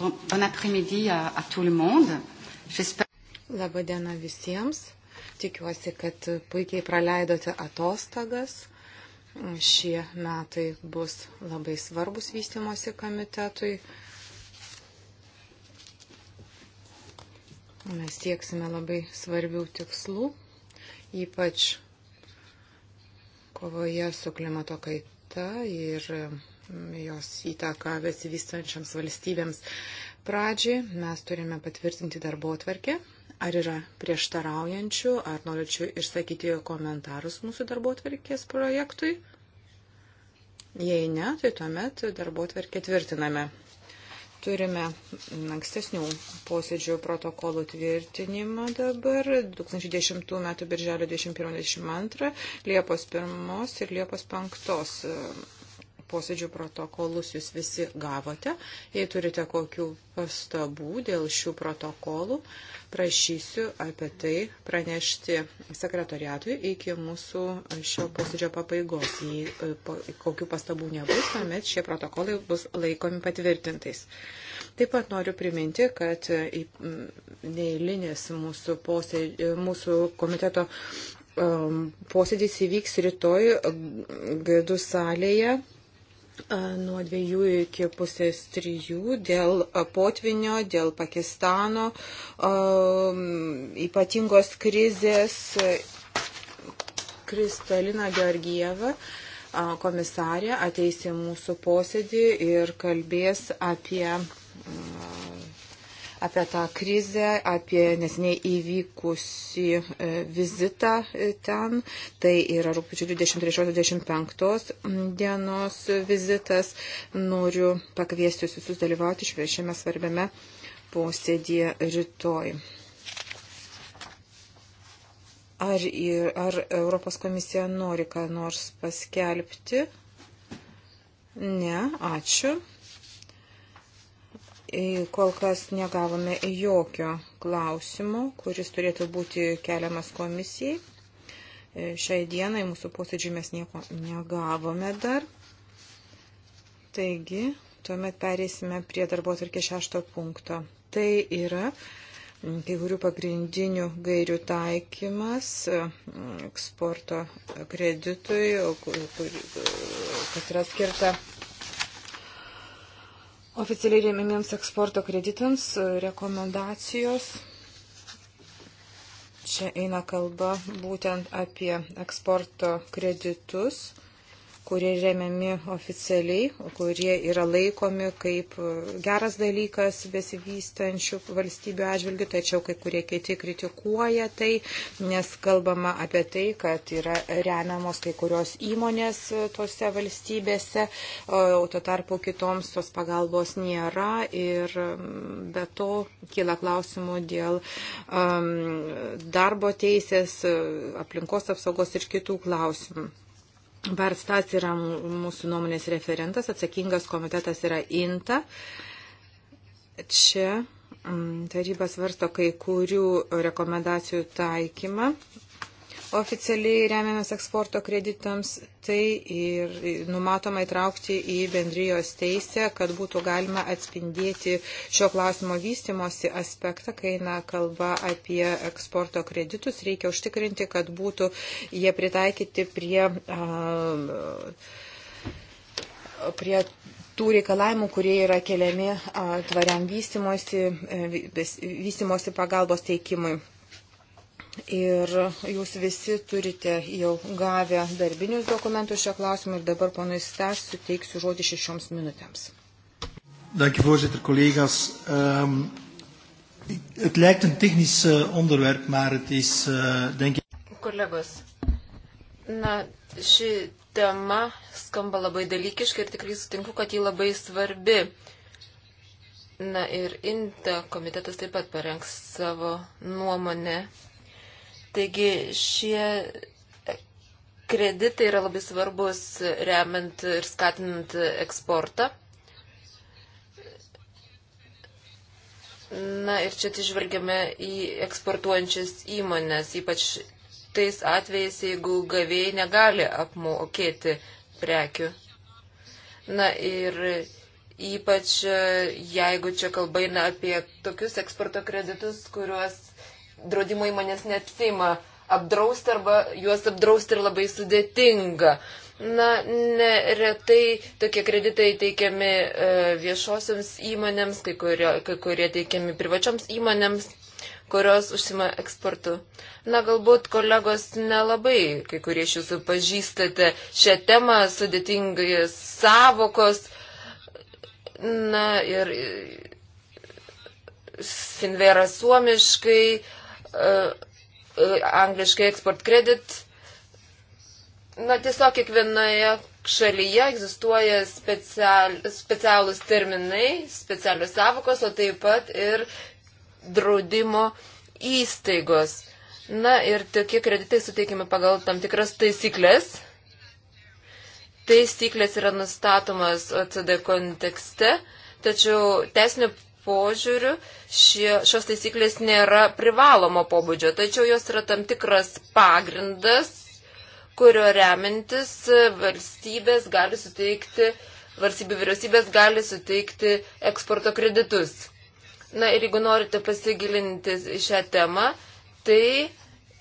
Bon, bon après-midi à, à tout le monde. J'espère. Labą dieną visiems. Tikiuosi, kad puikiai praleidote atostogas. Šie metai bus labai svarbus vystimosi komitetui. Mes sieksime labai svarbių tikslų, ypač kovoje su klimato kaita ir jos įtaką besivystančiams valstybėms. Pradžiai mes turime patvirtinti darbo atvarkę. Ar yra prieštaraujančių, ar norėčiau išsakyti komentarus mūsų darbo atvarkės projektui? Jei ne, tai tuomet darbo atvarkę tvirtiname. Turime ankstesnių posėdžių protokolų tvirtinimą dabar. 2010 m. birželio 21-22, Liepos 1 ir Liepos 5 posėdžių protokolus jūs visi gavote. Jei turite kokių pastabų dėl šių protokolų, prašysiu apie tai pranešti sekretariatui iki mūsų šio posėdžio pabaigos. Jei e, po, kokių pastabų nebus, tuomet šie protokolai bus laikomi patvirtintais. Taip pat noriu priminti, kad e, neįlinis mūsų, posėdžio, e, mūsų komiteto posėdis įvyks rytoj Gėdų salėje nuo dviejų iki pusės trijų dėl potvinio, dėl Pakistano, ypatingos krizės Kristalina Georgieva komisarė ateis į mūsų posėdį ir kalbės apie apie tą krizę, apie nesiniai įvykusi e, vizitą e, ten. Tai yra rūpiučio 23-25 dienos vizitas. Noriu pakviesti jūs visus dalyvauti šiame svarbiame posėdėje rytoj. Ar, ir, ar Europos komisija nori ką nors paskelbti? Ne, ačiū. E, kol kas negavome jokio klausimo, kuris turėtų būti keliamas komisijai. E, šiai dienai mūsų posėdžiui mes nieko negavome dar. Taigi, tuomet pereisime prie darbo atvarkė šešto punkto. Tai yra kai kurių pagrindinių gairių taikymas eksporto kreditui, kas yra skirta oficialiai remiamiems eksporto kreditams e, rekomendacijos. Čia eina kalba būtent apie eksporto kreditus kurie remiami oficialiai, kurie yra laikomi kaip e, geras dalykas besivystančių valstybių atžvilgių, tačiau kai kurie kiti kritikuoja tai, nes kalbama apie tai, kad yra remiamos kai kurios įmonės e, tose valstybėse, o tuo tarpu kitoms tos pagalbos nėra ir be to kyla klausimų dėl um, darbo teisės, e, aplinkos apsaugos ir kitų klausimų. Barstas yra mūsų nuomonės referentas, atsakingas komitetas yra INTA. Čia taryba svarsto kai kurių rekomendacijų taikymą oficialiai remiamės eksporto kreditams, tai ir numatoma įtraukti į bendrijos teisę, kad būtų galima atspindėti šio klausimo vystimosi aspektą, kai eina kalba apie eksporto kreditus, reikia užtikrinti, kad būtų jie pritaikyti prie. prie tų reikalavimų, kurie yra keliami tvariam vystimosi, vystimosi pagalbos teikimui. Ir jūs visi turite jau gavę darbinius dokumentus šio klausimu ir dabar ponui Stas suteiksiu žodį šešioms minutėms. Dankjie voorzitter, collega's. Um, het lijkt een technisch uh, onderwerp, maar het is, uh, denk ik. Collega's, na, ši tema skamba labai dalykiškai ir tikrai sutinku, kad ji labai svarbi. Na ir INTA komitetas taip pat parengs savo nuomonę Taigi šie kreditai yra labai svarbus remiant ir skatinant eksportą. Na ir čia atsižvelgiame į eksportuojančias įmonės, ypač tais atvejais, jeigu gavėjai negali apmokėti prekių. Na ir ypač e, jeigu čia kalba eina apie tokius eksporto kreditus, kuriuos draudimo įmonės neatsima apdrausti arba juos apdrausti ir labai sudėtinga. Na, neretai tokie kreditai teikiami e, viešosiams įmonėms, kai kurie, kai kurie teikiami privačioms įmonėms, kurios užsima eksportu. Na, galbūt kolegos nelabai, kai kurie iš jūsų pažįstate šią temą, sudėtingai savokos. Na ir e, Finvera suomiškai E, e, angliškai export credit. Na, tiesiog kiekvienoje šalyje egzistuoja special, specialūs terminai, specialios savokos, o taip pat ir draudimo įstaigos. Na ir tokie kreditai suteikiami pagal tam tikras taisyklės. Taisyklės yra nustatomas OCD kontekste, tačiau teisinio požiūriu šie, šios taisyklės nėra privalomo pobūdžio, tačiau jos yra tam tikras pagrindas, kurio remintis valstybės gali suteikti, valstybių vyriausybės gali suteikti eksporto kreditus. Na ir jeigu norite pasigilinti į šią temą, tai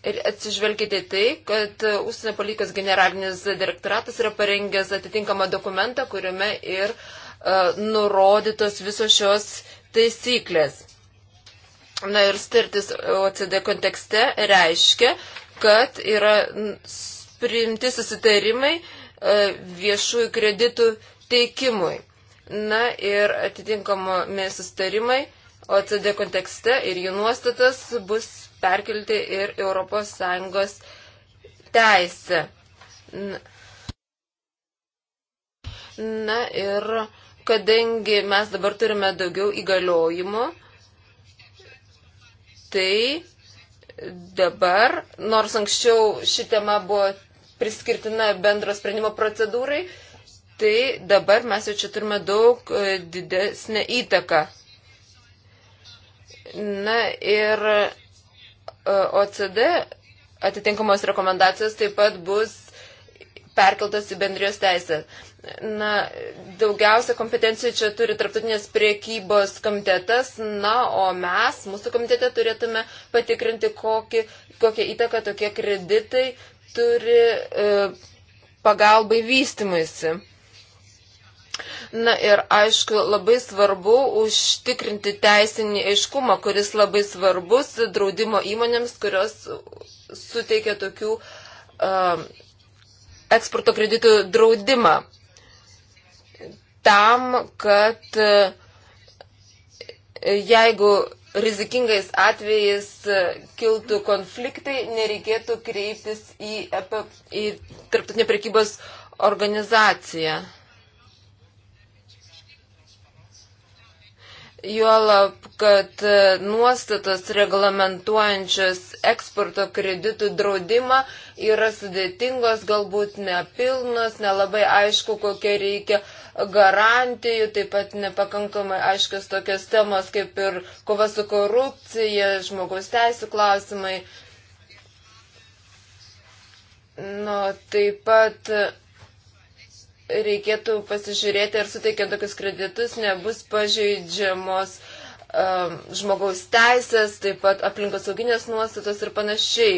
ir atsižvelgite į tai, kad užsienio politikos generalinis direktoratas yra parengęs atitinkamą dokumentą, kuriame ir uh, nurodytos visos šios uh, taisyklės. Na ir startis OCD kontekste reiškia, kad yra priimti susitarimai e, viešųjų kreditų teikimui. Na ir atitinkami susitarimai OCD kontekste ir jų nuostatas bus perkelti ir ES teisę. Na, na ir kadangi mes dabar turime daugiau įgaliojimų, tai dabar, nors anksčiau ši tema buvo priskirtina bendro sprendimo procedūrai, tai dabar mes jau čia turime daug e, didesnę įtaką. Na ir e, OCD atitinkamos rekomendacijos taip pat bus perkeltos į bendrijos teisę. Na, daugiausia kompetencijų čia turi tarptautinės priekybos komitetas, na, o mes, mūsų komitete, turėtume patikrinti, kokį, kokią įtaką tokie kreditai turi e, pagalbai vystimuisi. Na ir aišku, labai svarbu užtikrinti teisinį aiškumą, kuris labai svarbus draudimo įmonėms, kurios suteikia tokių uh, eksporto kreditų draudimą tam, kad e, jeigu rizikingais atvejais e, kiltų konfliktai, nereikėtų kreiptis į, e į tarptautinę prekybos organizaciją. Juolab, kad e, nuostatos reglamentuojančios eksporto kreditų draudimą yra sudėtingos, galbūt nepilnos, nelabai aišku, kokia reikia garantijų, taip pat nepakankamai aiškios tokios temos kaip ir kova su korupcija, žmogaus teisų klausimai. Nu, taip pat reikėtų pasižiūrėti, ar suteikiant tokius kreditus nebus pažeidžiamos um, žmogaus teisės, taip pat aplinkosauginės nuostatos ir panašiai.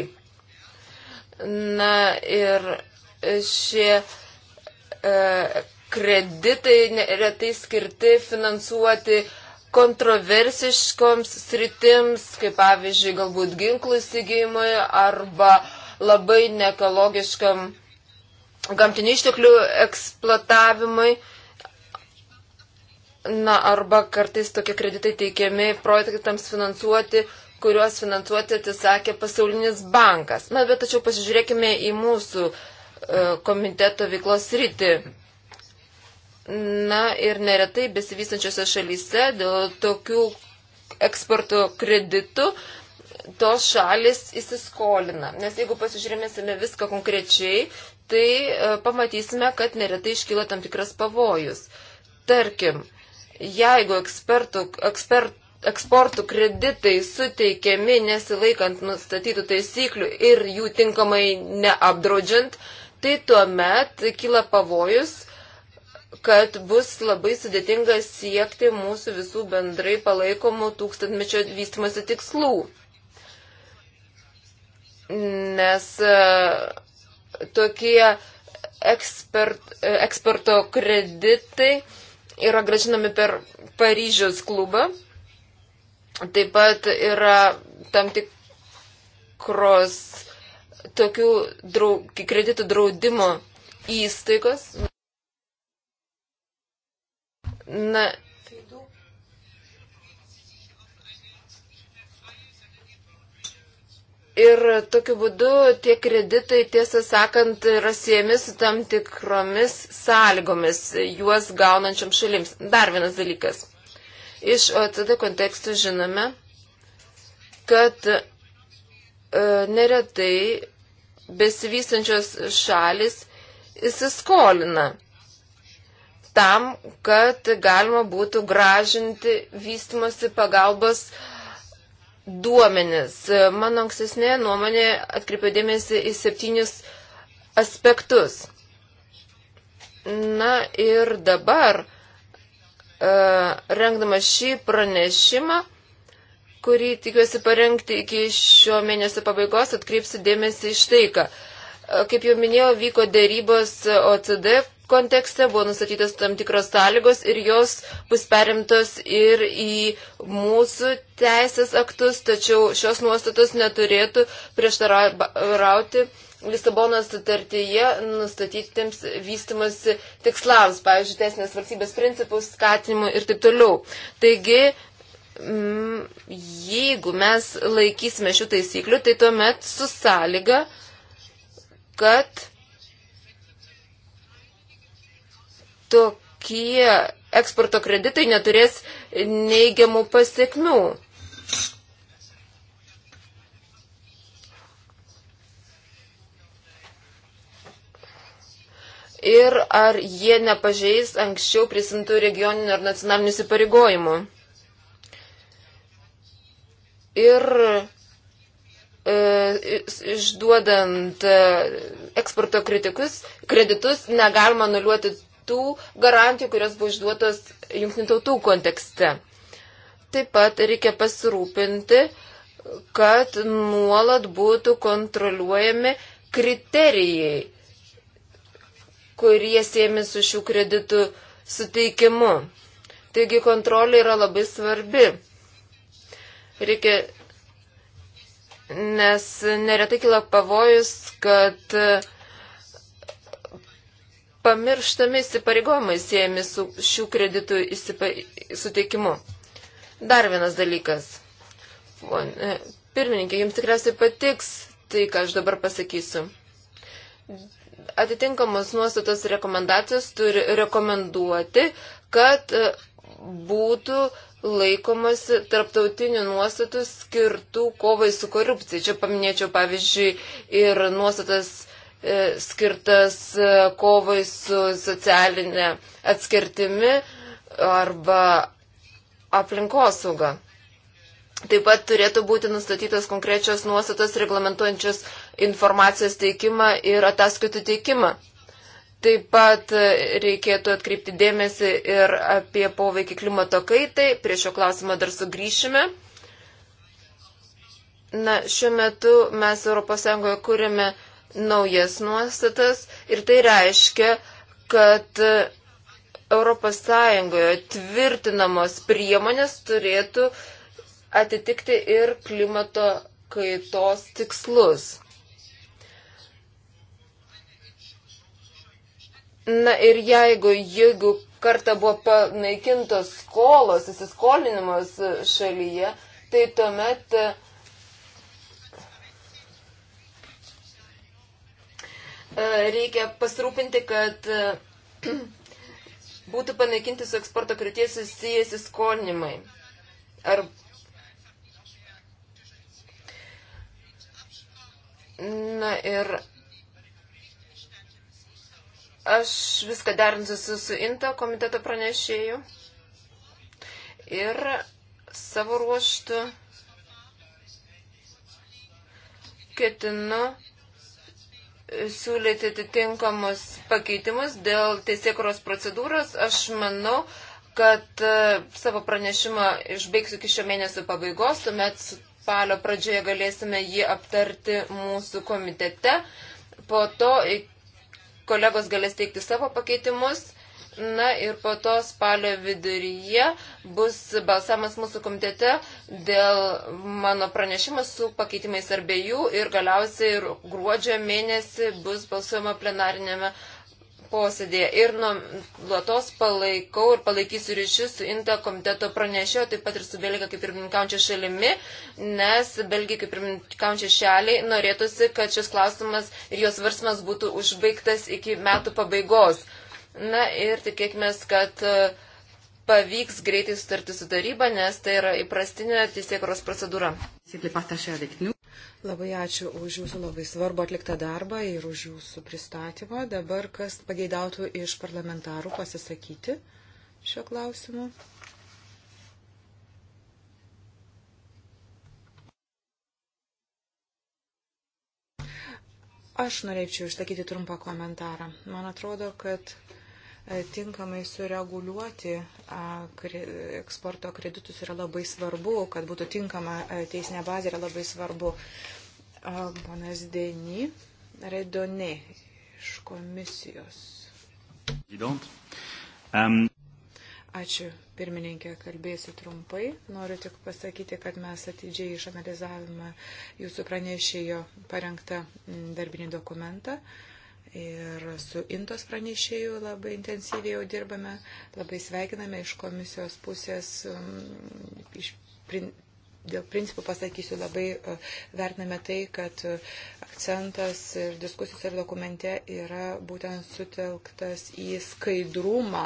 Na ir šie e, kreditai neretai skirti finansuoti kontroversiškoms sritims, kaip pavyzdžiui, galbūt ginklų įsigijimui arba labai nekologiškam gamtinių išteklių eksploatavimui. Na, arba kartais tokie kreditai teikiami projektams finansuoti, kuriuos finansuoti atsisakė pasaulinis bankas. Na, bet tačiau pasižiūrėkime į mūsų e, komiteto veiklos rytį. Na ir neretai besivystančiose šalyse dėl tokių eksporto kreditų tos šalis įsiskolina. Nes jeigu pasižiūrėmėsime viską konkrečiai, tai e, pamatysime, kad neretai iškyla tam tikras pavojus. Tarkim, jeigu ekspertų, ekspert, eksportų kreditai suteikiami nesilaikant nustatytų taisyklių ir jų tinkamai neapdraudžiant, tai tuomet kyla pavojus, kad bus labai sudėtinga siekti mūsų visų bendrai palaikomų tūkstantmečio vystimosi tikslų. Nes e, tokie ekspert, eksporto kreditai yra gražinami per Paryžiaus klubą. Taip pat yra tam tikros tokių draug, kreditų draudimo įstaigos. Na, Ir tokiu būdu tie kreditai, tiesą sakant, yra siejami su tam tikromis sąlygomis juos gaunančiam šalims. Dar vienas dalykas. Iš OCD kontekstų žinome, kad e, neretai besivystančios šalis įsiskolina tam, kad galima būtų gražinti vystimosi pagalbos duomenis. Mano ankstesnė nuomonė atkreipė dėmesį į septynis aspektus. Na ir dabar, e, rengdama šį pranešimą, kurį tikiuosi parengti iki šio mėnesio pabaigos, atkreipsiu dėmesį iš tai, ką. E, kaip jau minėjau, vyko dėrybos OCD kontekste buvo nustatytos tam tikros sąlygos ir jos bus perimtos ir į mūsų teisės aktus, tačiau šios nuostatos neturėtų prieštarauti Lisabonos sutartyje nustatytiems vystimosi tikslams, pavyzdžiui, teisinės valstybės principus, skatinimų ir taip toliau. Taigi, mm, jeigu mes laikysime šių taisyklių, tai tuomet su sąlyga, kad tokie eksporto kreditai neturės neigiamų pasiekmių. Ir ar jie nepažeis anksčiau prisimtų regioninių ar nacionalinių įsipareigojimų. Ir e, išduodant e, eksporto kritikus, kreditus negalima nuliuoti tų garantijų, kurios buvo išduotos jungtinių tautų kontekste. Taip pat reikia pasirūpinti, kad nuolat būtų kontroliuojami kriterijai, kurie siemi su šių kreditų suteikimu. Taigi kontrolė yra labai svarbi. Reikia, nes neretai kila pavojus, kad uh, pamirštami įsipareigojimai siejami su šių kreditų įsipa... suteikimu. Dar vienas dalykas. E, pirmininkė, jums tikriausiai patiks tai, ką aš dabar pasakysiu. Atitinkamos nuostatos rekomendacijos turi rekomenduoti, kad e, būtų laikomasi tarptautinių nuostatų skirtų kovai su korupcija. Čia paminėčiau, pavyzdžiui, ir nuostatas E, skirtas e, kovai su socialinė atskirtimi arba aplinkosauga. Taip pat turėtų būti nustatytos konkrečios nuostatos reglamentuojančios informacijos teikimą ir ataskaitų teikimą. Taip pat e, reikėtų atkreipti dėmesį ir apie poveikį klimato kaitai. Prie šio klausimo dar sugrįšime. Na, šiuo metu mes ES kūrėme naujas nuostatas ir tai reiškia, kad ES tvirtinamos priemonės turėtų atitikti ir klimato kaitos tikslus. Na ir jeigu, jeigu kartą buvo panaikintos skolos, įsiskolinimas šalyje, tai tuomet uh, E, reikia pasirūpinti, kad e, būtų panaikinti su eksporto krities susijęs įskolinimai. Ar... Na ir aš viską derinsiu su, su INTA komiteto pranešėju ir savo ruoštų ketinu siūlyti atitinkamus pakeitimus dėl teisėkuros procedūros. Aš manau, kad e, savo pranešimą išbaigsiu iki šio mėnesio pabaigos, tuomet spalio pradžioje galėsime jį aptarti mūsų komitete. Po to kolegos galės teikti savo pakeitimus Na ir po to spalio viduryje bus balsamas mūsų komitete dėl mano pranešimo su pakeitimais ar be jų ir galiausiai ir gruodžio mėnesį bus balsuojama plenarinėme posėdėje. Ir nuolatos palaikau ir palaikysiu ryšius su INTA komiteto pranešėjo, taip pat ir su Belgija kaip pirmininkaujančia šalimi, nes Belgija kaip pirmininkaujančia šaliai norėtųsi, kad šis klausimas ir jos varsmas būtų užbaigtas iki metų pabaigos. Na ir tikėkime, kad e, pavyks greitai sutarti su taryba, nes tai yra įprastinė teisėkuros procedūra. Labai ačiū už jūsų labai svarbu atliktą darbą ir už jūsų pristatymą. Dabar kas pageidautų iš parlamentarų pasisakyti šio klausimu? Aš norėčiau išsakyti trumpą komentarą. Man atrodo, kad tinkamai sureguliuoti eksporto kreditus yra labai svarbu, kad būtų tinkama teisinė bazė yra labai svarbu. Ponas Deny Redonė iš komisijos. Um. Ačiū, pirmininkė, kalbėsiu trumpai. Noriu tik pasakyti, kad mes atidžiai išanalizavome jūsų pranešėjo parengtą darbinį dokumentą. Uh, Ir su Intos pranešėjų labai intensyviai jau dirbame, labai sveikiname iš komisijos pusės, um, iš, prin, dėl principų pasakysiu, labai uh, vertiname tai, kad uh, akcentas ir diskusijos ir dokumente yra būtent sutelktas į skaidrumą,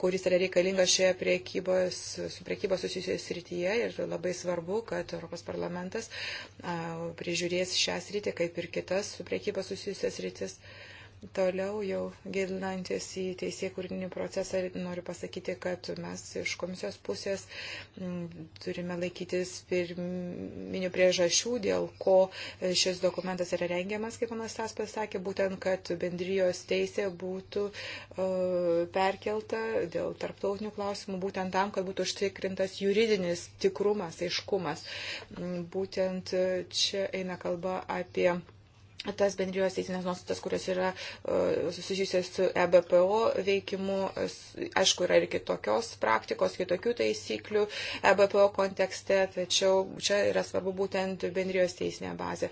kuris yra reikalingas šioje priekybos, su priekybos susijusioje srityje ir labai svarbu, kad Europos parlamentas uh, prižiūrės šią sritį kaip ir kitas su priekybos susijusias sritis. A, Toliau jau gilinantis į teisėkūrinį procesą, noriu pasakyti, kad mes iš komisijos pusės turime laikytis pirminių priežasčių, dėl ko šis dokumentas yra rengiamas, kaip panas Tas pasakė, būtent, kad bendrijos teisė būtų e, perkelta dėl tarptautinių klausimų, būtent tam, kad būtų užtikrintas juridinis tikrumas, aiškumas. Būtent e, čia eina kalba apie tas bendrijos teisinės nuostatas, kurios yra e, susijusios su EBPO veikimu, aišku, yra ir kitokios praktikos, kitokių taisyklių EBPO kontekste, tačiau čia yra svarbu būtent bendrijos teisinė bazė.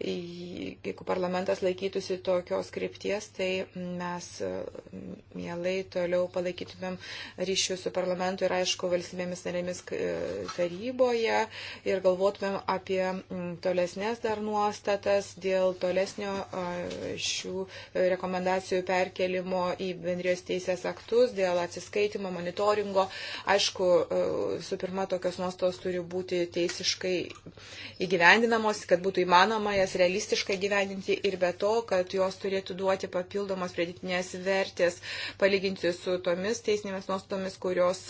Jeigu parlamentas laikytųsi tokios krypties, tai mes e, mielai toliau palaikytumėm ryšių su parlamentu ir, aišku, valstybėmis narėmis e, taryboje ir galvotumėm apie tolesnės dar nuostatas dėl tolesnės tolesnio šių rekomendacijų perkelimo į bendrijos teisės aktus dėl atsiskaitimo, monitoringo. Aišku, su pirma, tokios nuostos turi būti teisiškai įgyvendinamos, kad būtų įmanoma jas realistiškai gyvendinti ir be to, kad jos turėtų duoti papildomos pridėtinės vertės palyginti su tomis teisinėmis nuostomis, kurios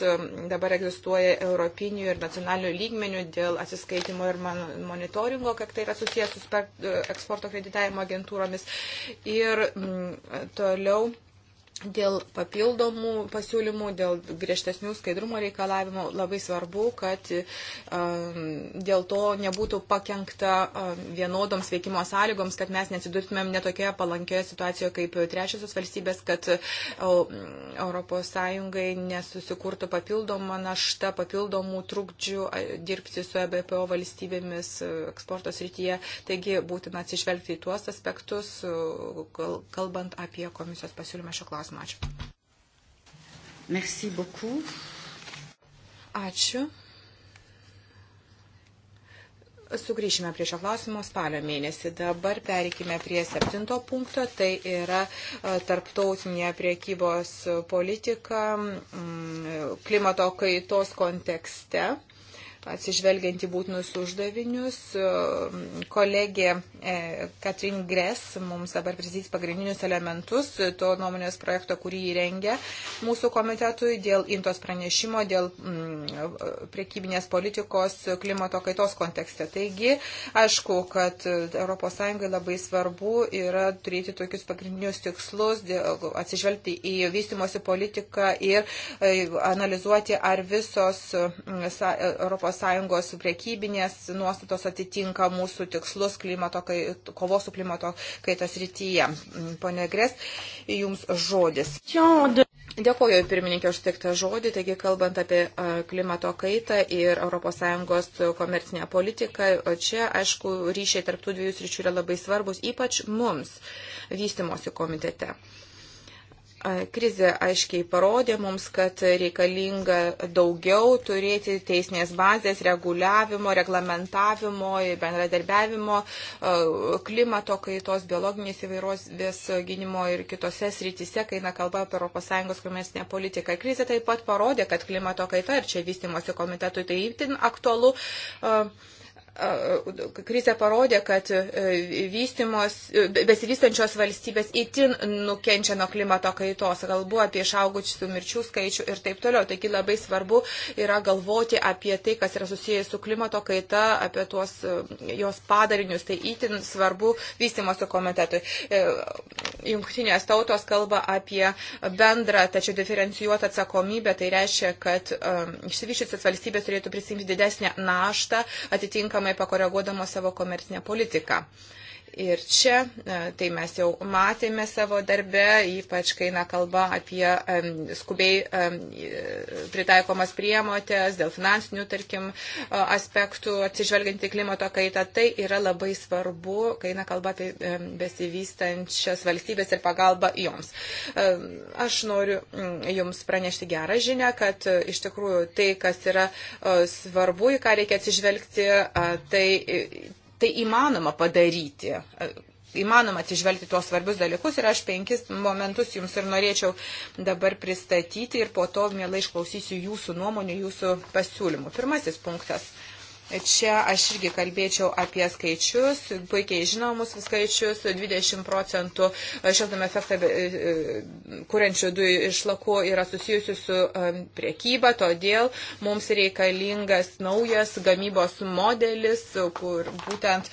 dabar egzistuoja europinių ir nacionalinių lygmenių dėl atsiskaitimo ir monitoringo, kad tai yra susijęs su e, eksporto kreditavimo akreditavimo agentūromis. Ir m, mm, toliau dėl papildomų pasiūlymų, dėl griežtesnių skaidrumo reikalavimų labai svarbu, kad um, dėl to nebūtų pakengta um, vienodoms veikimo sąlygoms, kad mes nesidurtumėm netokioje palankioje situacijoje kaip trečiosios valstybės, kad ES nesusikurtų papildomą naštą, papildomų trukdžių dirbti su EBPO valstybėmis e, eksporto srityje. Taigi būtina atsižvelgti į tuos aspektus, e, kalbant apie komisijos pasiūlymą šio klausimo klausimą. Ačiū. Merci beaucoup. Ačiū. Sugrįšime prie šio klausimo spalio mėnesį. Dabar pereikime prie septinto punkto. Tai yra e, tarptautinė priekybos politika mm, klimato kaitos kontekste atsižvelgiant į būtinus uždavinius. Kolegė e, Katrin Gres mums dabar pristatys pagrindinius elementus to nuomonės projekto, kurį įrengia mūsų komitetui dėl intos pranešimo, dėl mm, priekybinės politikos klimato kaitos kontekste. Taigi, aišku, kad ES labai svarbu yra turėti tokius pagrindinius tikslus, atsižvelgti į vystimosi politiką ir e, analizuoti, ar visos mm, ES ES priekybinės nuostatos atitinka mūsų tikslus klimato, kai, kovos su klimato kaitas rytyje. Mm, Pone Gres, jums žodis. Dėkuoju pirmininkė už tiktą žodį, taigi kalbant apie klimato kaitą ir ES komercinę politiką, čia aišku ryšiai tarptų dviejų sričių yra labai svarbus, ypač mums vystimosi komitete. Krizė aiškiai parodė mums, kad reikalinga daugiau turėti teisinės bazės, reguliavimo, reglamentavimo, bendradarbiavimo, klimato kaitos, biologinės įvairovės gynimo ir kitose srityse, kai eina kalba apie ES komercinę politiką. Krizė taip pat parodė, kad klimato kaita ir čia vystimosi komitetui tai itin aktualu. Uh, Krizė parodė, kad e, e, besivystančios valstybės įtin nukenčia nuo klimato kaitos, kalbu apie išaugusių mirčių skaičių ir taip toliau. Taigi labai svarbu yra galvoti apie tai, kas yra susijęs su klimato kaita, apie tuos e, jos padarinius. Tai įtin svarbu vystimosi komitetui. Jungtinės tautos kalba apie bendrą, tačiau diferencijuotą atsakomybę. Tai reiškia, kad išsivyščiusios valstybės turėtų prisimti didesnę naštą atitinkamą atitinkamai pakoreguodamos savo komercinę politiką. Ir čia e, tai mes jau matėme savo darbe, ypač kai na kalba apie skubiai pritaikomas priemotės dėl finansinių, tarkim, e, aspektų atsižvelgiant į klimato kaitą. Tai yra labai svarbu, kai na kalba apie besivystančias valstybės ir pagalbą joms. E, aš noriu Jums pranešti gerą žinę, kad iš tikrųjų tai, kas yra svarbu, į ką reikia atsižvelgti, tai tai įmanoma padaryti. Įmanoma atsižvelgti tuos svarbius dalykus ir aš penkis momentus jums ir norėčiau dabar pristatyti ir po to mielai išklausysiu jūsų nuomonių, jūsų pasiūlymų. Pirmasis punktas. Uh, Čia aš irgi kalbėčiau apie skaičius, puikiai žinomus skaičius, 20 procentų šiltnamio efektą e, e, kuriančių dujų išlakų yra susijusių su e, priekyba, todėl mums reikalingas naujas gamybos modelis, kur būtent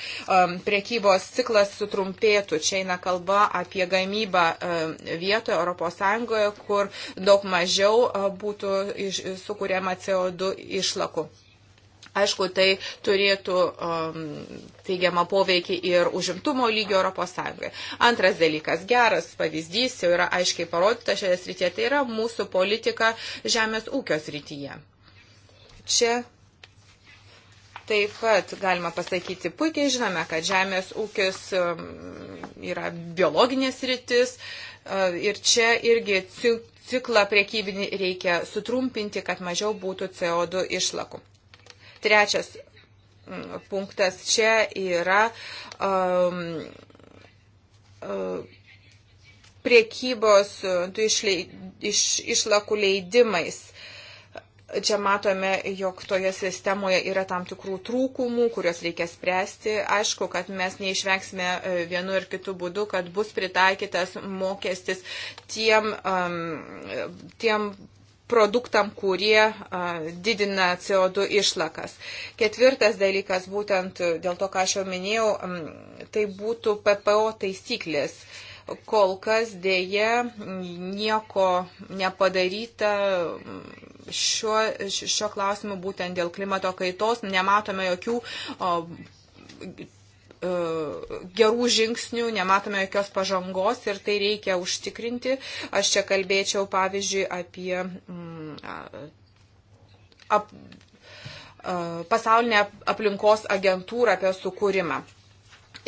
priekybos ciklas sutrumpėtų. Čia eina kalba apie gamybą vietoje Europos Sąjungoje, kur daug mažiau būtų sukūriama CO2 išlakų. Aišku, tai turėtų um, teigiamą poveikį ir užimtumo lygio Europos Sąjungai. Antras dalykas, geras pavyzdys jau yra aiškiai parodyta šioje srityje, tai yra mūsų politika žemės ūkio srityje. Čia taip pat galima pasakyti, puikiai žinome, kad žemės ūkis um, yra biologinės rytis uh, ir čia irgi ciklą priekybinį reikia sutrumpinti, kad mažiau būtų CO2 išlakų. Trečias mm, punktas čia yra um, um, priekybos tų išlei, iš, išlakų leidimais. Čia matome, jog toje sistemoje yra tam tikrų trūkumų, kuriuos reikia spręsti. Aišku, kad mes neišvengsime e, vienu ir kitu būdu, kad bus pritaikytas mokestis tiem, um, tiem produktam, kurie didina CO2 išlakas. Ketvirtas dalykas, būtent e, dėl to, ką aš jau minėjau, tai būtų PPO taisyklės. Kol kas dėje nieko nepadaryta šiuo, šiuo klausimu būtent dėl klimato kaitos, nematome jokių o, E, gerų žingsnių, nematome jokios pažangos ir tai reikia užtikrinti. Aš čia kalbėčiau, pavyzdžiui, apie mm, ap, e, pasaulinę aplinkos agentūrą apie sukūrimą.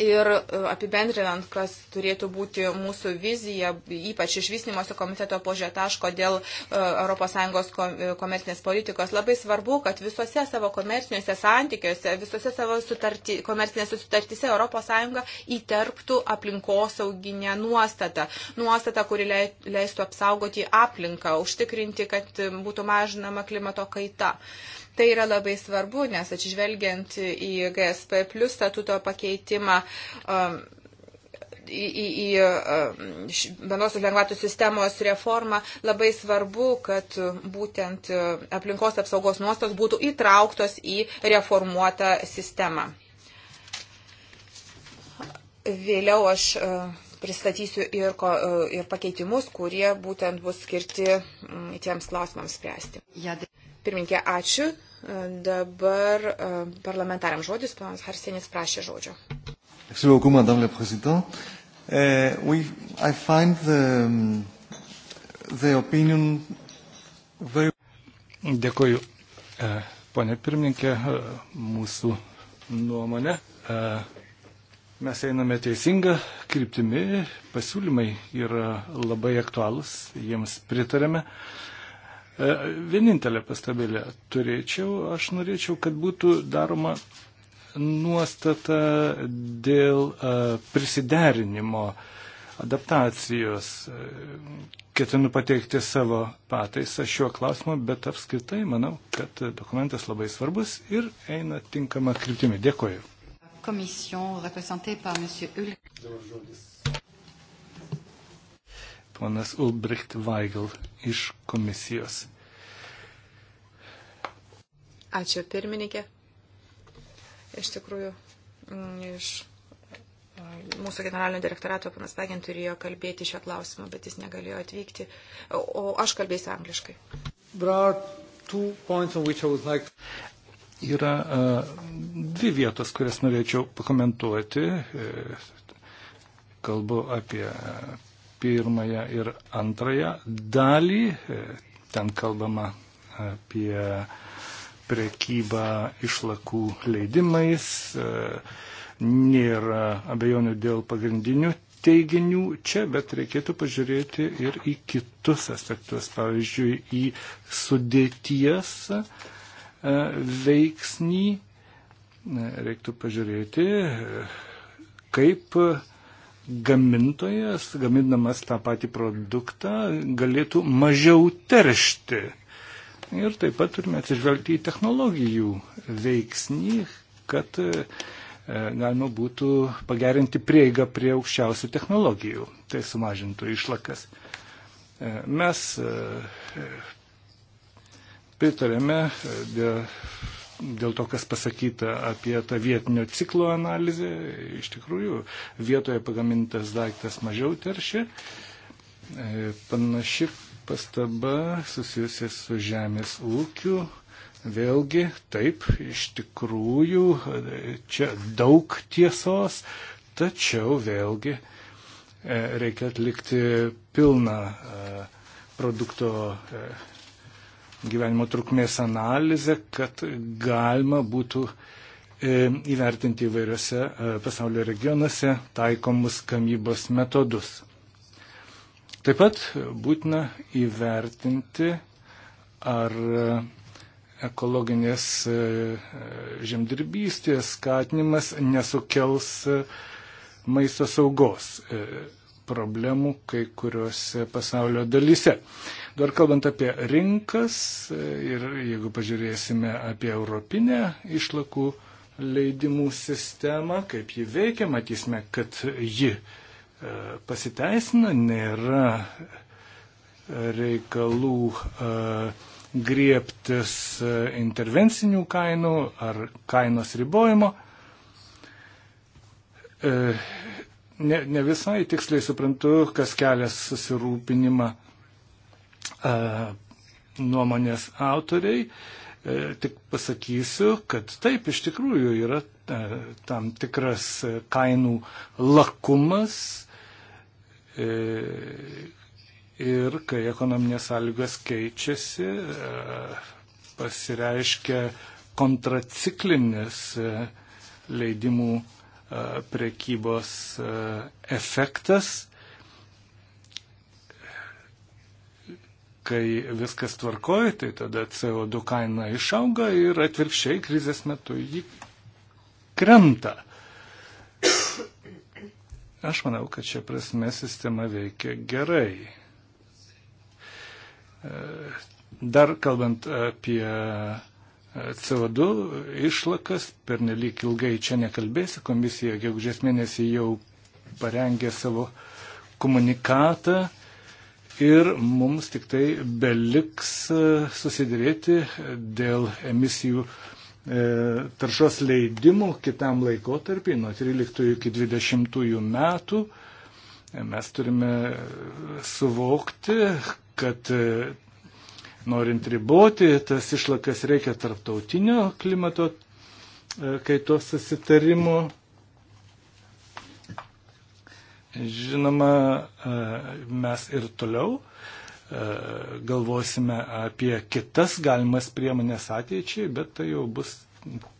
Ir e, apibendrinant, kas turėtų būti mūsų vizija, ypač išvystymosi komiteto požiūrė taško dėl e, ES e, komercinės politikos, labai svarbu, kad visose savo komercinėse santykiuose, visose savo sutarty, komercinėse sutartyse ES įterptų aplinkosauginę nuostatą. Nuostatą, kuri leistų apsaugoti aplinką, užtikrinti, kad būtų mažinama klimato kaita. Tai yra labai svarbu, nes atsižvelgiant į GSP plus statuto pakeitimą, um, į, į, į um, bendrosios lengvatų sistemos reformą, labai svarbu, kad būtent uh, aplinkos apsaugos nuostos būtų įtrauktos į reformuotą sistemą. Vėliau aš uh, pristatysiu ir, ko, uh, ir pakeitimus, kurie būtent bus skirti mm, tiems klausimams spręsti. Pirminkė, ačiū. Dabar e, parlamentariam žodis, panas Harsienis prašė žodžio. Merci beaucoup, Madame la Présidente. Uh, we, I find the, the opinion very... Dėkoju, uh, ponė pirmininkė, uh, mūsų nuomonė. Uh, mes einame teisinga kryptimi, pasiūlymai yra labai aktualūs, jiems pritarėme. Uh, E, vienintelė pastabėlė turėčiau, aš norėčiau, kad būtų daroma nuostata dėl e, prisiderinimo adaptacijos. E, ketinu pateikti savo pataisą šiuo klausimu, bet apskritai manau, kad dokumentas labai svarbus ir eina tinkama kryptimi. Dėkoju. Dabar žodis ponas Ulbricht Weigel iš komisijos. Ačiū pirmininkė. Iš tikrųjų, mm, iš mm, mūsų generalinio direktorato panas Pagin turėjo kalbėti šio klausimą, bet jis negalėjo atvykti. O aš kalbėsiu angliškai. Like... Yra uh, dvi vietos, kurias norėčiau pakomentuoti. E, kalbu apie pirmąją ir antrąją dalį. E, ten kalbama apie prekybą išlakų leidimais. E, nėra abejonių dėl pagrindinių teiginių čia, bet reikėtų pažiūrėti ir į kitus aspektus, pavyzdžiui, į sudėties e, veiksnį. Reiktų pažiūrėti, kaip gamintojas, gamindamas tą patį produktą, galėtų mažiau teršti. Ir taip pat turime atsižvelgti į technologijų veiksnį, kad e, galima būtų pagerinti prieigą prie aukščiausių technologijų, tai sumažintų išlakas. E, mes e, pritarėme dėl dėl to, kas pasakyta apie tą vietinio ciklo analizę. Iš tikrųjų, vietoje pagamintas daiktas mažiau teršia. E, panaši pastaba susijusi su žemės ūkiu. Vėlgi, taip, iš tikrųjų, e, čia daug tiesos, tačiau vėlgi e, reikia atlikti pilną produkto gyvenimo trukmės analizę, kad galima būtų e, įvertinti įvairiose e, pasaulio regionuose taikomus gamybos metodus. Taip pat būtina įvertinti, ar e, ekologinės žemdirbystės skatinimas nesukels maisto saugos problemų kai kuriuose pasaulio dalyse. Dar kalbant apie rinkas ir jeigu pažiūrėsime apie europinę išlakų leidimų sistemą, kaip ji veikia, matysime, kad ji e, pasiteisina, nėra reikalų e, griebtis e, intervencinių kainų ar kainos ribojimo ne, ne visai tiksliai suprantu, kas kelia susirūpinimą e, nuomonės autoriai. E, tik pasakysiu, kad taip iš tikrųjų yra e, tam tikras e, kainų lakumas e, ir kai ekonominės sąlygos keičiasi, e, pasireiškia kontraciklinis e, leidimų prekybos efektas, kai viskas tvarkoja, tai tada CO2 kaina išauga ir atvirkščiai krizės metu ji krenta. Aš manau, kad čia prasme sistema veikia gerai. Dar kalbant apie CO2 išlakas, per nelik ilgai čia nekalbėsiu, komisija gegužės mėnesį jau parengė savo komunikatą ir mums tik tai beliks e, susidėrėti dėl emisijų e, taršos leidimų kitam laikotarpiai nuo 13 iki 20 metų. E, mes turime suvokti, kad norint riboti tas išlakas, reikia tarptautinio klimato e, kaitos susitarimo. Žinoma, e, mes ir toliau e, galvosime apie kitas galimas priemonės ateičiai, bet tai jau bus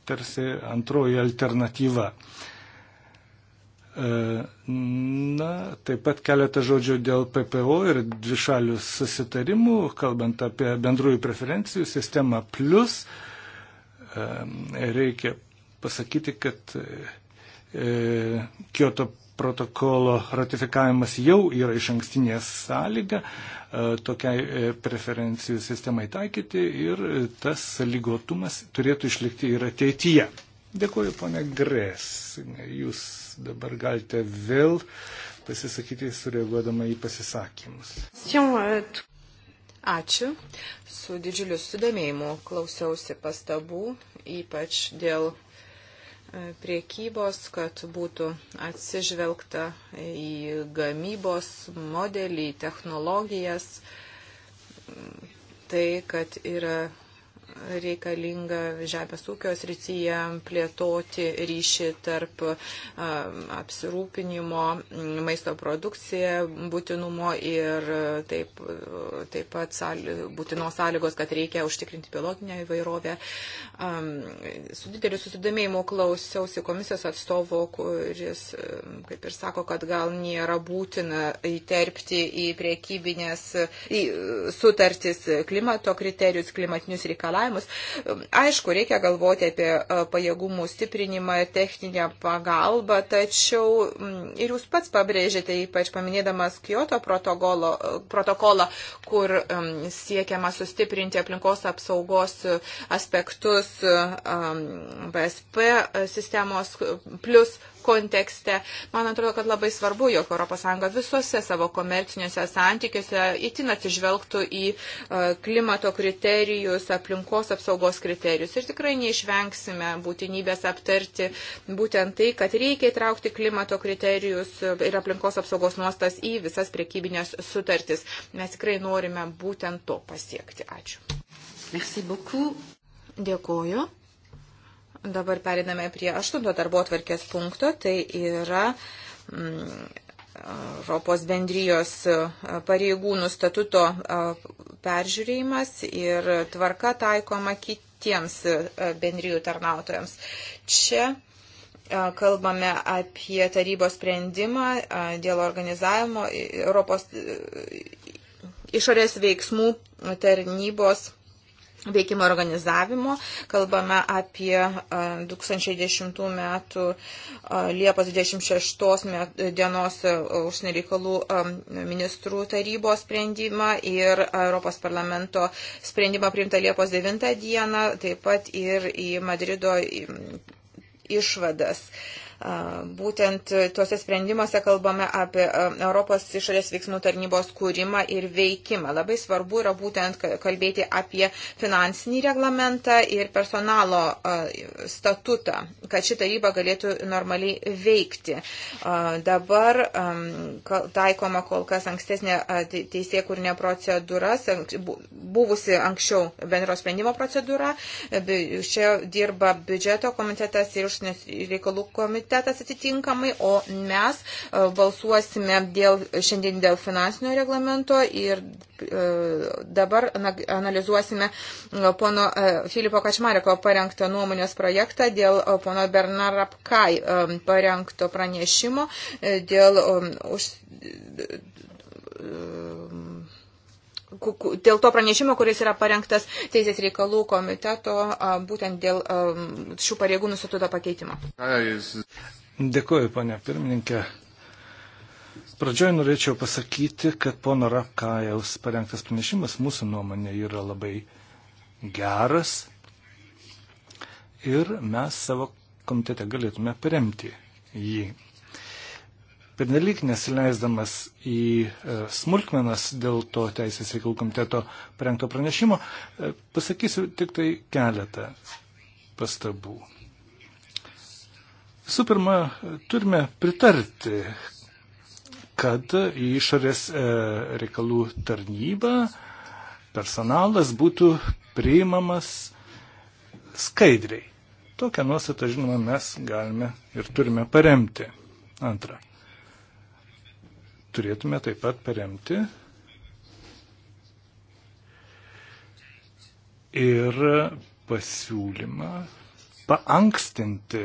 tarsi antroji alternatyva. E, na, taip pat keletą žodžių dėl PPO ir dvišalių susitarimų, kalbant apie bendrųjų preferencijų sistemą. Plus, e, reikia pasakyti, kad e, Kyoto protokolo ratifikavimas jau yra iš ankstinės sąlyga tokiai preferencijų sistemai taikyti ir tas lygotumas turėtų išlikti ir ateityje. Dėkuoju, ponė Gres, jūs Dabar galite vėl pasisakyti, sureaguodama į pasisakymus. Euh, Ačiū. Su didžiuliu sudomėjimu klausiausi pastabų, ypač dėl e, priekybos, kad būtų atsižvelgta į gamybos modelį, technologijas, tai, kad yra reikalinga žemės ūkio srityje plėtoti ryšį tarp um, apsirūpinimo mm, maisto produkcija būtinumo ir uh, taip, uh, taip pat būtinos sąlygos, kad reikia užtikrinti pilotinę įvairovę. Um, su dideliu susidomėjimu klausiausi komisijos atstovo, kuris, um, kaip ir sako, kad gal nėra būtina įterpti į priekybinės į uh, sutartis klimato kriterijus, klimatinius reikalavimus reikalavimus. Aišku, reikia galvoti apie e, pajėgumų stiprinimą, techninę pagalbą, tačiau ir jūs pats pabrėžėte, ypač paminėdamas Kyoto e, protokolą, kur siekiama sustiprinti aplinkos apsaugos e, aspektus PSP sistemos plus kontekste. Man atrodo, kad labai svarbu, jog ES visose savo komerciniuose santykiuose itin atsižvelgtų į e, klimato kriterijus, aplinkos apsaugos kriterijus. Ir tikrai neišvengsime būtinybės aptarti būtent tai, kad reikia įtraukti klimato kriterijus ir aplinkos apsaugos nuostas į visas priekybinės sutartis. Mes tikrai norime būtent to pasiekti. Ačiū. Merci beaucoup. Dėkuoju. Dabar periname prie aštunto darbo atvarkės punkto, tai yra mm, Europos bendrijos e, pareigūnų statuto e, peržiūrėjimas ir tvarka taikoma kitiems e, bendrijų tarnautojams. Čia kalbame apie tarybos sprendimą dėl organizavimo Europos išorės veiksmų tarnybos veikimo organizavimo. Kalbame apie 2010 e, metų e, Liepos 26 dienos e, užsienio reikalų ministrų tarybos sprendimą ir Europos parlamento sprendimą priimtą Liepos 9 dieną, taip pat ir į Madrido išvadas. Uh, Būtent tuose sprendimuose kalbame apie Europos išorės veiksmų tarnybos kūrimą ir veikimą. Labai svarbu yra būtent kalbėti apie finansinį reglamentą ir personalo statutą, kad ši taryba galėtų normaliai veikti. Dabar taikoma kol kas ankstesnė teisėkūrinė procedūra, buvusi anksčiau bendro sprendimo procedūra. Čia dirba biudžeto komitetas ir užsienio reikalų komitetas komitetas atitinkamai, o mes e, balsuosime dėl, šiandien dėl finansinio reglamento ir e, dabar analizuosime e, pono Filipo Kačmariko parengtą nuomonės projektą dėl pono Bernarapkai parengto pranešimo dėl už dėl to pranešimo, kuris yra parengtas Teisės reikalų komiteto, būtent dėl šių pareigų nusitudo pakeitimo. Dėkuoju, ponia pirmininkė. Pradžioje norėčiau pasakyti, kad pono Rapkajaus parengtas pranešimas mūsų nuomonė yra labai geras ir mes savo komitete galėtume paremti jį pernelik nesileisdamas į e, smulkmenas dėl to Teisės reikalų komiteto parengto pranešimo, e, pasakysiu tik tai keletą pastabų. Visų pirma, turime pritarti, kad į išorės e, reikalų tarnybą personalas būtų priimamas skaidriai. Tokią nuostatą, žinoma, mes galime ir turime paremti. Antra turėtume taip pat paremti ir pasiūlymą paankstinti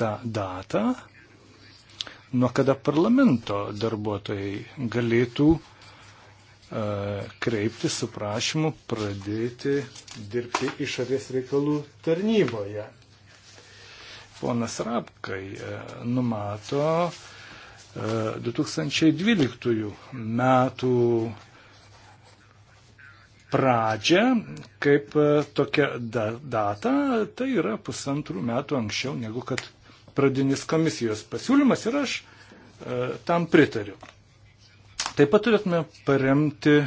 tą datą, nuo kada parlamento darbuotojai galėtų e, kreipti su prašymu pradėti dirbti išorės reikalų tarnyboje. Ponas Rapkai e, numato 2012 metų pradžią kaip e, tokią datą, tai yra pusantrų metų anksčiau negu kad pradinis komisijos pasiūlymas ir aš e, tam pritariu. Taip pat turėtume paremti e,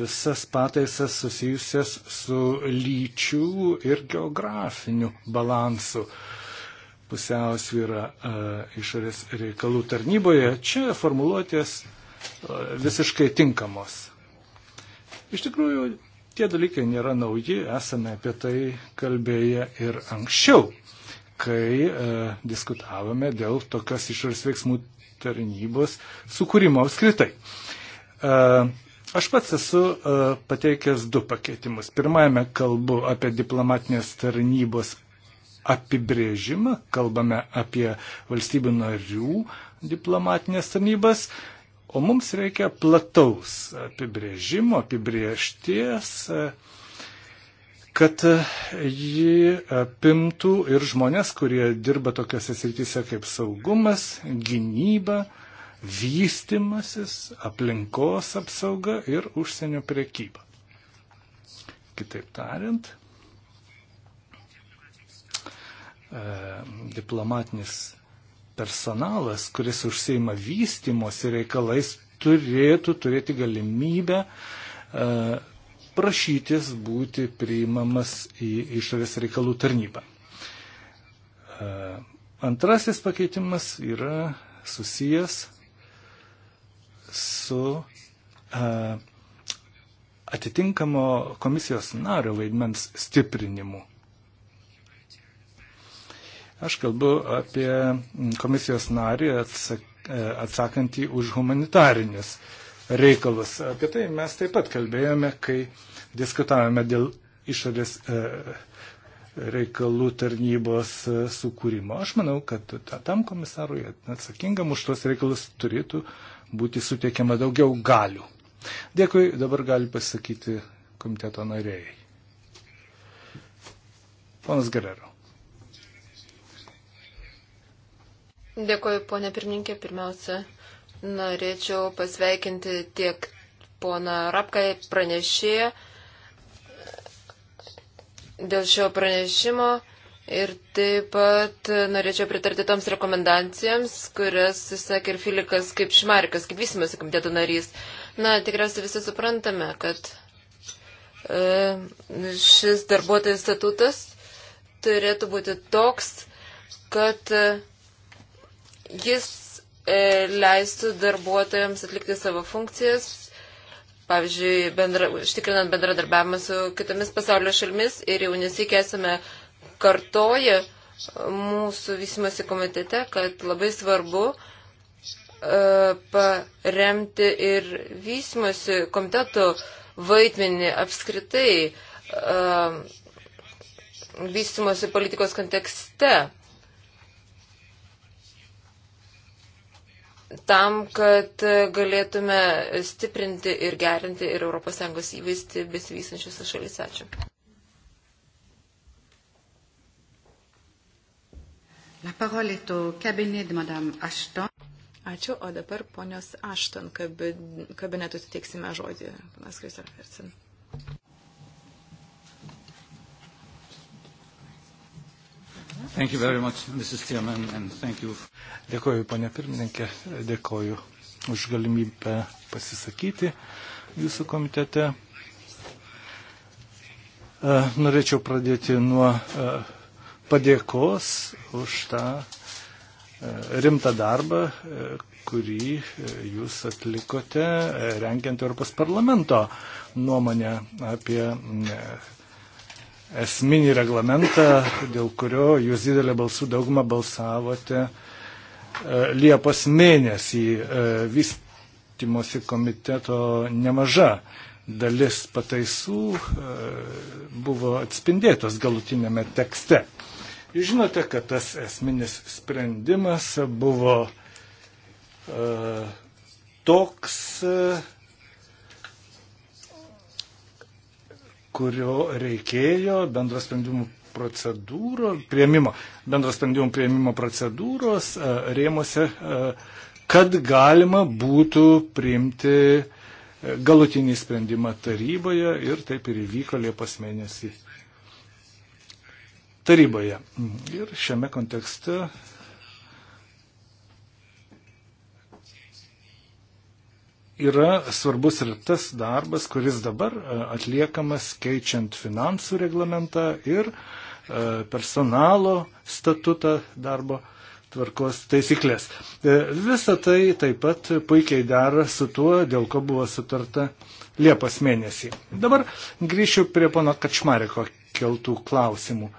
visas pataisas susijusias su lyčių ir geografiniu balansu. E, pusiausvyrą e, išorės reikalų tarnyboje, čia formuluotės e, visiškai tinkamos. Iš tikrųjų, tie dalykai nėra nauji, esame apie tai kalbėję ir anksčiau, kai e, diskutavome dėl tokios išorės veiksmų tarnybos sukūrimo apskritai. E, Aš pats esu e, pateikęs du pakeitimus. Pirmajame kalbu apie diplomatinės tarnybos apibrėžimą, kalbame apie valstybių narių diplomatinės tarnybas, o mums reikia plataus apibrėžimo, apibrėžties, kad ji apimtų ir žmonės, kurie dirba tokiose srityse kaip saugumas, gynyba, vystimasis, aplinkos apsauga ir užsienio priekyba. Kitaip tariant, E, diplomatinis personalas, kuris užsieima vystimosi reikalais, turėtų turėti galimybę e, prašytis būti priimamas į išorės reikalų tarnybą. E, antrasis pakeitimas yra susijęs su atitinkamo komisijos nario vaidmens stiprinimu. Aš kalbu apie komisijos narį e, atsakantį už humanitarinius reikalus. Apie tai mes taip pat kalbėjome, kai diskutavome dėl išorės e, reikalų tarnybos e, sukūrimo. Aš manau, kad tam komisarui atsakingam už tuos reikalus turėtų būti suteikiama daugiau galių. Dėkui, dabar gali pasakyti komiteto nariai. Ponas Gerero. Dėkuoju, ponė pirmininkė. Pirmiausia, norėčiau pasveikinti tiek poną Rapkai pranešėją dėl šio pranešimo. Ir taip pat norėčiau pritarti toms rekomendacijams, kurias sakė ir Filikas kaip Šmarkas, kaip vysimosi komiteto narys. Na, tikriausiai visi suprantame, kad e, šis darbuotojų statutas turėtų būti toks, kad e, Jis e, leistų darbuotojams atlikti savo funkcijas, pavyzdžiui, bendra, užtikrinant bendradarbiavimą su kitomis pasaulio šalmis ir jau nesikė esame kartoję mūsų vysimosi komitete, kad labai svarbu e, paremti ir vysimosi komiteto vaidmenį apskritai e, vysimosi politikos kontekste. tam, kad galėtume stiprinti ir gerinti ir ES įvaizdį besivysančiose šalyse. Ačiū. La parole est au cabinet de Madame Ashton. Ačiū, o dabar ponios Ashton kabinetų suteiksime žodį. Panas Kristofersen. Much, Chairman, dėkoju, ponė pirmininkė, dėkoju už galimybę pasisakyti jūsų komitete. E, norėčiau pradėti nuo e, padėkos už tą e, rimtą darbą, kurį jūs atlikote rengiant Europos parlamento nuomonę apie esminį reglamentą, dėl kurio jūs didelę balsų daugumą balsavote e, Liepos mėnesį. E, vystimosi komiteto nemaža dalis pataisų e, buvo atspindėtos galutinėme tekste. Jūs žinote, kad tas esminis sprendimas buvo toks, kurio reikėjo bendro sprendimų procedūro prieimimo, bendro sprendimų prieimimo procedūros e, rėmose, e, kad galima būtų priimti e, galutinį sprendimą taryboje ir taip ir įvyko Liepos mėnesį taryboje. Ir šiame kontekste yra svarbus ir tas darbas, kuris dabar e, atliekamas keičiant finansų reglamentą ir e, personalo statutą darbo tvarkos taisyklės. E, visa tai taip pat puikiai dera su tuo, dėl ko buvo sutarta Liepos mėnesį. Dabar grįšiu prie pono Kačmariko keltų klausimų.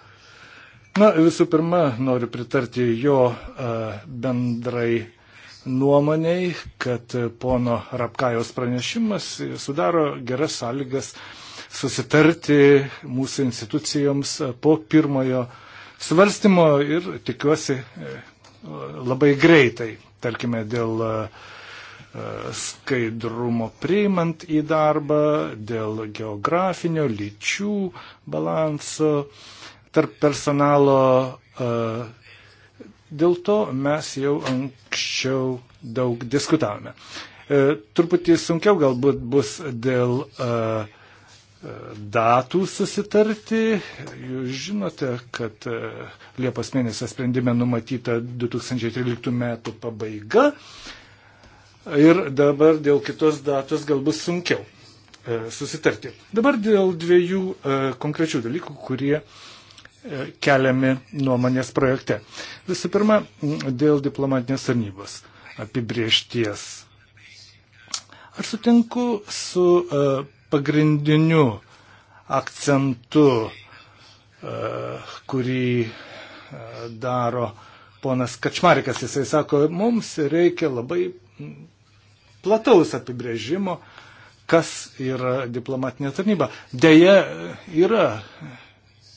Na, visų pirma, noriu pritarti jo bendrai nuomoniai, kad pono Rapkajos pranešimas sudaro geras sąlygas susitarti mūsų institucijoms po pirmojo svarstymo ir tikiuosi e, labai greitai, tarkime, dėl e, skaidrumo priimant į darbą, dėl geografinio, lyčių balanso, tarp personalo e, Dėl to mes jau anksčiau daug diskutavome. E, truputį sunkiau galbūt bus dėl e, e datų susitarti. Jūs žinote, kad e, Liepos mėnesio sprendime numatyta 2013 metų pabaiga. Ir dabar dėl kitos datos gal bus sunkiau e, susitarti. Dabar dėl dviejų e, konkrečių dalykų, kurie e, E, keliami nuomonės projekte. Visų pirma, dėl diplomatinės tarnybos apibriešties. Aš sutinku su e, pagrindiniu akcentu, e, kurį daro ponas Kačmarikas. Jisai sako, mums reikia labai plataus apibrėžimo, kas yra diplomatinė tarnyba. Deja, yra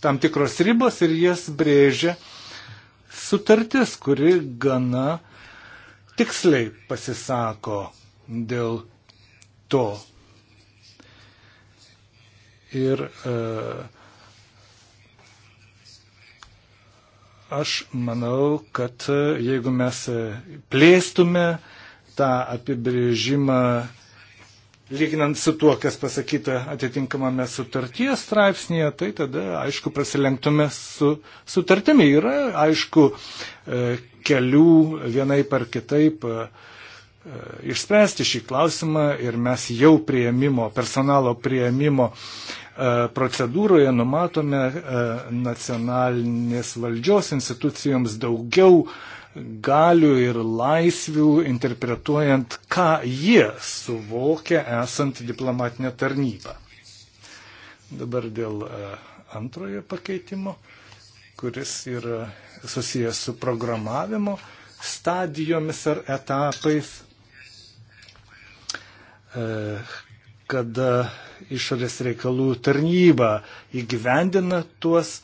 tam tikros ribos ir jas brėžia sutartis, kuri gana tiksliai pasisako dėl to. Ir e, aš manau, kad e, jeigu mes e, plėstume tą apibrėžimą lyginant su tuo, kas pasakyta atitinkamame sutarties straipsnėje, tai tada, aišku, prasilenktume su sutartimi. Yra, aišku, e, kelių vienai par kitaip e, e, išspręsti šį klausimą ir mes jau prieimimo, personalo prieimimo procedūroje numatome nacionalinės valdžios institucijoms daugiau uh, galių ir laisvių, interpretuojant, ką jie suvokia esant diplomatinę tarnybą. Dabar dėl e, antrojo pakeitimo, kuris yra susijęs su programavimo stadijomis ar etapais, e, kada išorės reikalų tarnyba įgyvendina tuos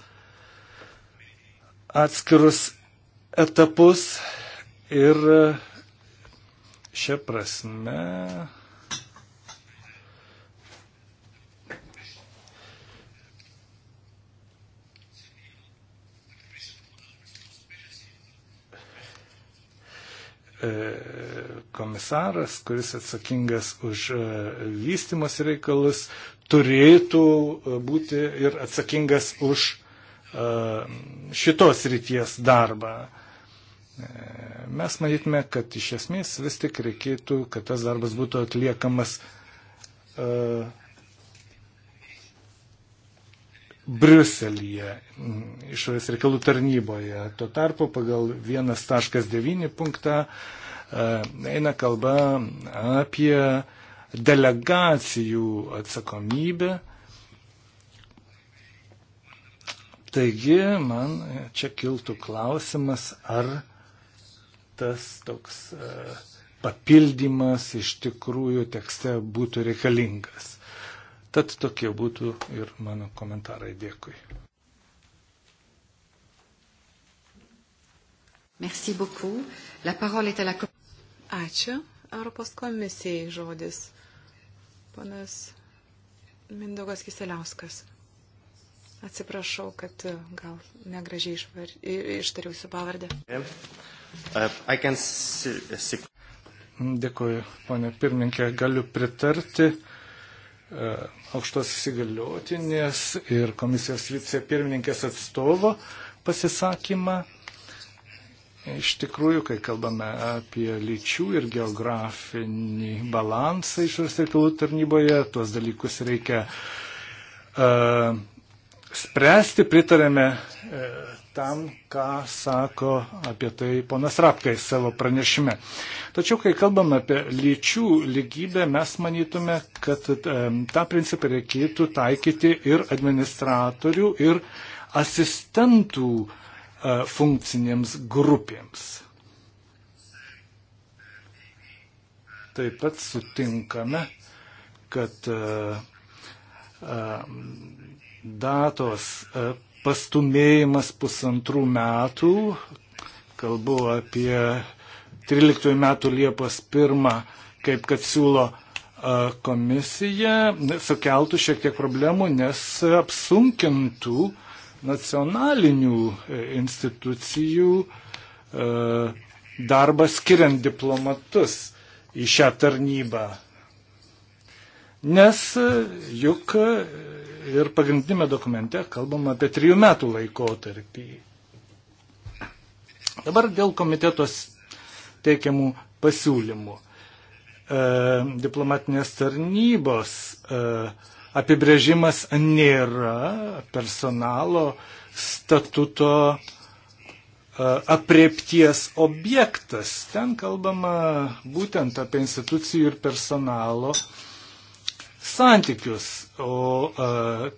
atskirus etapus ir šia prasme e, komisaras, kuris atsakingas už e, vystimus reikalus, turėtų e, būti ir atsakingas už šitos ryties darbą. Mes manytume, kad iš esmės vis tik reikėtų, kad tas darbas būtų atliekamas uh, Briuselyje, išorės reikalų tarnyboje. Tuo tarpu pagal 1.9 punktą uh, eina kalba apie delegacijų atsakomybę. Taigi man čia kiltų klausimas, ar uh, tas toks e, papildymas iš tikrųjų tekste būtų reikalingas. Tad tokie būtų ir mano komentarai. Dėkui. Merci beaucoup. La parole est à la Ačiū. Europos komisijai žodis. Panas Mindaugas Kiseliauskas. Atsiprašau, kad gal negražiai ištariau su pavardę. Uh, uh, Dėkuoju, ponė pirmininkė, galiu pritarti uh, aukštos įsigaliotinės ir komisijos vicepirmininkės atstovo pasisakymą. Iš tikrųjų, kai kalbame apie lyčių ir geografinį balansą išorės reikalų tarnyboje, tuos dalykus reikia uh, spręsti, pritarėme uh, tam, ką sako apie tai ponas Rapkai savo pranešime. Tačiau, kai kalbame apie lyčių lygybę, mes manytume, kad tą principą reikėtų taikyti ir administratorių, ir asistentų e, funkcinėms grupėms. Taip pat sutinkame, kad e, e, datos pastumėjimas pusantrų metų, kalbu apie 13 metų Liepos 1, kaip kad siūlo komisija, sukeltų šiek tiek problemų, nes apsunkintų nacionalinių e, institucijų darbą skiriant diplomatus į šią tarnybą. Nes e, juk ir pagrindinėme dokumente kalbam apie trijų metų laikotarpį. Dabar dėl komitetos teikiamų pasiūlymų. E, diplomatinės tarnybos e, apibrėžimas nėra personalo statuto e, apriepties objektas. Ten kalbama būtent apie institucijų ir personalo uh, santykius, o a,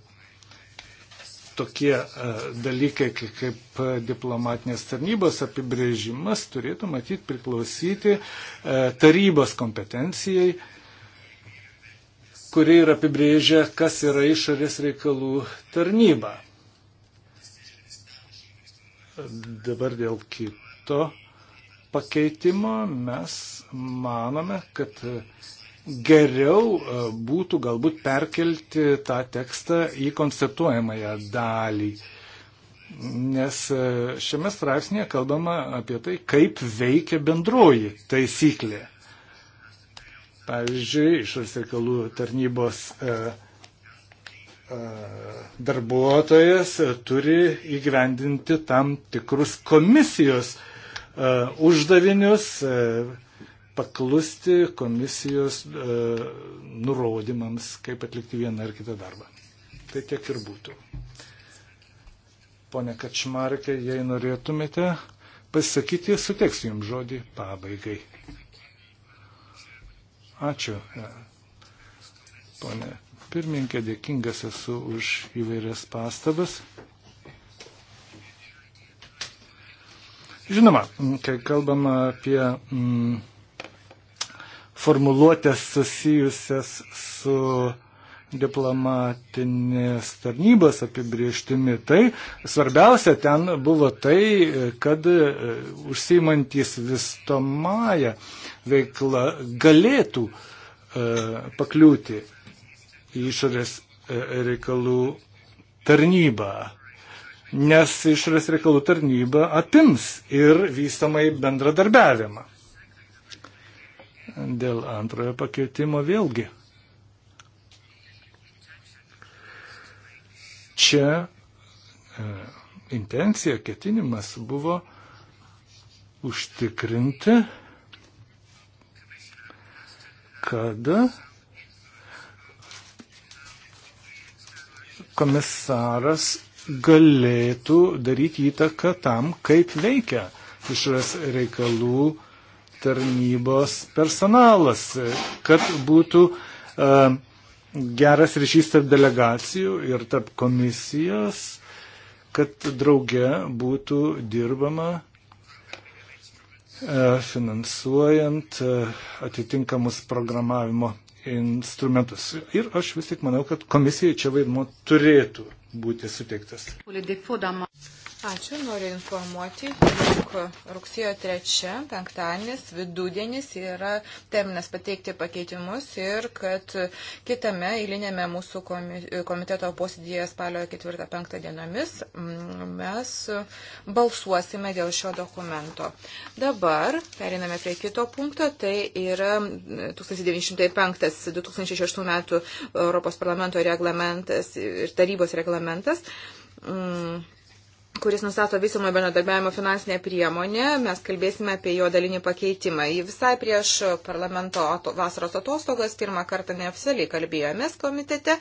tokie a, dalykai kaip diplomatinės tarnybos apibrėžimas turėtų matyti priklausyti a, tarybos kompetencijai, kuri ir apibrėžia, kas yra išorės reikalų tarnyba. Dabar dėl kito pakeitimo mes manome, kad geriau e, būtų galbūt perkelti tą tekstą į konstatuojamąją dalį. Nes e, šiame straipsnėje kalbama apie tai, kaip veikia bendroji taisyklė. Pavyzdžiui, išorės reikalų tarnybos e, e, darbuotojas e, turi įgyvendinti tam tikrus komisijos e, uždavinius, e, paklusti komisijos e, nurodymams, kaip atlikti vieną ar kitą darbą. Tai tiek ir būtų. Pone Kačmarkė, jei norėtumėte pasakyti, suteiksiu jums žodį pabaigai. Ačiū. E, pone pirmininkė, dėkingas esu už įvairias pastabas. Žinoma, kai kalbama apie mm, formuluotės susijusias su diplomatinės tarnybos apibrieštimi. Tai svarbiausia ten buvo tai, kad e, užsimantis vystomąją veiklą galėtų e, pakliūti į išorės e, reikalų tarnybą. Nes išorės reikalų tarnyba apims ir vystamai bendradarbiavimą. Dėl antrojo pakeitimo vėlgi. Čia e, intencija, ketinimas buvo užtikrinti, kad komisaras galėtų daryti įtaką tam, kaip veikia išras reikalų tarnybos personalas, kad būtų uh, geras ryšys tarp delegacijų ir tarp komisijos, kad drauge būtų dirbama uh, finansuojant uh, atitinkamus programavimo instrumentus. Ir aš vis tik manau, kad komisijai čia vaidmo turėtų būti suteiktas. Ačiū, noriu informuoti, jog rugsėjo 3, penktadienis, vidudienis yra terminas pateikti pakeitimus ir kad kitame eilinėme mūsų komiteto posėdėje spalio 4-5 dienomis mm, mes balsuosime dėl šio dokumento. Dabar periname prie kito punkto, tai yra 1905-2006 metų Europos parlamento reglamentas ir tarybos reglamentas. Mm kuris nustato visamo bendradarbiavimo finansinę priemonę. Mes kalbėsime apie jo dalinį pakeitimą. Į visai prieš parlamento ato, vasaros atostogas pirmą kartą neoficialiai kalbėjomės komitete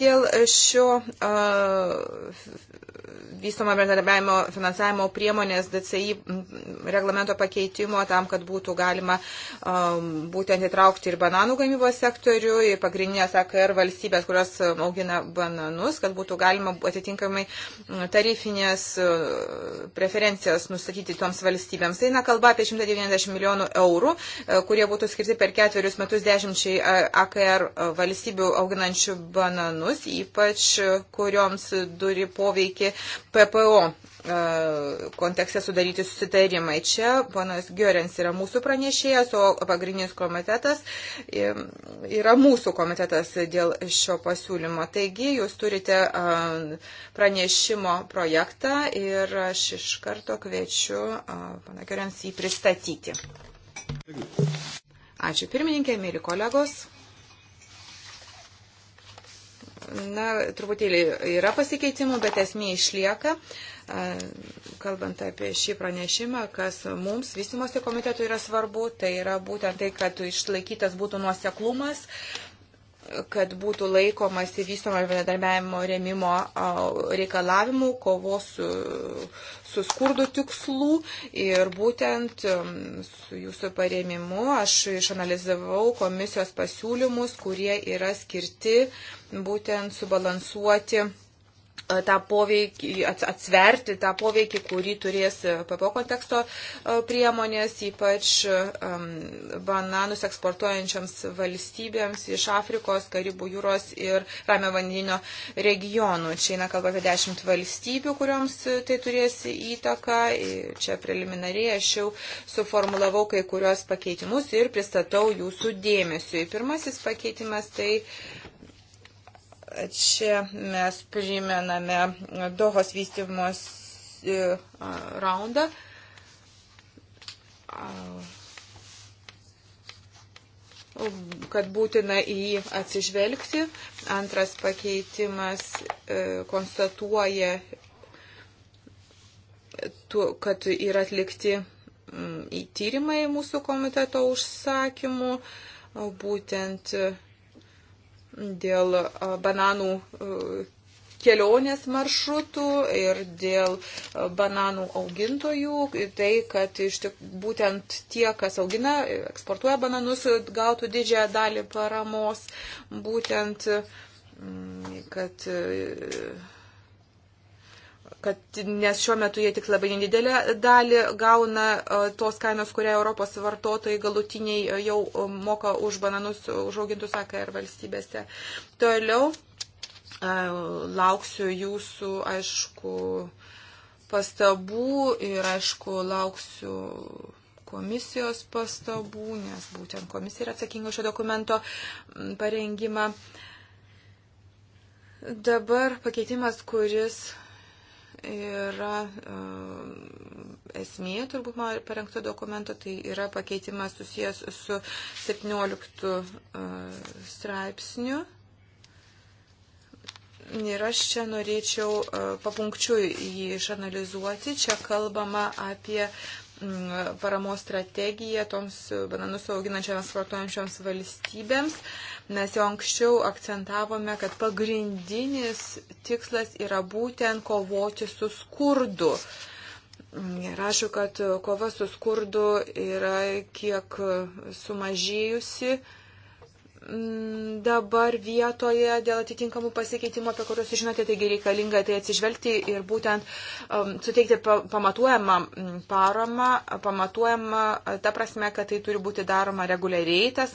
dėl šio uh, vystomo bendradarbiavimo finansavimo priemonės DCI reglamento pakeitimo tam, kad būtų galima um, būtent įtraukti ir bananų gamybos sektorių, ir pagrindinės AKR valstybės, kurios augina bananus, kad būtų galima atitinkamai tarifinės E, preferencijas nustatyti toms valstybėms. Tai eina kalba apie 190 milijonų eurų, e, kurie būtų skirti per ketverius metus dešimčiai e, AKR valstybių auginančių bananus, ypač kurioms turi poveikį PPO E, kontekste sudaryti susitarimai. Čia ponas Giorens yra mūsų pranešėjas, o pagrindinis komitetas e, yra mūsų komitetas dėl šio pasiūlymo. Taigi, jūs turite e, pranešimo projektą ir aš iš karto kviečiu pana Giorens jį pristatyti. Ačiū pirmininkė, mėly kolegos na, truputėlį yra pasikeitimų, bet esmė išlieka. Uh, kalbant apie šį pranešimą, kas mums vystimosi komitetui yra svarbu, tai yra būtent tai, kad išlaikytas būtų nuoseklumas kad būtų laikomasi vystomo ir bendradarbiavimo remimo reikalavimų, kovos su, su skurdu tikslų ir būtent su jūsų paremimu aš išanalizavau komisijos pasiūlymus, kurie yra skirti būtent subalansuoti E, tą poveikį, atsverti tą poveikį, kurį turės PPO konteksto e, priemonės, ypač e, bananus eksportuojančiams valstybėms iš Afrikos, Karibų jūros ir Ramio vandenino regionų. Čia eina kalba apie dešimt valstybių, kurioms tai turės įtaką. Čia preliminariai aš jau suformulavau kai kurios pakeitimus ir pristatau jūsų dėmesiu. Pirmasis pakeitimas tai. Uh, Čia mes primename Dohos vystimos e, raundą. kad būtina į jį atsižvelgti. Antras pakeitimas e, konstatuoja, kad yra atlikti į tyrimai mūsų komiteto užsakymų, būtent dėl bananų kelionės maršrutų ir dėl bananų augintojų, tai, kad iš tik būtent tie, kas augina, eksportuoja bananus, gautų didžiąją dalį paramos, būtent, mm, kad kad, nes šiuo metu jie tik labai nedidelę dalį gauna e, tos kainos, kurią Europos vartotojai galutiniai e, jau e, moka už bananus užaugintus AKR valstybėse. Toliau lauksiu jūsų, aišku, pastabų ir, aišku, lauksiu komisijos pastabų, nes būtent komisija yra atsakinga šio dokumento parengimą. Dabar pakeitimas, kuris yra e, esmė, turbūt man parengta dokumento, tai yra pakeitimas susijęs su 17 e, straipsniu. Ir aš čia norėčiau e, papunkčiui jį išanalizuoti. Čia kalbama apie Mm, paramos strategiją toms bananus auginančiams vartojančioms valstybėms. Mes jau anksčiau akcentavome, kad pagrindinis tikslas yra būtent kovoti su skurdu. Rašau, kad kova su skurdu yra kiek sumažėjusi Mm, dabar vietoje dėl atitinkamų pasikeitimų, apie kuriuos žinote, taigi reikalinga tai atsižvelgti ir būtent um, suteikti pamatuojamą mm, paramą, pamatuojamą, ta prasme, kad tai turi būti daroma reguliariai, tas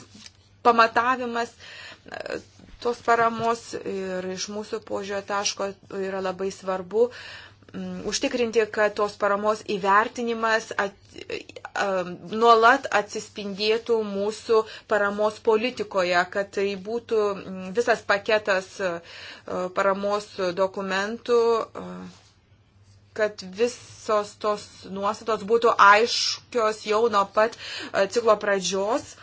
pamatavimas e, tos paramos ir iš mūsų požiūrio taško yra labai svarbu. Um, Mm, užtikrinti, kad tos paramos įvertinimas at, um, nuolat atsispindėtų mūsų paramos politikoje, kad tai būtų mm, visas paketas uh, paramos dokumentų, uh, kad visos tos nuostatos būtų aiškios jau nuo pat uh, ciklo pradžios.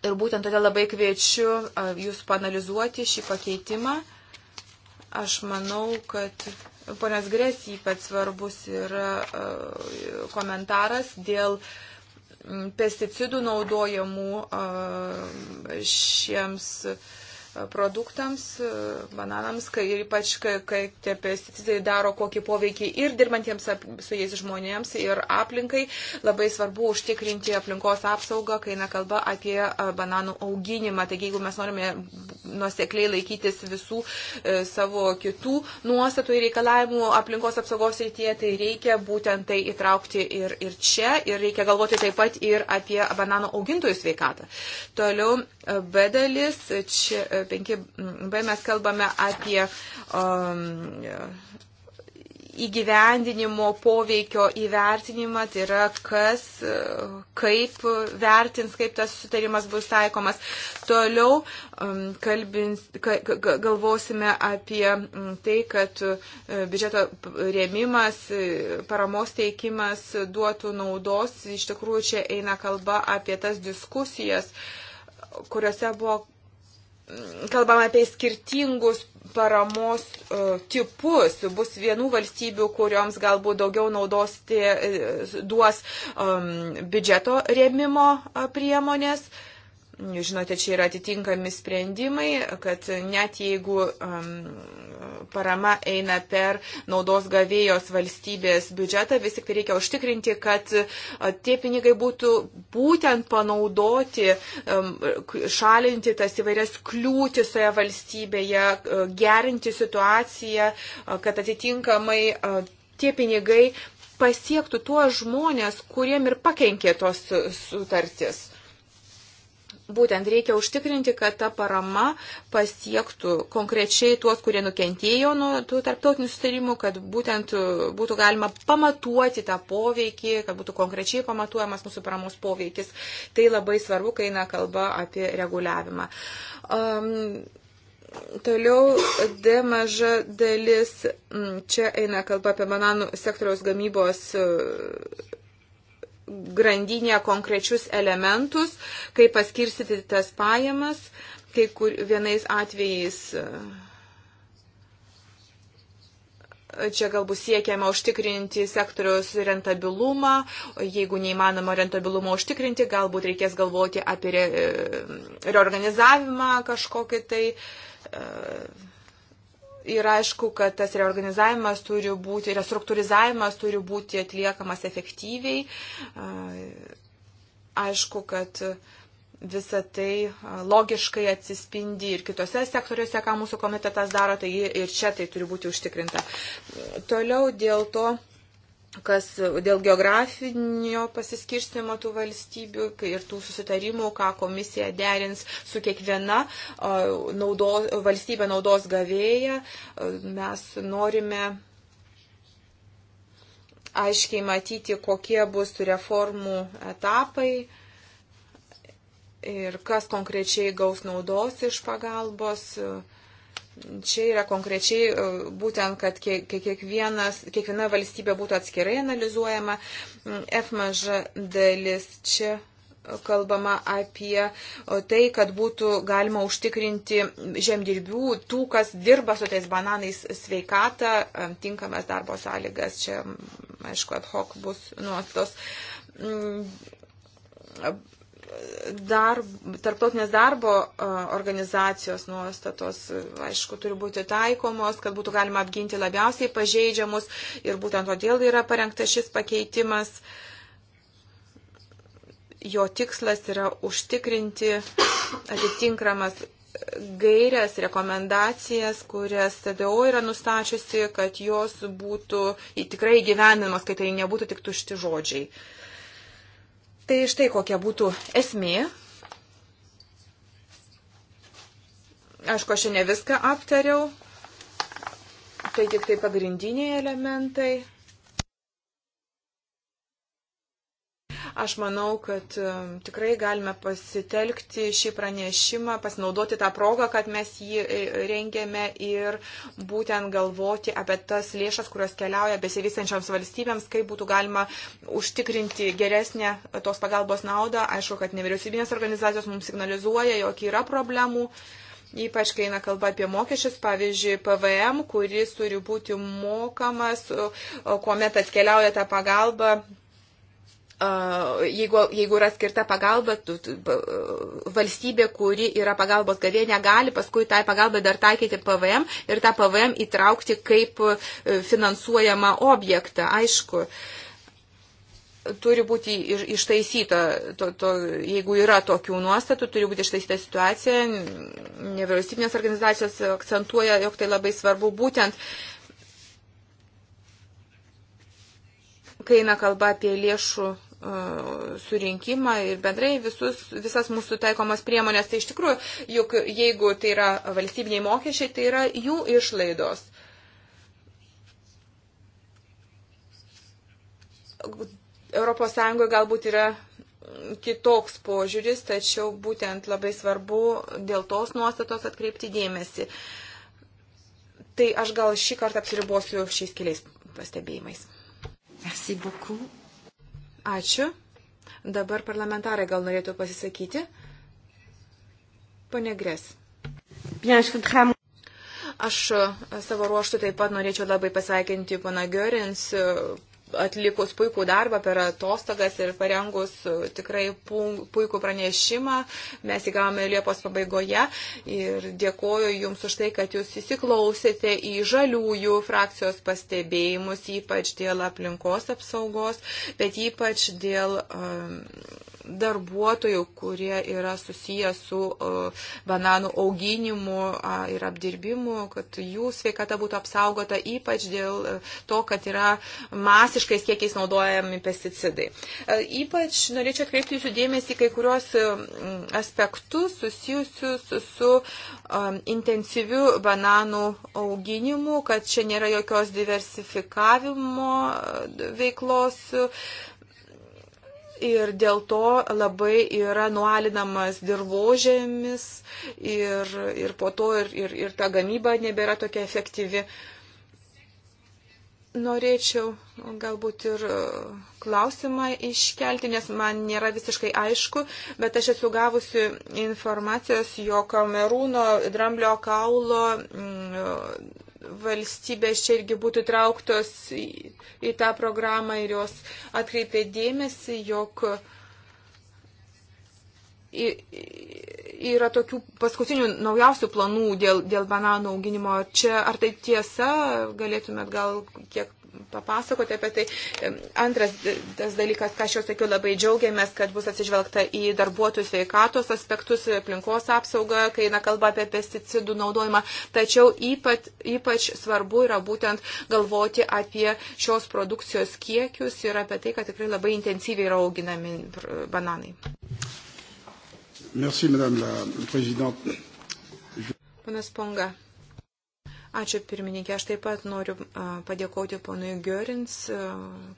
Ir būtent todėl labai kviečiu uh, jūs panalizuoti šį pakeitimą. Aš manau, kad Ponas Grės ypač svarbus yra e, komentaras dėl pesticidų naudojamų e, šiems uh, produktams, e, bananams, kai ir ypač, kai, kai tie pesticidai daro kokį poveikį ir dirbantiems su jais žmonėms, ir aplinkai. Labai svarbu užtikrinti aplinkos apsaugą, kai eina kalba apie e, bananų auginimą. Taigi, jeigu mes norime nuosekliai laikytis visų e, savo kitų nuostatų ir reikalavimų aplinkos apsaugos rytyje, tai reikia būtent tai įtraukti ir, ir čia. Ir reikia galvoti taip pat ir apie bananų augintojų sveikatą. Toliau e, B dalis. Čia, 5B mes kalbame apie um, įgyvendinimo poveikio įvertinimą, tai yra kas, kaip vertins, kaip tas sutarimas bus taikomas. Toliau um, kalbins, galvosime apie um, tai, kad uh, biudžeto rėmimas, uh, paramos teikimas duotų naudos. Iš tikrųjų, čia eina kalba apie tas diskusijas kuriuose buvo kalbam apie skirtingus paramos e, tipus. Bus vienų valstybių, kurioms galbūt daugiau naudos tie, e, duos um, biudžeto rėmimo priemonės. Uh, Žinote, čia yra atitinkami sprendimai, kad net jeigu um, parama eina per naudos gavėjos valstybės biudžetą, vis tik tai reikia užtikrinti, kad uh, tie pinigai būtų būtent panaudoti, um, šalinti tas įvairias kliūtis toje valstybėje, uh, gerinti situaciją, uh, kad atitinkamai tie pinigai pasiektų tuos žmonės, kuriem ir pakenkė tos sutartis. Būtent reikia užtikrinti, kad ta parama pasiektų konkrečiai tuos, kurie nukentėjo nuo tų tarptautinių sustarimų, kad būtent uh, būtų galima pamatuoti tą poveikį, kad būtų konkrečiai pamatuojamas mūsų paramos poveikis. Tai labai svarbu, kai eina kalba apie reguliavimą. Um, Toliau D maža dalis, mm, čia eina kalba apie bananų sektoriaus gamybos uh, grandinėje konkrečius elementus, kaip paskirstyti tas pajamas, kai kur, vienais atvejais e, čia galbūt siekiama užtikrinti sektoriaus rentabilumą, jeigu neįmanoma rentabilumą užtikrinti, galbūt reikės galvoti apie re, e, reorganizavimą kažkokį tai. Uh, Ir aišku, kad tas reorganizavimas turi būti, restruktūrizavimas turi būti atliekamas efektyviai. Aišku, kad visa tai logiškai atsispindi ir kitose sektoriuose, ką mūsų komitetas daro, tai ir čia tai turi būti užtikrinta. Toliau dėl to kas dėl geografinio pasiskirstimo tų valstybių ir tų susitarimų, ką komisija derins su kiekviena naudos, valstybė naudos gavėja, mes norime aiškiai matyti, kokie bus reformų etapai ir kas konkrečiai gaus naudos iš pagalbos. Uh, čia yra konkrečiai e, būtent, kad kiekvienas, kiekviena valstybė būtų atskirai analizuojama. Mm, F maža dalis čia kalbama apie tai, kad būtų galima užtikrinti žemdirbių, tų, kas dirba su tais bananais sveikatą, tinkamas darbo sąlygas. Čia, aišku, ad hoc bus nuostos mm, darb, tarptautinės darbo organizacijos nuostatos, aišku, turi būti taikomos, kad būtų galima apginti labiausiai pažeidžiamus ir būtent todėl yra parengtas šis pakeitimas. Jo tikslas yra užtikrinti atitinkamas gairias, rekomendacijas, kurias TDO yra nustačiusi, kad jos būtų tikrai gyvenimas, kad tai nebūtų tik tušti žodžiai. Uh, Tai štai kokia būtų esmė. Aišku, aš ne viską aptariau, tai tik tai pagrindiniai elementai. Aš manau, kad um, tikrai galime pasitelkti šį pranešimą, pasinaudoti tą progą, kad mes jį e, rengėme ir būtent galvoti apie tas lėšas, kurios keliauja besivystančioms valstybėms, kaip būtų galima užtikrinti geresnę tos pagalbos naudą. Aišku, kad nevyriausybinės organizacijos mums signalizuoja, jog yra problemų ypač kai eina kalba apie mokesčius, pavyzdžiui, PVM, kuris turi būti mokamas, kuomet atkeliauja ta pagalba jeigu, jeigu yra skirta pagalba, tu, tu, valstybė, kuri yra pagalbos gavė, negali paskui tai pagalbai dar taikyti PVM ir tą PVM įtraukti kaip e, finansuojamą objektą. Aišku, turi būti ir, ištaisyta, to, to, jeigu yra tokių nuostatų, turi būti ištaisyta situacija. Nevyriausybinės organizacijos akcentuoja, jog tai labai svarbu būtent kai eina kalba apie lėšų E, surinkimą ir bendrai visus, visas mūsų taikomas priemonės. Tai iš tikrųjų, juk jeigu tai yra valstybiniai mokesčiai, tai yra jų išlaidos. Europos Sąjungoje galbūt yra kitoks požiūris, tačiau būtent labai svarbu dėl tos nuostatos atkreipti dėmesį. Tai aš gal šį kartą apsiribosiu šiais keliais pastebėjimais. Merci beaucoup. Ačiū. Dabar parlamentarai gal norėtų pasisakyti. Pane Gres. Aš e, savo ruoštų taip pat norėčiau labai pasveikinti pana Görins e, atlikus puikų darbą per atostogas ir parengus e, tikrai puikų pranešimą. Mes įgavome Liepos pabaigoje ir dėkoju Jums už tai, kad Jūs įsiklausėte į žaliųjų frakcijos pastebėjimus, ypač dėl aplinkos apsaugos, bet ypač dėl. Um, darbuotojų, kurie yra susiję su e, bananų auginimu ir apdirbimu, kad jų sveikata būtų apsaugota ypač dėl e, to, kad yra masiškais kiekiais naudojami pesticidai. E, ypač norėčiau atkreipti jūsų dėmesį kai kurios aspektus susijusius su intensyviu bananų auginimu, kad čia nėra jokios diversifikavimo veiklos ir dėl to labai yra nualinamas dirbožėmis ir, ir po to ir, ir, ir ta gamyba nebėra tokia efektyvi. Norėčiau galbūt ir klausimą iškelti, nes man nėra visiškai aišku, bet aš esu gavusi informacijos, jo kamerūno dramblio kaulo. Mm, valstybės čia irgi būtų trauktos į, į tą programą ir jos atkreipė dėmesį, jog yra tokių paskutinių naujausių planų dėl, dėl bananų auginimo. Čia ar tai tiesa, galėtumėt gal kiek papasakoti apie tai. Antras tas dalykas, ką aš jau sakiau, labai džiaugiamės, kad bus atsižvelgta į darbuotojų sveikatos aspektus, aplinkos apsaugą, kai eina kalba apie pesticidų naudojimą. Tačiau ypač, ypač svarbu yra būtent galvoti apie šios produkcijos kiekius ir apie tai, kad tikrai labai intensyviai yra auginami bananai. Merci, Madame la Présidente. Panas Ponga. Ačiū pirmininkė, aš taip pat noriu padėkoti ponui Görins,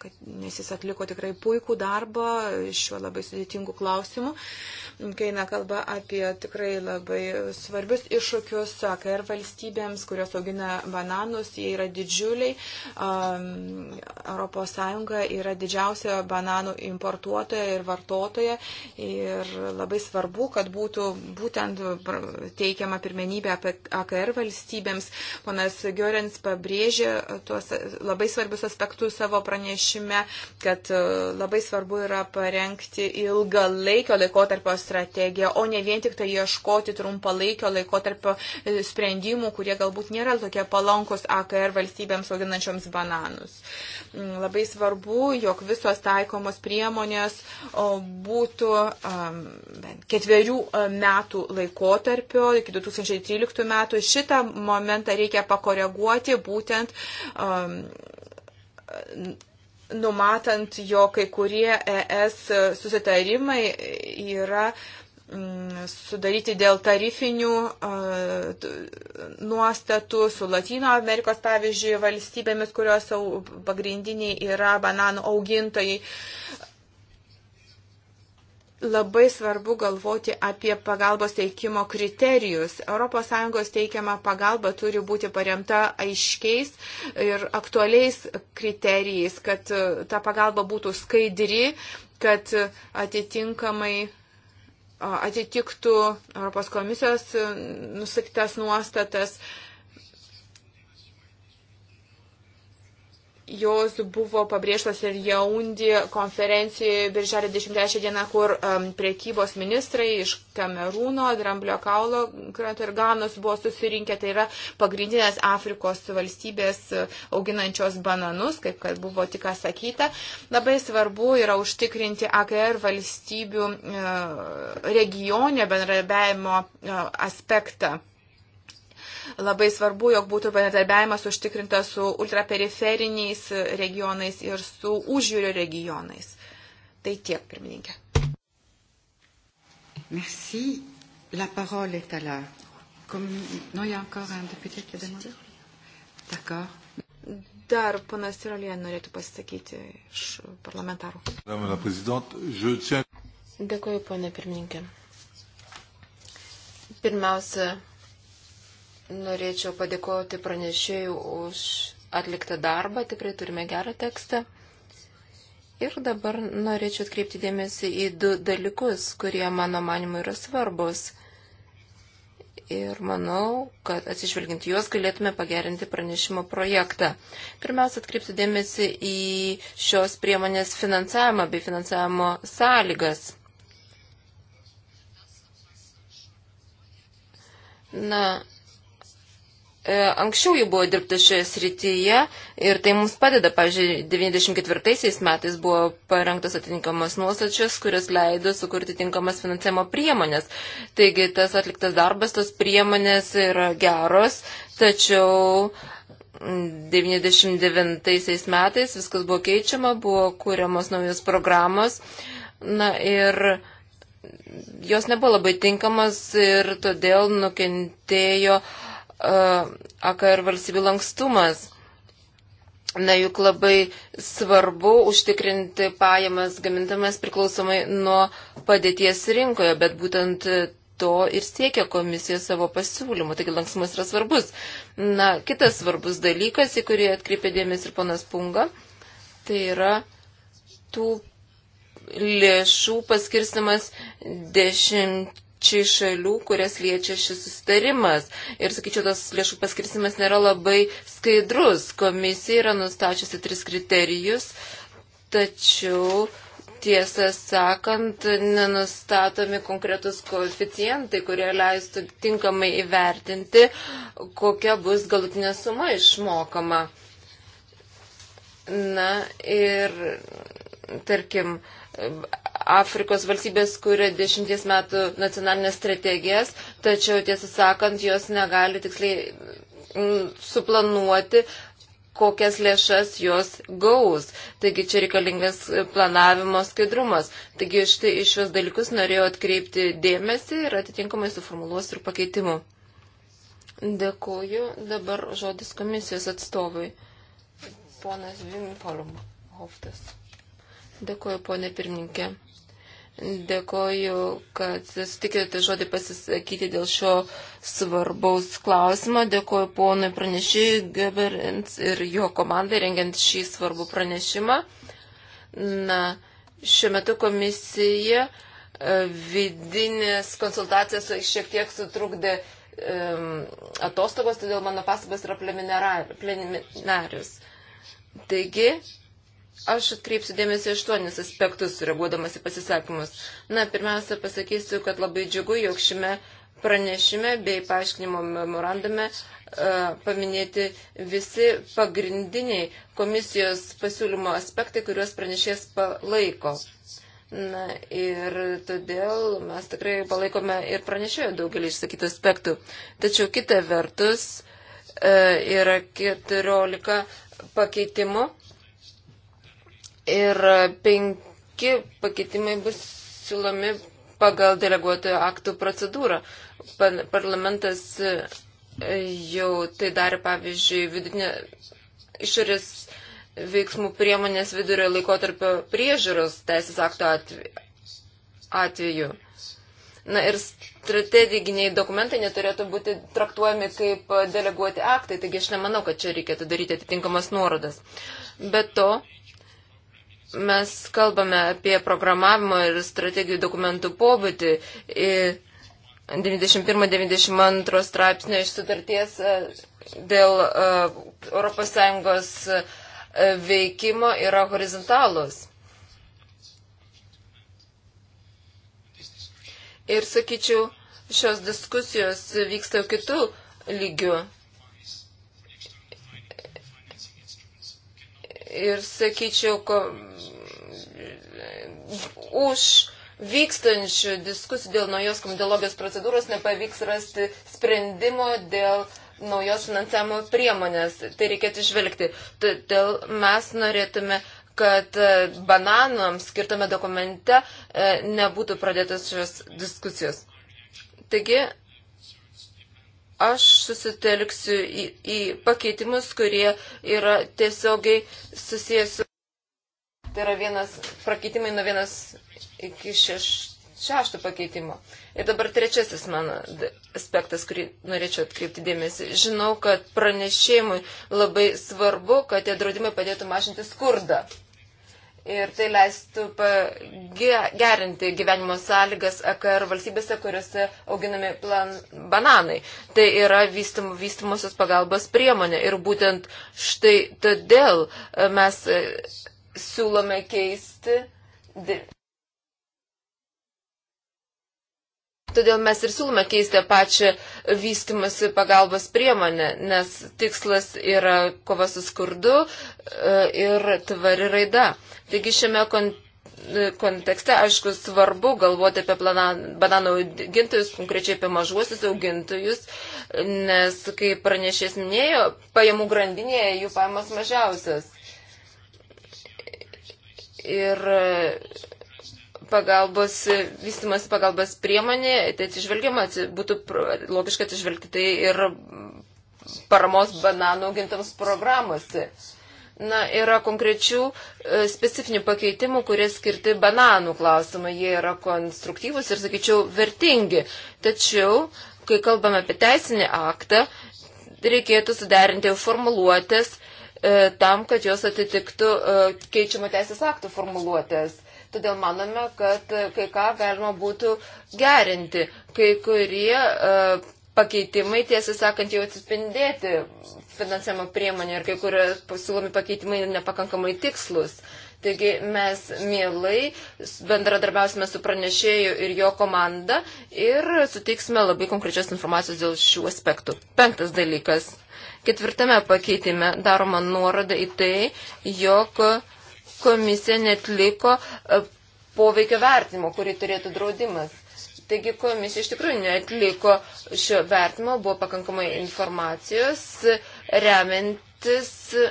kad, nes jis atliko tikrai puikų darbą šiuo labai sudėtingu klausimu, kai eina kalba apie tikrai labai svarbius iššūkius AKR valstybėms, kurios augina bananus, jie yra didžiuliai. Europos Sąjunga yra didžiausia bananų importuotoja ir vartotoja ir labai svarbu, kad būtų būtent teikiama pirmenybė apie AKR valstybėms Ponas Giorens pabrėžė tuos labai svarbius aspektus savo pranešime, kad e, labai svarbu yra parengti ilgalaikio laikotarpio strategiją, o ne vien tik tai ieškoti trumpalaikio laikotarpio e, sprendimų, kurie galbūt nėra tokie palankus AKR valstybėms auginančioms bananus. Mm, labai svarbu, jog visos taikomos priemonės būtų bent ketverių e, metų laikotarpio iki 2013 metų. Šitą momentą reikia reikia pakoreguoti būtent. Um, numatant, jo kai kurie ES susitarimai yra mm, sudaryti dėl tarifinių uh, nuostatų su Latino Amerikos, pavyzdžiui, valstybėmis, kurios pagrindiniai yra bananų augintojai. Labai svarbu galvoti apie pagalbos teikimo kriterijus. ES teikiama pagalba turi būti paremta aiškiais ir aktualiais kriterijais, kad e, ta pagalba būtų skaidri, kad atitinkamai atitiktų Europos komisijos e, nusiktas nuostatas. jos buvo pabrėžtos ir jaundi konferencijoje birželio 10 dieną, kur um, priekybos ministrai iš Kamerūno, Dramblio kaulo kranto ir Ganos buvo susirinkę. Tai yra pagrindinės Afrikos valstybės uh, auginančios bananus, kaip kad buvo tik sakyta. Labai svarbu yra užtikrinti AKR valstybių uh, regionio bendradarbiavimo uh, aspektą. Labai svarbu, jog būtų bendradarbiavimas užtikrintas su ultraperiferiniais regionais ir su užjūrio regionais. Tai tiek, pirmininkė. Merci. La parole est à la. Comme... Non, il y a encore un député qui a demandé. D'accord. Dar ponas Tirolien norėtų pasisakyti iš parlamentarų. Dėkuoju, ponė pirmininkė. Pirmiausia, Norėčiau padėkoti pranešėjų už atliktą darbą, tikrai turime gerą tekstą. Ir dabar norėčiau atkreipti dėmesį į du dalykus, kurie mano manimu yra svarbus. Ir manau, kad atsižvelginti juos galėtume pagerinti pranešimo projektą. Pirmiausia, atkreipsiu dėmesį į šios priemonės finansavimą bei finansavimo sąlygas. Na, E, anksčiau jau buvo dirbta šioje srityje ir tai mums padeda. Pavyzdžiui, 94 metais buvo parengtas atitinkamas nuostačios, kuris leido sukurti tinkamas finansavimo priemonės. Taigi tas atliktas darbas, tos priemonės yra geros, tačiau 99 metais viskas buvo keičiama, buvo kūriamos naujos programos. Na ir jos nebuvo labai tinkamas ir todėl nukentėjo uh, AKR valstybių lankstumas. Na juk labai svarbu užtikrinti pajamas gamintamas priklausomai nuo padėties rinkoje, bet būtent to ir siekia komisija savo pasiūlymu. Taigi lankstumas yra svarbus. Na, kitas svarbus dalykas, į kurį atkreipė dėmesį ir ponas Punga, tai yra tų lėšų paskirstimas dešimt dešimčiai šalių, kurias liečia šis sustarimas. Ir, sakyčiau, tas lėšų paskirsimas nėra labai skaidrus. Komisija yra nustačiusi tris kriterijus, tačiau tiesą sakant, nenustatomi konkretus koeficientai, kurie leistų tinkamai įvertinti, kokia bus galutinė suma išmokama. Na ir, tarkim, Afrikos valstybės kuria dešimties metų nacionalinės strategijas, tačiau tiesą sakant, jos negali tiksliai mm, suplanuoti, kokias lėšas jos gaus. Taigi čia reikalingas planavimo skaidrumas. Taigi štai iš šios dalykus norėjau atkreipti dėmesį ir atitinkamai suformuluosiu ir pakeitimu. Dėkuoju. Dabar žodis komisijos atstovui. Ponas Vimfolum Hoftas. Dėkuoju, ponė pirmininkė. Dėkoju, kad sutikėte žodį pasisakyti dėl šio svarbaus klausimo. Dėkoju ponui pranešėjui Geberins ir jo komandai rengiant šį svarbų pranešimą. Na, šiuo metu komisija e, vidinės konsultacijas šiek tiek sutrukdė um, atostogos, todėl mano pastabas yra preliminarius. Taigi, Aš atkreipsiu dėmesį aštuonis aspektus, reaguodamas į pasisakymus. Na, pirmiausia, pasakysiu, kad labai džiugu, jog šiame pranešime bei paaiškinimo memorandume e, paminėti visi pagrindiniai komisijos pasiūlymo aspektai, kuriuos pranešės palaiko. Na ir todėl mes tikrai palaikome ir pranešėjo daugelį išsakytų aspektų. Tačiau kita vertus e, yra 14 pakeitimų Ir penki pakeitimai bus siūlomi pagal deleguotojų aktų procedūrą. Parlamentas e, jau tai darė, pavyzdžiui, vidutinė išorės veiksmų priemonės vidurio laikotarpio priežiūros teisės akto atveju. Na ir strateginiai dokumentai neturėtų būti traktuojami kaip deleguoti aktai, taigi aš nemanau, kad čia reikėtų daryti atitinkamas nuorodas. Be to, mes kalbame apie programavimo ir strategijų dokumentų pobūdį. 91-92 straipsnio iš sutarties e, dėl ES e, veikimo yra horizontalus. Ir sakyčiau, šios diskusijos vyksta kitų lygių. ir sakyčiau, ko, už vykstančių diskusijų dėl naujos komitologijos procedūros nepavyks rasti sprendimo dėl naujos finansavimo priemonės. Tai reikėtų išvelgti. Todėl mes norėtume kad e, bananams skirtame dokumente e, nebūtų pradėtos šios diskusijos. Taigi, aš susitelksiu į, į pakeitimus, kurie yra tiesiogiai susijęs su. Tai yra vienas prakeitimai nuo vienas iki šeš, šešto pakeitimo. Ir dabar trečiasis mano aspektas, kurį norėčiau atkreipti dėmesį. Žinau, kad pranešėjimui labai svarbu, kad tie draudimai padėtų mažinti skurdą ir tai leistų gerinti gyvenimo sąlygas AKR valstybėse, kuriuose auginami plan bananai. Tai yra vystim, vystimosios pagalbos priemonė ir būtent štai todėl e, mes e, siūlome keisti Todėl mes ir siūlome keisti pačią vystimasi pagalbos priemonę, nes tikslas yra kova su skurdu e, ir tvari raida. Taigi šiame kontekste, aišku, svarbu galvoti apie planą, bananų augintojus, konkrečiai apie mažuosius augintojus, nes, kaip pranešės minėjo, pajamų grandinėje jų pajamos mažiausias. Ir pagalbos, vystimasi pagalbos priemonė, tai atsižvelgiama, būtų logiška atsižvelgti tai ir paramos bananų augintams programuose. Na, yra konkrečių e, specifinių pakeitimų, kurie skirti bananų klausimai. Jie yra konstruktyvus ir, sakyčiau, vertingi. Tačiau, kai kalbame apie teisinį aktą, reikėtų suderinti jau formuluotės e, tam, kad jos atitiktų e, keičiamo teisės aktų formuluotės. E, todėl manome, kad kai ką galima būtų gerinti. Kai kurie uh, pakeitimai, tiesą sakant, jau atsispindėti finansavimo priemonė ir kai kurie pasiūlomi pakeitimai nepakankamai tikslus. Taigi mes mielai bendradarbiausime su pranešėju ir jo komanda ir suteiksime labai konkrečios informacijos dėl šių aspektų. Penktas dalykas. Ketvirtame pakeitime daroma nuoroda į tai, jog uh, komisija netliko e, poveikio vertinimo, kurį turėtų draudimas. Taigi komisija iš tikrųjų netliko šio vertimo, buvo pakankamai informacijos remiantis e,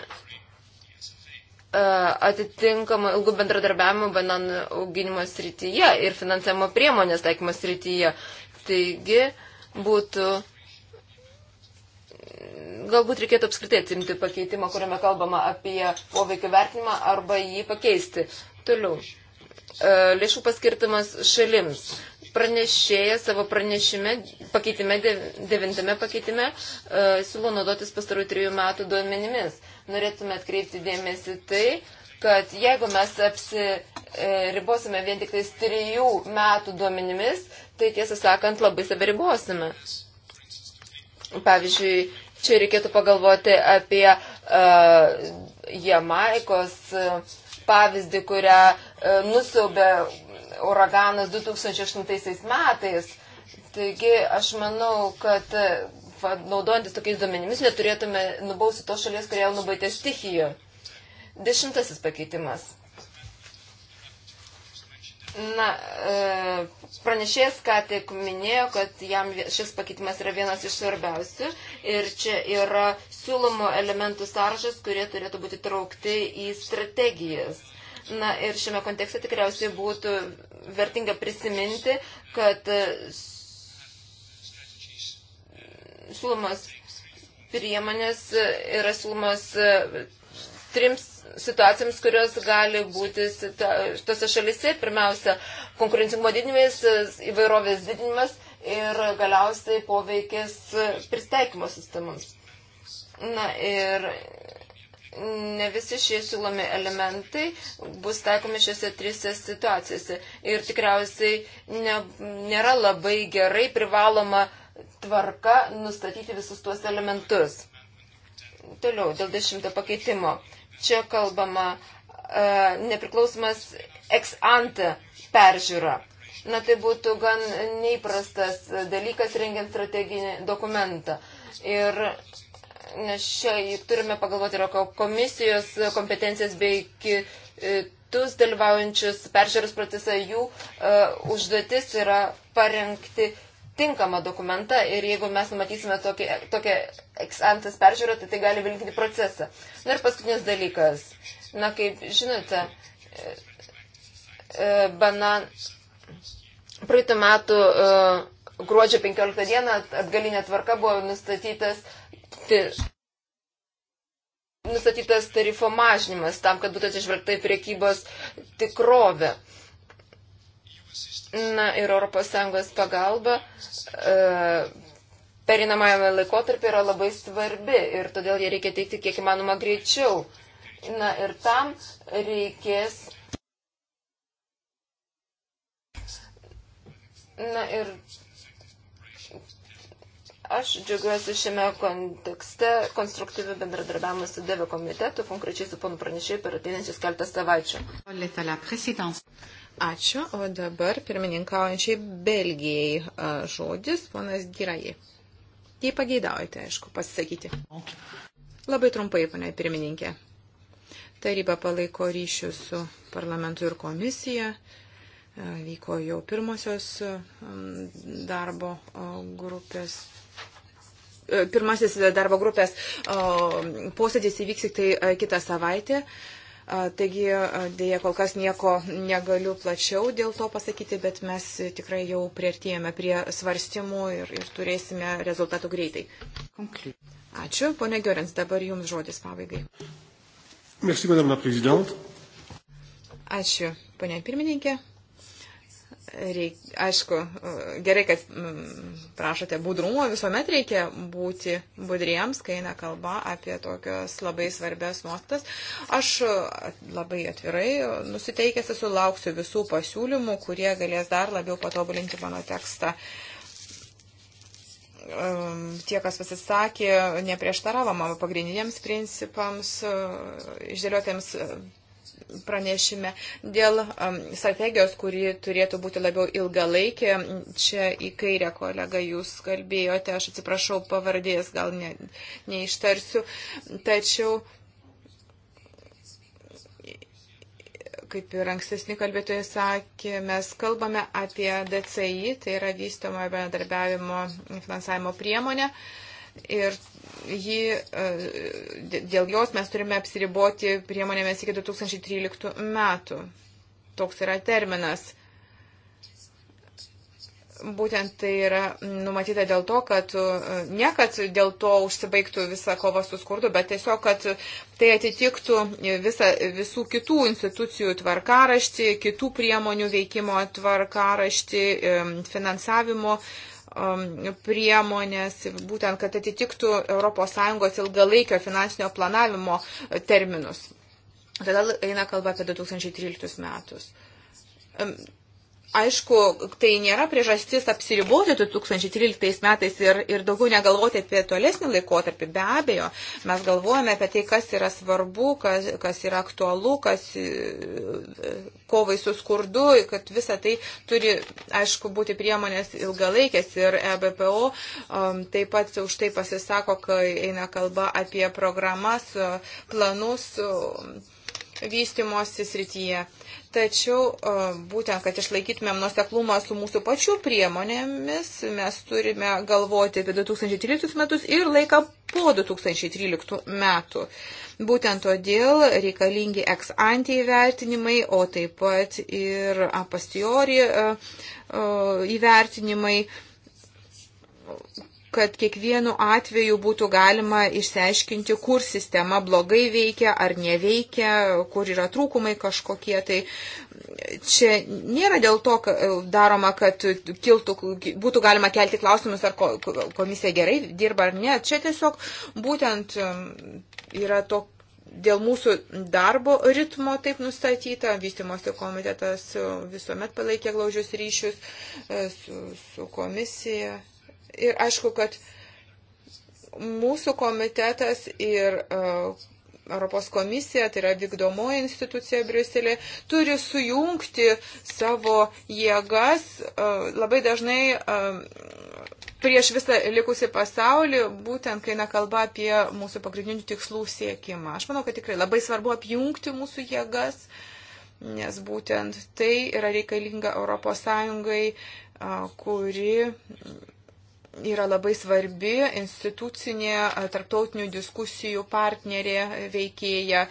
atitinkamą ilgų bendradarbiavimą bananų auginimo srityje ir finansavimo priemonės taikymo srityje. Taigi būtų galbūt reikėtų apskritai atsimti pakeitimą, kuriame kalbama apie poveikio vertinimą arba jį pakeisti. Toliau. E, lėšų paskirtimas šalims. Pranešėjas savo pranešime, pakeitime, devintame pakeitime, e, siūlo naudotis pastarųjų trijų metų duomenimis. Norėtume atkreipti dėmesį tai, kad jeigu mes apsiribosime vien tik tais trijų metų duomenimis, tai tiesą sakant labai save ribosime. Pavyzdžiui, čia reikėtų pagalvoti apie uh, Jamaikos e, pavyzdį, kurią uh, nusiaubė uraganas 2008 metais. Taigi aš manau, kad va, naudojantis tokiais duomenimis neturėtume nubausti tos šalies, kurie jau nubaitė stichijų. Dešimtasis pakeitimas. Na, e, pranešėjas ką tik minėjo, kad jam šis pakeitimas yra vienas iš svarbiausių ir čia yra siūlomo elementų sąrašas, kurie turėtų būti traukti į strategijas. Na ir šiame kontekste tikriausiai būtų vertinga prisiminti, kad e, siūlomas priemonės e, yra siūlomas trims situacijoms, kurios gali būti tose šalise. Pirmiausia, konkurencingumo didinimas, įvairovės didinimas ir galiausiai poveikis pristaikymo sistemams. Na ir ne visi šie siūlomi elementai bus taikomi šiose trise situacijose. Ir tikriausiai ne, nėra labai gerai privaloma tvarka nustatyti visus tuos elementus. Toliau, dėl dešimto pakeitimo. Čia kalbama e, nepriklausomas ex ante peržiūra. Na tai būtų gan neįprastas dalykas rengiant strateginį dokumentą. Ir nes čia turime pagalvoti ir komisijos kompetencijas bei kitus dalyvaujančius peržiūros procesą. Jų uh, užduotis yra parengti tinkamą dokumentą ir jeigu mes numatysime tokį, tokią ex-antas peržiūrą, tai tai gali vilkinti procesą. Na ir paskutinis dalykas. Na, kaip žinote, e, e, banan. Praeitų metų e, gruodžio 15 dieną atgalinė tvarka buvo nustatytas nustatytas tarifo mažinimas tam, kad būtų atsižvelgta į priekybos tikrovę. Na ir ES pagalba e, perinamajame laikotarpį yra labai svarbi ir todėl ją reikia teikti kiek įmanoma greičiau. Na ir tam reikės. Na ir aš džiaugiuosi šiame kontekste konstruktyvių bendradarbiavimų su DV komitetu, konkrečiai su ponu pranešėjai per ateinančias keltą savaičių. Ačiū, o dabar pirmininkaujančiai Belgijai žodis, ponas Girajai. Jei pageidaujate, aišku, pasisakyti. Labai trumpai, ponia pirmininkė. Taryba palaiko ryšių su parlamentu ir komisija. Vyko jau pirmosios darbo grupės pirmasis darbo grupės posėdis įvyks tik tai kitą savaitę. Taigi, dėja, kol kas nieko negaliu plačiau dėl to pasakyti, bet mes tikrai jau prieartėjame prie svarstymų ir, ir turėsime rezultatų greitai. Ačiū, ponė Giorins, dabar jums žodis pabaigai. Merci, Ačiū, ponė pirmininkė reik, aišku, gerai, kad mm, prašote budrumo, visuomet reikia būti budriems, kai eina kalba apie tokios labai svarbias nuostatas. Aš labai atvirai nusiteikęs esu, lauksiu visų pasiūlymų, kurie galės dar labiau patobulinti mano tekstą. Ehm, tie, kas pasisakė, neprieštaravo mano pagrindiniams principams, e, išdėliotėms e, pranešime dėl um, strategijos, kuri turėtų būti labiau ilgalaikė. Čia į kairę kolega jūs kalbėjote, aš atsiprašau pavardės, gal ne, neištarsiu. Tačiau kaip ir ankstesni kalbėtojai sakė, mes kalbame apie DCI, tai yra vystomojo bendradarbiavimo finansavimo priemonė. Ir ji, e, dėl jos mes turime apsiriboti priemonėmis iki 2013 metų. Toks yra terminas. Būtent tai yra numatyta dėl to, kad e, ne, kad dėl to užsibaigtų visa kova su skurdu, bet tiesiog, kad tai atitiktų visa, visų kitų institucijų tvarkaraštį, kitų priemonių veikimo tvarkaraštį, e, finansavimo tvarkaraštį Um, priemonės, būtent, kad atitiktų ES ilgalaikio finansinio planavimo uh, terminus. Tada eina kalba apie 2013 metus. Um, Aišku, tai nėra priežastis apsiriboti 2013 metais ir, ir daugiau negalvoti apie tolesnį laikotarpį. Be abejo, mes galvojame apie tai, kas yra svarbu, kas, kas yra aktualu, kas e, kovai su skurdu, kad visa tai turi, aišku, būti priemonės ilgalaikės. Ir EBPO um, taip pat už tai pasisako, kai eina kalba apie programas, e, planus. Um, vystimosi srityje. Tačiau e, būtent, kad išlaikytumėm nuoseklumą su mūsų pačių priemonėmis, mes turime galvoti apie 2013 metus ir laiką po 2013 metų. Būtent todėl reikalingi ex ante įvertinimai, o taip pat ir apastiori e, e, įvertinimai kad kiekvienu atveju būtų galima išsiaiškinti, kur sistema blogai veikia ar neveikia, kur yra trūkumai kažkokie. Tai čia nėra dėl to daroma, kad kiltų, būtų galima kelti klausimus, ar komisija gerai dirba ar ne. Čia tiesiog būtent um, yra to. Dėl mūsų darbo ritmo taip nustatyta, vystimosi komitetas um, visuomet palaikė glaužius ryšius e, su, su komisija Ir aišku, kad mūsų komitetas ir uh, Europos komisija, tai yra vykdomoji institucija Briuselė, turi sujungti savo jėgas e, labai dažnai e, prieš visą likusį pasaulį, būtent kai nekalba apie mūsų pagrindinių tikslų siekimą. Aš manau, kad tikrai labai svarbu apjungti mūsų jėgas, nes būtent tai yra reikalinga Europos Sąjungai, kuri yra labai svarbi institucinė tarptautinių diskusijų partnerė veikėja.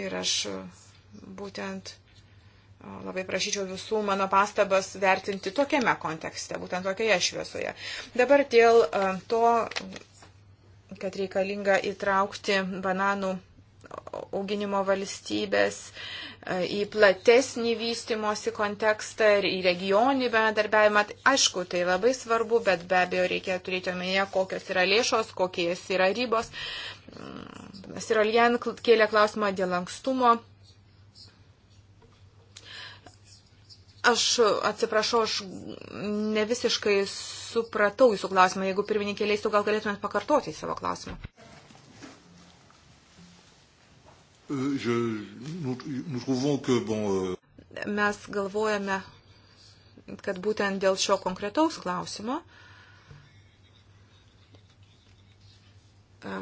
Ir aš būtent labai prašyčiau visų mano pastabas vertinti tokiame kontekste, būtent tokioje šviesoje. Dabar dėl to, kad reikalinga įtraukti bananų auginimo valstybės, e, į platesnį vystimosi kontekstą ir į regioninį bendarbiavimą. Tai aišku, tai labai svarbu, bet be abejo reikia turėti omenyje, kokios yra lėšos, kokies yra rybos. Mm, Sirolien kėlė klausimą dėl ankstumo. Aš atsiprašau, aš ne visiškai supratau jūsų klausimą. Jeigu pirmininkė leistų, gal galėtumėt pakartoti savo klausimą. Euh, je, nous, nous trouvons que, bon, euh, Mes galvojame, kad būtent dėl šio konkretaus klausimo,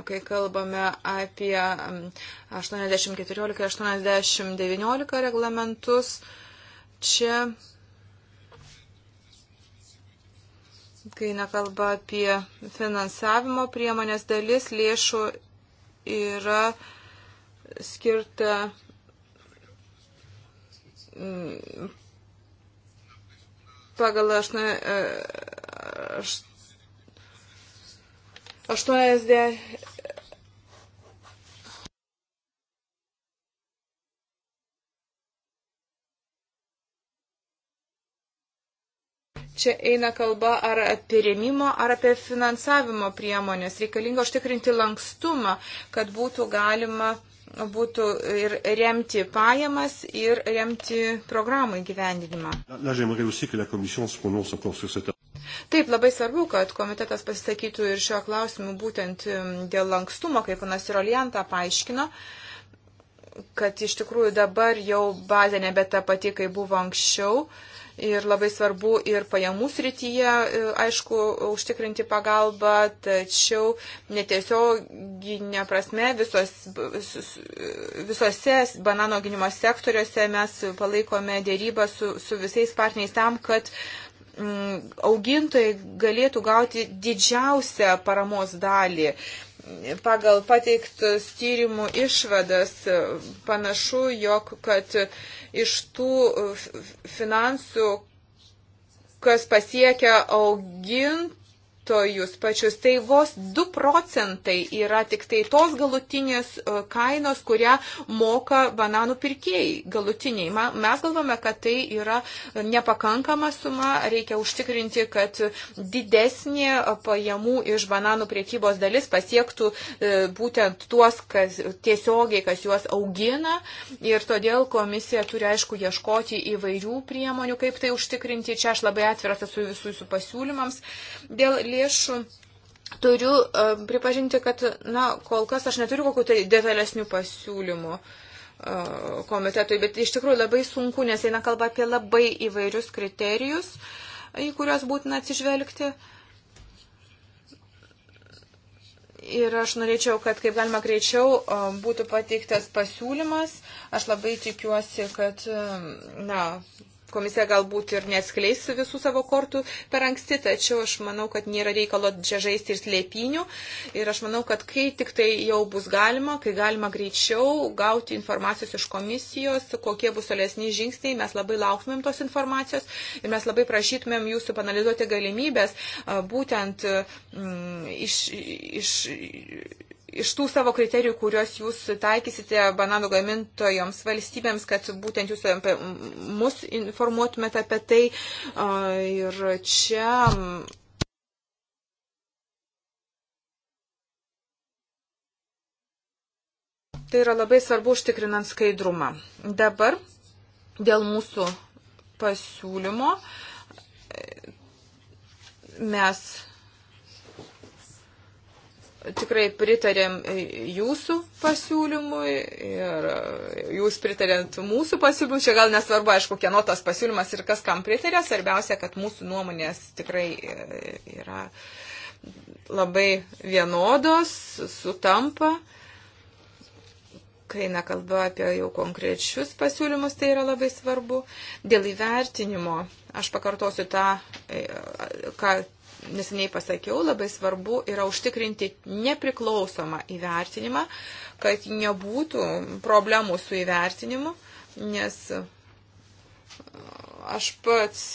kai kalbame apie 8014 mm, ir 8019 reglamentus, čia, kai nekalba apie finansavimo priemonės dalis lėšų yra skirta mm, pagal 80 e, Čia eina kalba ar apie rėmimo, ar apie finansavimo priemonės. Reikalinga užtikrinti lankstumą, kad būtų galima uh, būtų ir remti pajamas, ir remti programų įgyvendinimą. Taip, labai svarbu, kad komitetas pasisakytų ir šio klausimu būtent dėl lankstumo, kaip panas Irolianta paaiškino kad iš tikrųjų dabar jau bazė nebe ta pati, kai buvo anksčiau. Uh, ir labai svarbu ir pajamų srityje, e, aišku, užtikrinti pagalbą, tačiau netiesioginė prasme visos, visose banano gynimo sektoriuose mes palaikome dėrybą su, su visais partneriais tam, kad mm, augintojai galėtų gauti didžiausią paramos dalį. Uh, pagal pateiktus tyrimų išvadas panašu, jog kad iš tų finansų, kas pasiekia augint, gamintojus pačius, tai vos 2 procentai yra tik tai tos galutinės e, kainos, kurią moka bananų pirkėjai galutiniai. Mes galvome, kad tai yra nepakankama suma, reikia užtikrinti, kad didesnė e, pajamų iš bananų priekybos dalis pasiektų e, būtent tuos, kas tiesiogiai, kas juos augina ir todėl komisija turi aišku ieškoti įvairių priemonių, kaip tai užtikrinti. Čia aš labai atviras esu visų jūsų pasiūlymams. Dėl lėšų. Turiu uh, pripažinti, kad, na, kol kas aš neturiu kokių tai detalesnių pasiūlymų uh, komitetui, bet iš tikrųjų labai sunku, nes eina kalba apie labai įvairius kriterijus, į kuriuos būtina atsižvelgti. Ir aš norėčiau, kad kaip galima greičiau e, būtų pateiktas pasiūlymas. Aš labai tikiuosi, kad, na, Komisija galbūt ir neskleis visų savo kortų per anksti, tačiau aš manau, kad nėra reikalo čia žaisti ir slėpinių. Ir aš manau, kad kai tik tai jau bus galima, kai galima greičiau gauti informacijos iš komisijos, kokie bus tolesni žingsniai, mes labai lauktumėm tos informacijos ir mes labai prašytumėm jūsų panalizuoti galimybės būtent mm, iš. iš iš tų savo kriterijų, kuriuos jūs taikysite bananų gamintojoms valstybėms, kad būtent jūs apie mus informuotumėte apie tai. Ir čia. Mm, tai yra labai svarbu užtikrinant skaidrumą. Dabar dėl mūsų pasiūlymo e, mes tikrai pritarėm e, jūsų pasiūlymui ir e, jūs pritarėt mūsų pasiūlymui. Čia gal nesvarbu, aišku, kieno tas pasiūlymas ir kas kam pritarė. Svarbiausia, kad mūsų nuomonės tikrai e, yra labai vienodos, sutampa. Kai eina kalba apie jau konkrečius pasiūlymus, tai yra labai svarbu. Dėl įvertinimo, aš pakartosiu tą, ką neseniai pasakiau, labai svarbu yra užtikrinti nepriklausomą įvertinimą, kad nebūtų problemų su įvertinimu, nes aš pats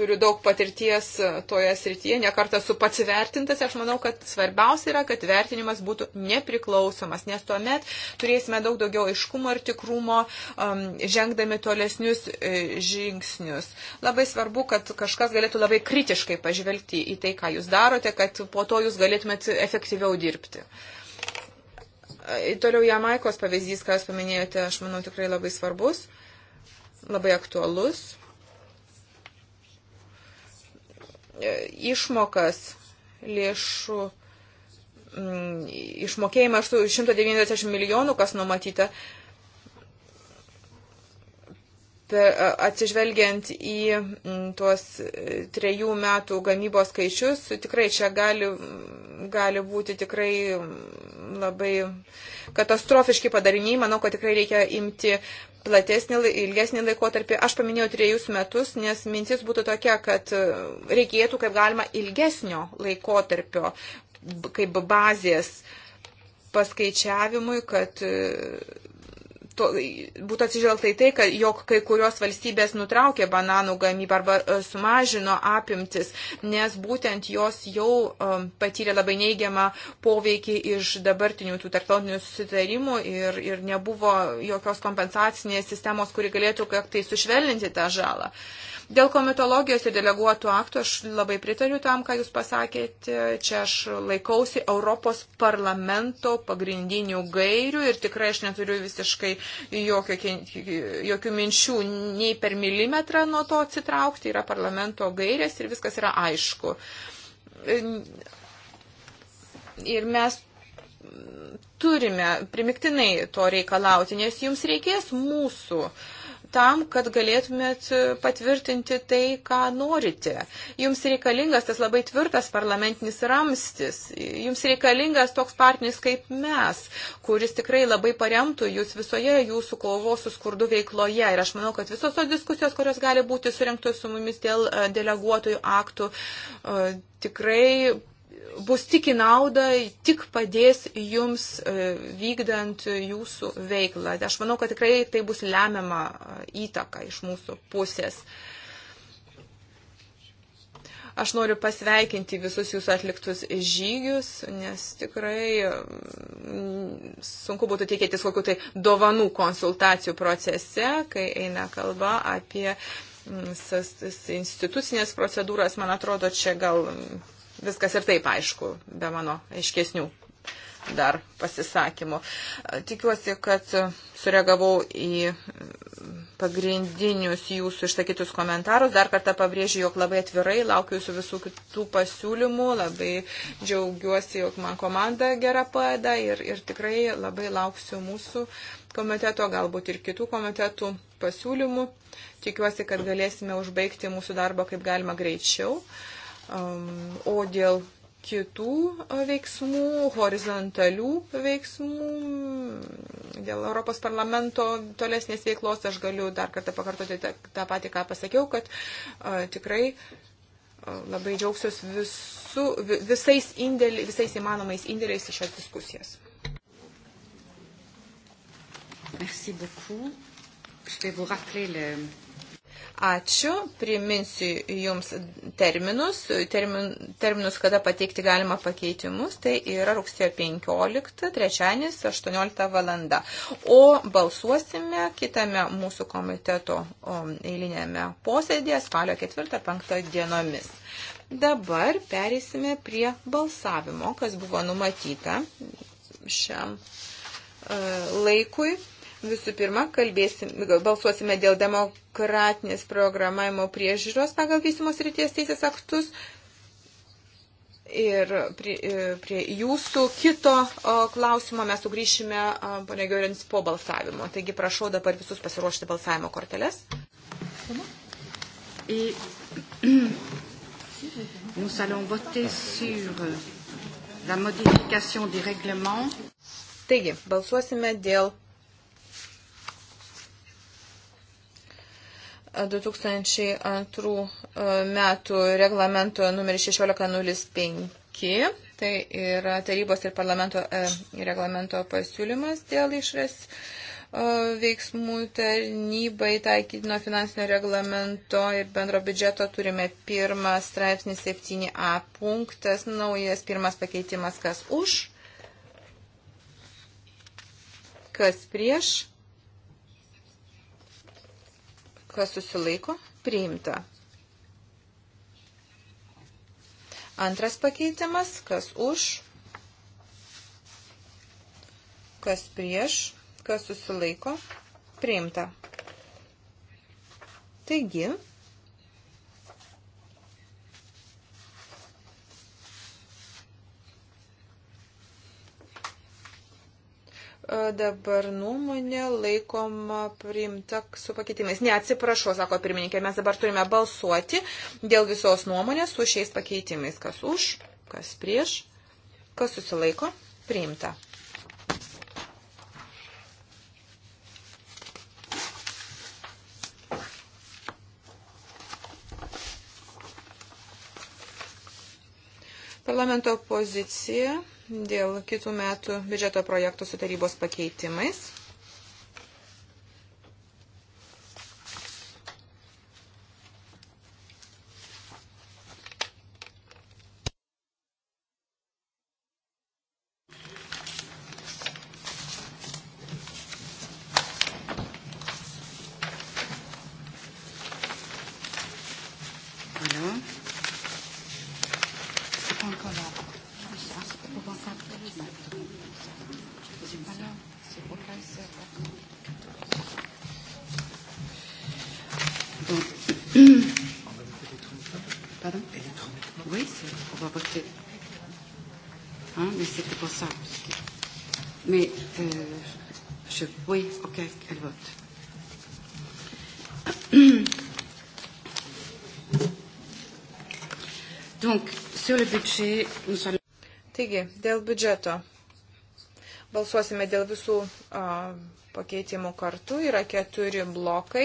turiu daug patirties e, toje srityje, nekartą su pats vertintas, aš manau, kad svarbiausia yra, kad vertinimas būtų nepriklausomas, nes tuomet turėsime daug daugiau aiškumo ir tikrumo, um, žengdami tolesnius e, žingsnius. Labai svarbu, kad kažkas galėtų labai kritiškai pažvelgti į tai, ką jūs darote, kad po to jūs galėtumėt efektyviau dirbti. E, toliau Jamaikos pavyzdys, ką jūs paminėjote, aš manau tikrai labai svarbus, labai aktualus E, išmokas lėšų mm, išmokėjimą 190 milijonų, kas numatyta, per, e, atsižvelgiant į mm, tuos e, trejų metų gamybos skaičius, tikrai čia gali, gali būti tikrai mm, labai katastrofiški padariniai. Manau, kad tikrai reikia imti platesnį, ilgesnį laikotarpį. Aš paminėjau trejus metus, nes mintis būtų tokia, kad e, reikėtų kaip galima ilgesnio laikotarpio kaip bazės paskaičiavimui, kad e, to, būtų atsižvelgta į tai, kad jog kai kurios valstybės nutraukė bananų gamybą arba e, sumažino apimtis, nes būtent jos jau e, patyrė labai neigiamą poveikį iš dabartinių tų tarptautinių susitarimų ir, ir nebuvo jokios kompensacinės sistemos, kuri galėtų kiek tai sušvelninti tą žalą. Dėl komitologijos ir deleguotų aktų aš labai pritariu tam, ką Jūs pasakėte. Čia aš laikausi Europos parlamento pagrindinių gairių ir tikrai aš neturiu visiškai jokio, jokių minčių nei per milimetrą nuo to atsitraukti, yra parlamento gairės ir viskas yra aišku. Ir mes turime primiktinai to reikalauti, nes jums reikės mūsų uh, tam, kad galėtumėt e, patvirtinti tai, ką norite. Jums reikalingas tas labai tvirtas parlamentinis ramstis, jums reikalingas toks partneris kaip mes, kuris tikrai labai paremtų jūs visoje jūsų kovos su skurdu veikloje. Ir aš manau, kad visos tos diskusijos, kurios gali būti surinktos su mumis dėl e, deleguotojų aktų, e, tikrai bus tik į naudą, tik padės jums e, vykdant jūsų veiklą. Aš manau, kad tikrai tai bus lemiama e, įtaka iš mūsų pusės. Aš noriu pasveikinti visus jūsų atliktus žygius, nes tikrai mm, sunku būtų tikėtis kokiu tai dovanų konsultacijų procese, kai eina kalba apie mm, institucinės procedūras. Man atrodo, čia gal viskas ir taip aišku, be mano aiškesnių dar pasisakymų. Tikiuosi, kad sureagavau į pagrindinius jūsų išsakytus komentarus. Dar kartą pabrėžiu, jog labai atvirai laukiu jūsų visų kitų pasiūlymų. Labai džiaugiuosi, jog man komanda gera padeda ir, ir tikrai labai lauksiu mūsų komiteto, galbūt ir kitų komitetų pasiūlymų. Tikiuosi, kad galėsime užbaigti mūsų darbą kaip galima greičiau. Uh, O dėl kitų veiksmų, horizontalių veiksmų. Dėl Europos parlamento tolesnės veiklos aš galiu dar kartą pakartoti tą, tą patį, ką pasakiau, kad a, tikrai a, labai džiaugsiuos visu, visais, indėli, visais įmanomais indėliais į šias diskusijas. Merci beaucoup. Je vais vous rappeler le Ačiū. Priminsiu Jums terminus. Termin, terminus, kada pateikti galima pakeitimus, tai yra rugsėjo 15, trečianis, 18 valanda. O balsuosime kitame mūsų komiteto eilinėme posėdėje spalio 4-5 dienomis. Dabar perėsime prie balsavimo, kas buvo numatyta šiam e, laikui. Visų pirma, kalbėsim, balsuosime dėl demokratinės programavimo priežiūros pagal vysimos ryties teisės aktus. Ir prie, e, prie jūsų kito o, klausimo mes sugrįšime, ponia Giorins, po balsavimo. Taigi prašau dabar visus pasiruošti balsavimo korteles. Et nous allons voter sur la modification du règlement. Taigi, balsuosime dėl 2002 e, metų reglamento numeris 1605. Tai yra tarybos ir parlamento e, reglamento pasiūlymas dėl išrės e, veiksmų tarnybai taikytino finansinio reglamento ir bendro biudžeto turime pirmą straipsnį 7a punktas, naujas pirmas pakeitimas, kas už, kas prieš, Kas susilaiko? Priimta. Antras pakeitimas. Kas už? Kas prieš? Kas susilaiko? Priimta. Taigi, dabar nuomonė laikoma priimta su pakeitimais. Ne, atsiprašau, sako pirmininkė, mes dabar turime balsuoti dėl visos nuomonės su šiais pakeitimais. Kas už, kas prieš, kas susilaiko, priimta. Parlamento pozicija dėl kitų metų biudžeto projektų su tarybos pakeitimais. Taigi, dėl biudžeto. Balsuosime dėl visų a, pakeitimų kartu. Yra keturi blokai.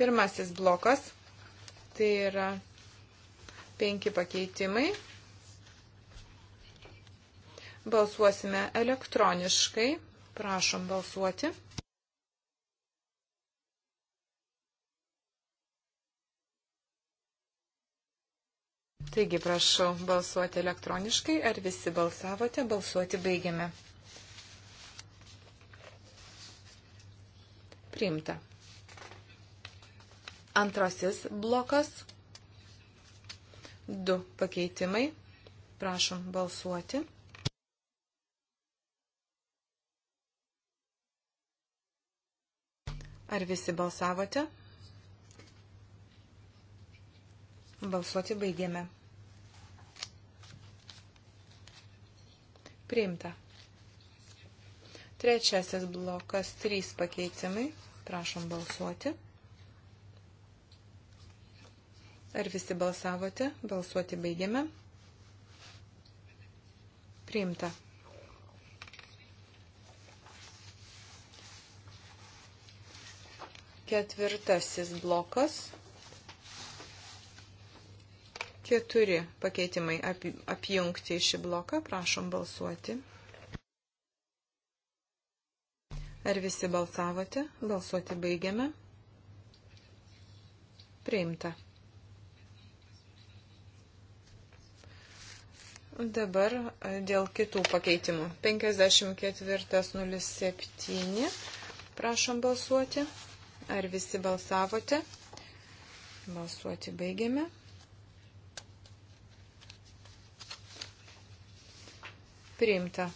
Pirmasis blokas. Tai yra penki pakeitimai. Balsuosime elektroniškai. Prašom balsuoti. Taigi prašau balsuoti elektroniškai. Ar visi balsavote? Balsuoti baigiame. Priimta. Antrasis blokas. Du pakeitimai. Prašom balsuoti. Ar visi balsavote? Balsuoti baigėme. Priimta. Trečiasis blokas, trys pakeitimai. Prašom balsuoti. Ar visi balsavote? Balsuoti baigiame. Priimta. Ketvirtasis blokas keturi pakeitimai apjungti į šį bloką. Prašom balsuoti. Ar visi balsavote? Balsuoti baigiame. Priimta. Dabar e, dėl kitų pakeitimų. 54.07. Prašom balsuoti. Ar visi balsavote? Balsuoti baigiame. priimta.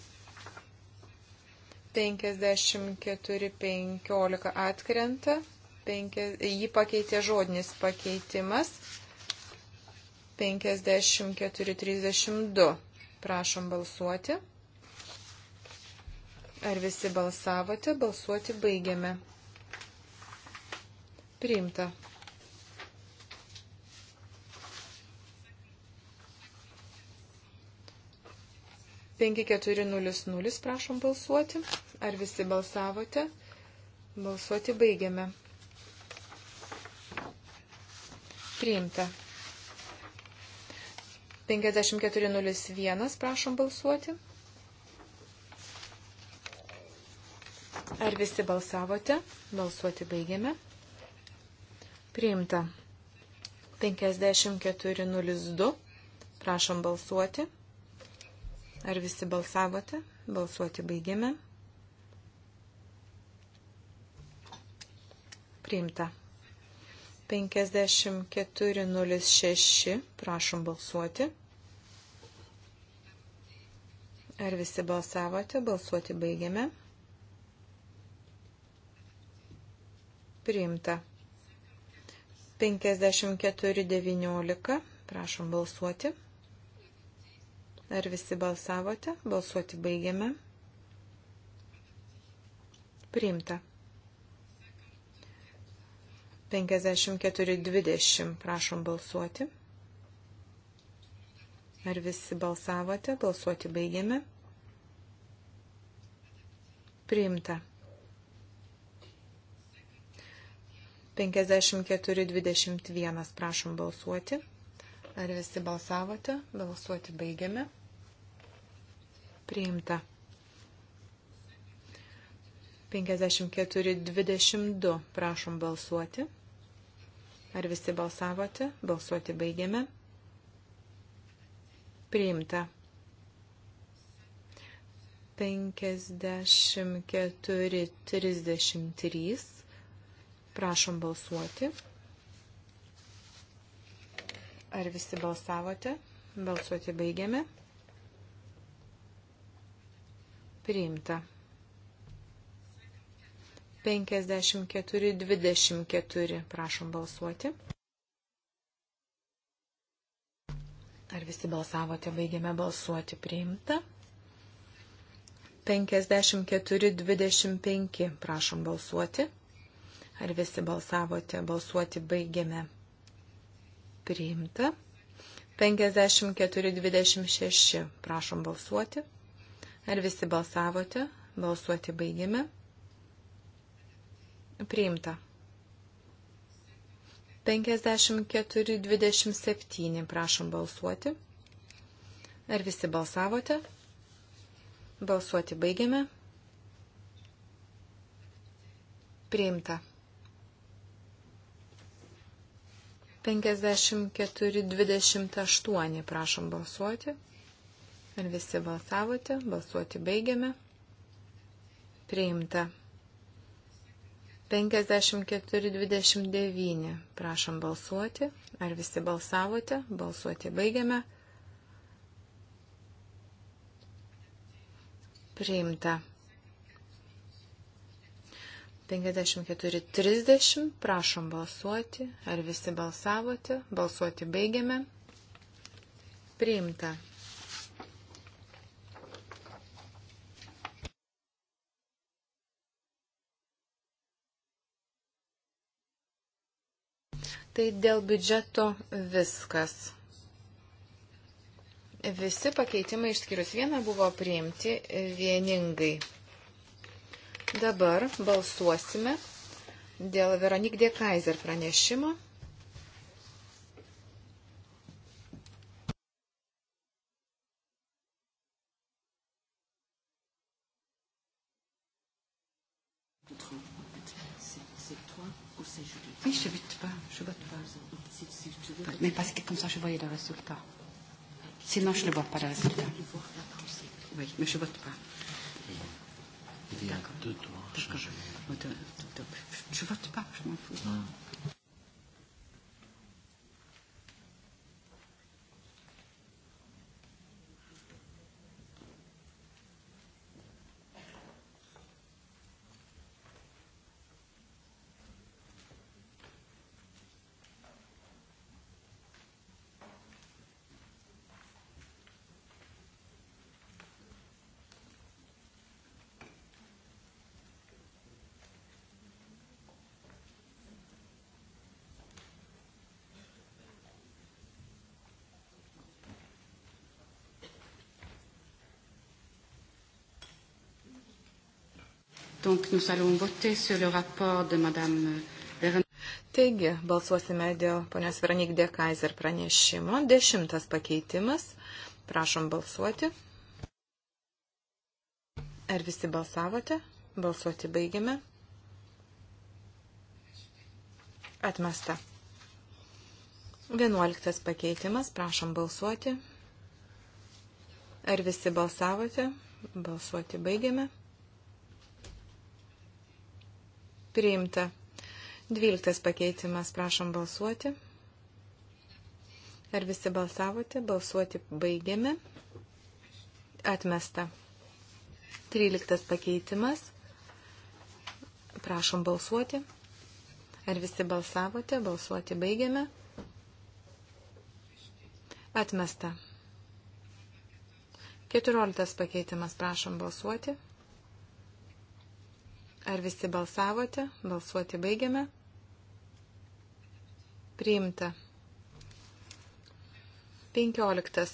54.15 atkrenta, 5, jį pakeitė žodinis pakeitimas. 54.32. Prašom balsuoti. Ar visi balsavote? Balsuoti baigiame. Priimta. 5400, prašom balsuoti. Ar visi balsavote? Balsuoti baigiame. Priimta. 5401, prašom balsuoti. Ar visi balsavote? Balsuoti baigiame. Priimta. 5402, prašom balsuoti. Ar visi balsavote? Balsuoti baigiame. Priimta. 5406. Prašom balsuoti. Ar visi balsavote? Balsuoti baigiame. Priimta. 5419. Prašom balsuoti. Ar visi balsavote? Balsuoti baigiame. Priimta. 54.20. Prašom balsuoti. Ar visi balsavote? Balsuoti baigiame. Priimta. 54.21. Prašom balsuoti. Ar visi balsavote? Balsuoti baigiame. Priimta. 54.22. Prašom balsuoti. Ar visi balsavote? Balsuoti baigiame. Priimta. 54.33. Prašom balsuoti. Ar visi balsavote? Balsuoti baigiame. Priimta. 54-24. Prašom balsuoti. Ar visi balsavote? Baigiame balsuoti. Priimta. 54-25. Prašom balsuoti. Ar visi balsavote? Balsuoti baigiame priimta. 54-26. Prašom balsuoti. Ar visi balsavote? Balsuoti baigėme. Priimta. 54-27. Prašom balsuoti. Ar visi balsavote? Balsuoti baigėme. Priimta. 54.28. Prašom balsuoti. Ar visi balsavote? Balsuoti baigiame. Priimta. 54.29. Prašom balsuoti. Ar visi balsavote? Balsuoti baigiame. Priimta. 54.30, prašom balsuoti, ar visi balsavote, balsuoti baigiame. Priimta. Tai dėl biudžeto viskas. Visi pakeitimai išskyrus vieną buvo priimti vieningai. Dabar balsuosime dėl Veronik D. Kaiser pranešimo. Oui, je ne vote pas. Je vote pas. Mais parce que comme ça, je voyais le résultat. Sinon, je ne vois pas le résultat. Oui, mais je ne vote pas. Il y a deux, trois. D'accord. Tu votes pas, je m'en fous. Non. Donc nous allons voter sur le rapport de Madame euh, Veronique. Taigi, balsuosime dėl ponios Veronik de Kaiser pranešimo. Dešimtas pakeitimas. Prašom balsuoti. Ar visi balsavote? Balsuoti baigiame. Atmesta. Vienuoliktas pakeitimas. Prašom balsuoti. Ar visi balsavote? Balsuoti baigiame. Priimta. Dvyliktas pakeitimas, prašom balsuoti. Ar visi balsavote? Balsuoti baigiame. Atmesta. Tryliktas pakeitimas. Prašom balsuoti. Ar visi balsavote? Balsuoti baigiame. Atmesta. Keturioliktas pakeitimas. Prašom balsuoti. Ar visi balsavote? Balsuoti baigiame. Priimta. 15.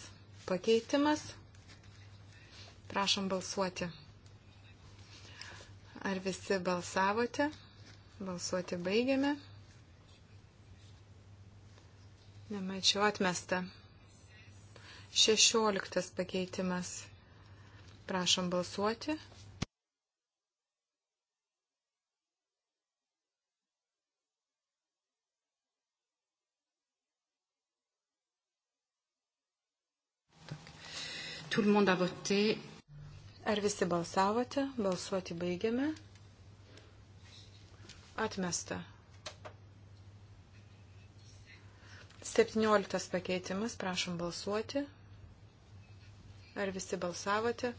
Pakeitimas. Prašom balsuoti. Ar visi balsavote? Balsuoti baigiame. Nemačiau atmesta. 16. Pakeitimas. Prašom balsuoti. Tout le monde a voté. Ar visi balsavote? Balsuoti baigiame. Atmesta. 17 pakeitimas, prašom balsuoti. Ar visi balsavote?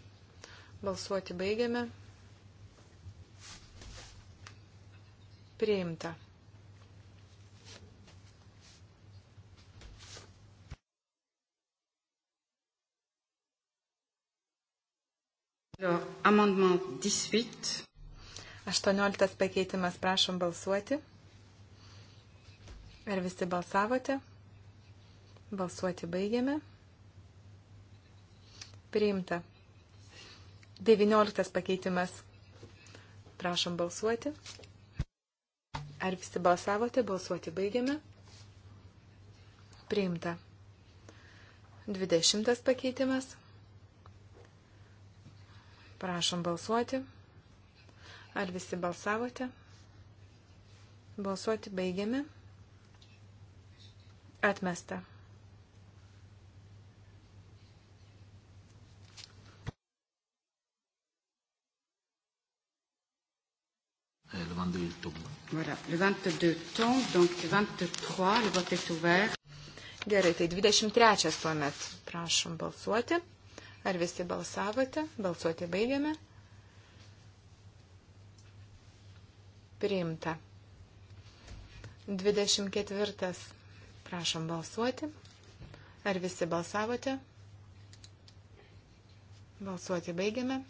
Balsuoti baigiame. Priimta. Amendement 18. 18 pakeitimas, prašom balsuoti. Ar visi balsavote? Balsuoti baigėme. Priimta. 19 pakeitimas. Prašom balsuoti. Ar visi balsavote? Balsuoti baigėme. Priimta. 20 pakeitimas. Prašom balsuoti. Ar visi balsavote? Balsuoti baigiame. Atmesta. Eh, le 22 tombe. Voilà, le 22 tombe, donc le 23, le vote est ouvert. Gerai, tai 23 tuomet. Prašom balsuoti. Ar visi balsavote? Balsuoti baigiame. Priimta. 24. Prašom balsuoti. Ar visi balsavote? Balsuoti baigiame.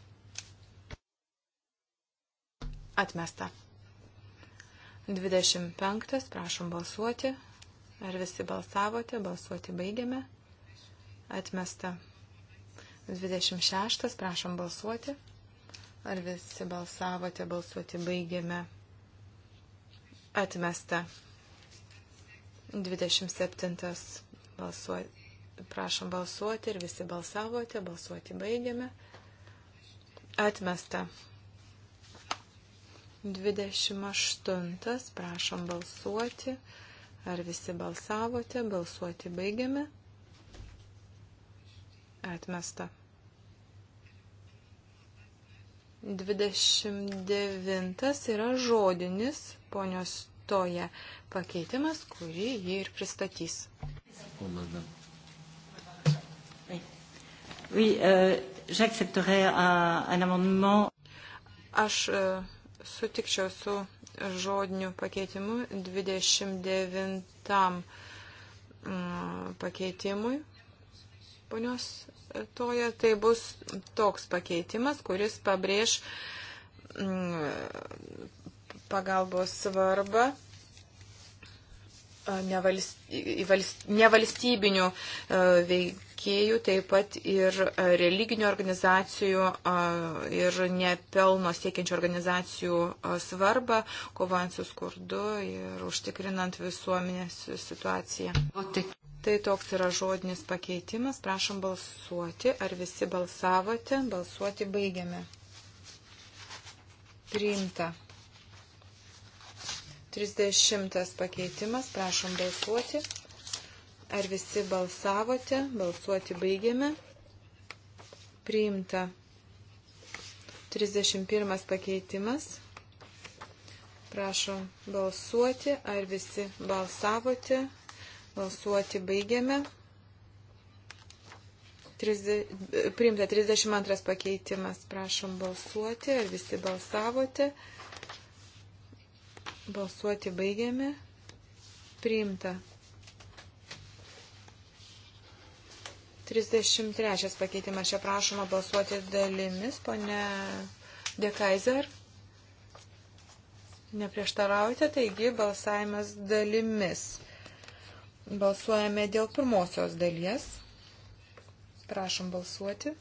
Atmesta. 25. Prašom balsuoti. Ar visi balsavote? Balsuoti baigiame. Atmesta. 26. Prašom balsuoti. Ar visi balsavote, balsuoti baigėme. Atmesta. 27. Balsuoti. Prašom balsuoti ir visi balsavote, balsuoti baigėme. Atmesta. 28. Prašom balsuoti. Ar visi balsavote, balsuoti baigėme. Atmesta. 29 yra žodinis ponios toje pakeitimas, kurį jį ir pristatys. Oui, euh, j'accepterai un, un amendement. Aš euh, sutikčiau su žodiniu pakeitimu 29 mm, pakeitimui, ponios toje, tai bus toks pakeitimas, kuris pabrėž mm, pagalbos svarbą nevalstybinių veikėjų, taip pat ir religinių organizacijų ir nepelno siekiančių organizacijų svarbą, kovojant su skurdu ir užtikrinant visuomenės situaciją. Tai toks yra žodinis pakeitimas. Prašom balsuoti. Ar visi balsavote? Balsuoti baigiame. Priimta. 30 pakeitimas. Prašom balsuoti. Ar visi balsavote? Balsuoti baigiame. Priimta. 31 pakeitimas. Prašom balsuoti. Ar visi balsavote? Balsuoti baigiame. 30, priimta 32 pakeitimas, prašom balsuoti, ar visi balsavote. Balsuoti baigiame. Priimta. 33 pakeitimas, čia prašoma balsuoti dalimis, pone Dekaiser. Neprieštaraujate, taigi balsavimas dalimis. Balsuojame dėl pirmosios dalies. Prašom balsuoti.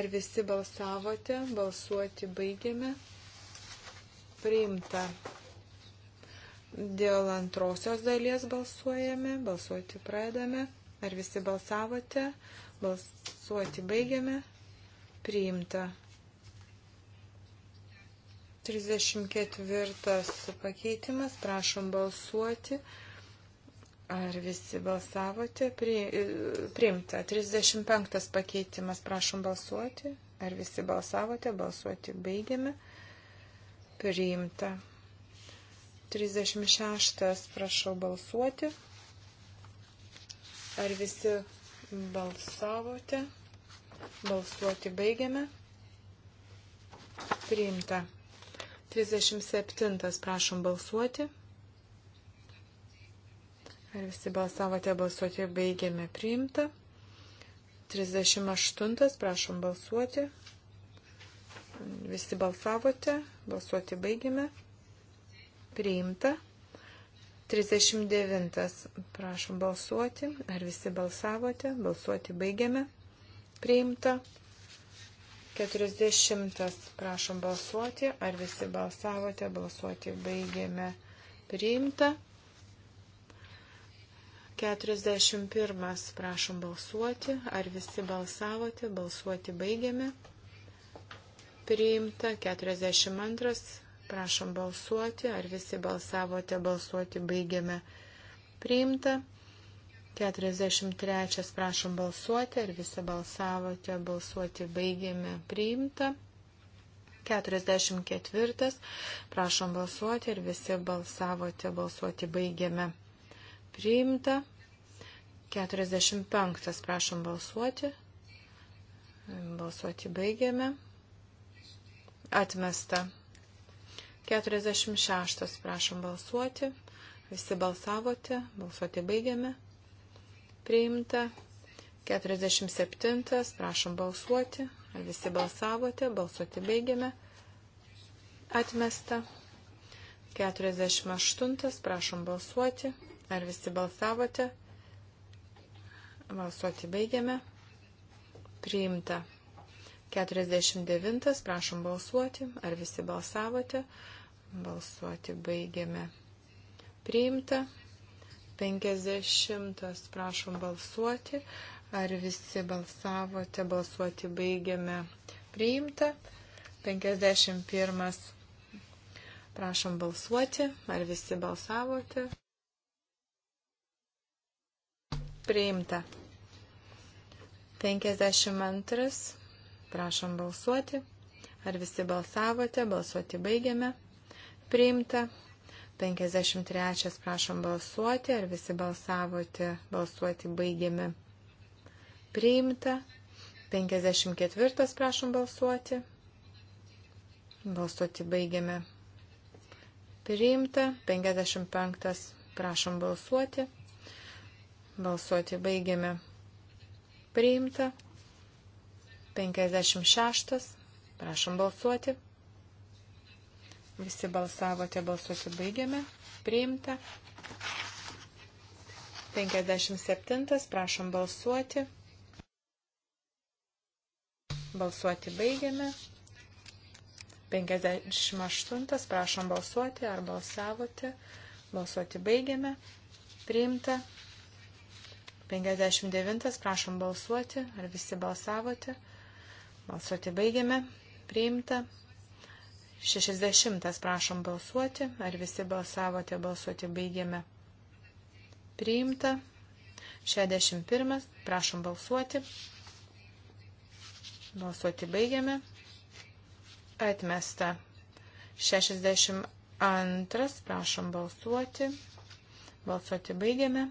Ar visi balsavote? Balsuoti baigiame. Priimta. Dėl antrosios dalies balsuojame. Balsuoti pradame. Ar visi balsavote? Balsuoti baigiame. Priimta. 34 pakeitimas, prašom balsuoti. Ar visi balsavote? Pri, e, priimta. 35 pakeitimas, prašom balsuoti. Ar visi balsavote? Balsuoti baigiame. Priimta. 36 prašau balsuoti. Ar visi balsavote? Balsuoti baigiame. Priimta. 37. Prašom balsuoti. Ar visi balsavote balsuoti? Baigėme priimta. 38. Prašom balsuoti. Visi balsavote. Balsuoti baigėme. Priimta. 39. Prašom balsuoti. Ar visi balsavote? Balsuoti baigėme. Priimta. 40. Prašom balsuoti. Ar visi balsavote? Balsuoti baigėme. Priimta. 41. Prašom balsuoti. Ar visi balsavote? Balsuoti baigėme. Priimta. 42. Prašom balsuoti. Ar visi balsavote? Balsuoti baigėme. Priimta. 43 prašom balsuoti, ar visi balsavote, balsuoti baigėme priimta. 44 prašom balsuoti, ar visi balsavote, balsuoti baigėme priimta. 45 prašom balsuoti, balsuoti baigėme. Atmesta. 46 prašom balsuoti, visi balsavote, balsuoti baigėme priimta. 47. Prašom balsuoti. Ar visi balsavote? Balsuoti baigiame. Atmesta. 48. Prašom balsuoti. Ar visi balsavote? Balsuoti baigiame. Priimta. 49. Prašom balsuoti. Ar visi balsavote? Balsuoti baigiame. Priimta. 50. Prašom balsuoti. Ar visi balsavote? Balsuoti baigiame. Priimta. 51. Prašom balsuoti. Ar visi balsavote? Priimta. 52. Prašom balsuoti. Ar visi balsavote? Balsuoti baigiame. Priimta. 53 prašom balsuoti, ar visi balsavote, balsuoti baigiame. Priimta. 54 prašom balsuoti. Balsuoti baigiame. Priimta. 55 prašom balsuoti. Balsuoti baigiame. Priimta. 56 prašom balsuoti. Visi balsavote, balsuoti baigiame. Priimta. 57. Prašom balsuoti. Balsuoti baigiame. 58. Prašom balsuoti. Ar balsavote? Balsuoti baigiame. Priimta. 59. Prašom balsuoti. Ar visi balsavote? Balsuoti baigiame. Priimta. 60 prašom balsuoti. Ar visi balsavote? Balsuoti baigėme. Priimta. 61 prašom balsuoti. Balsuoti baigėme. Atmesta. 62 prašom balsuoti. Balsuoti baigėme.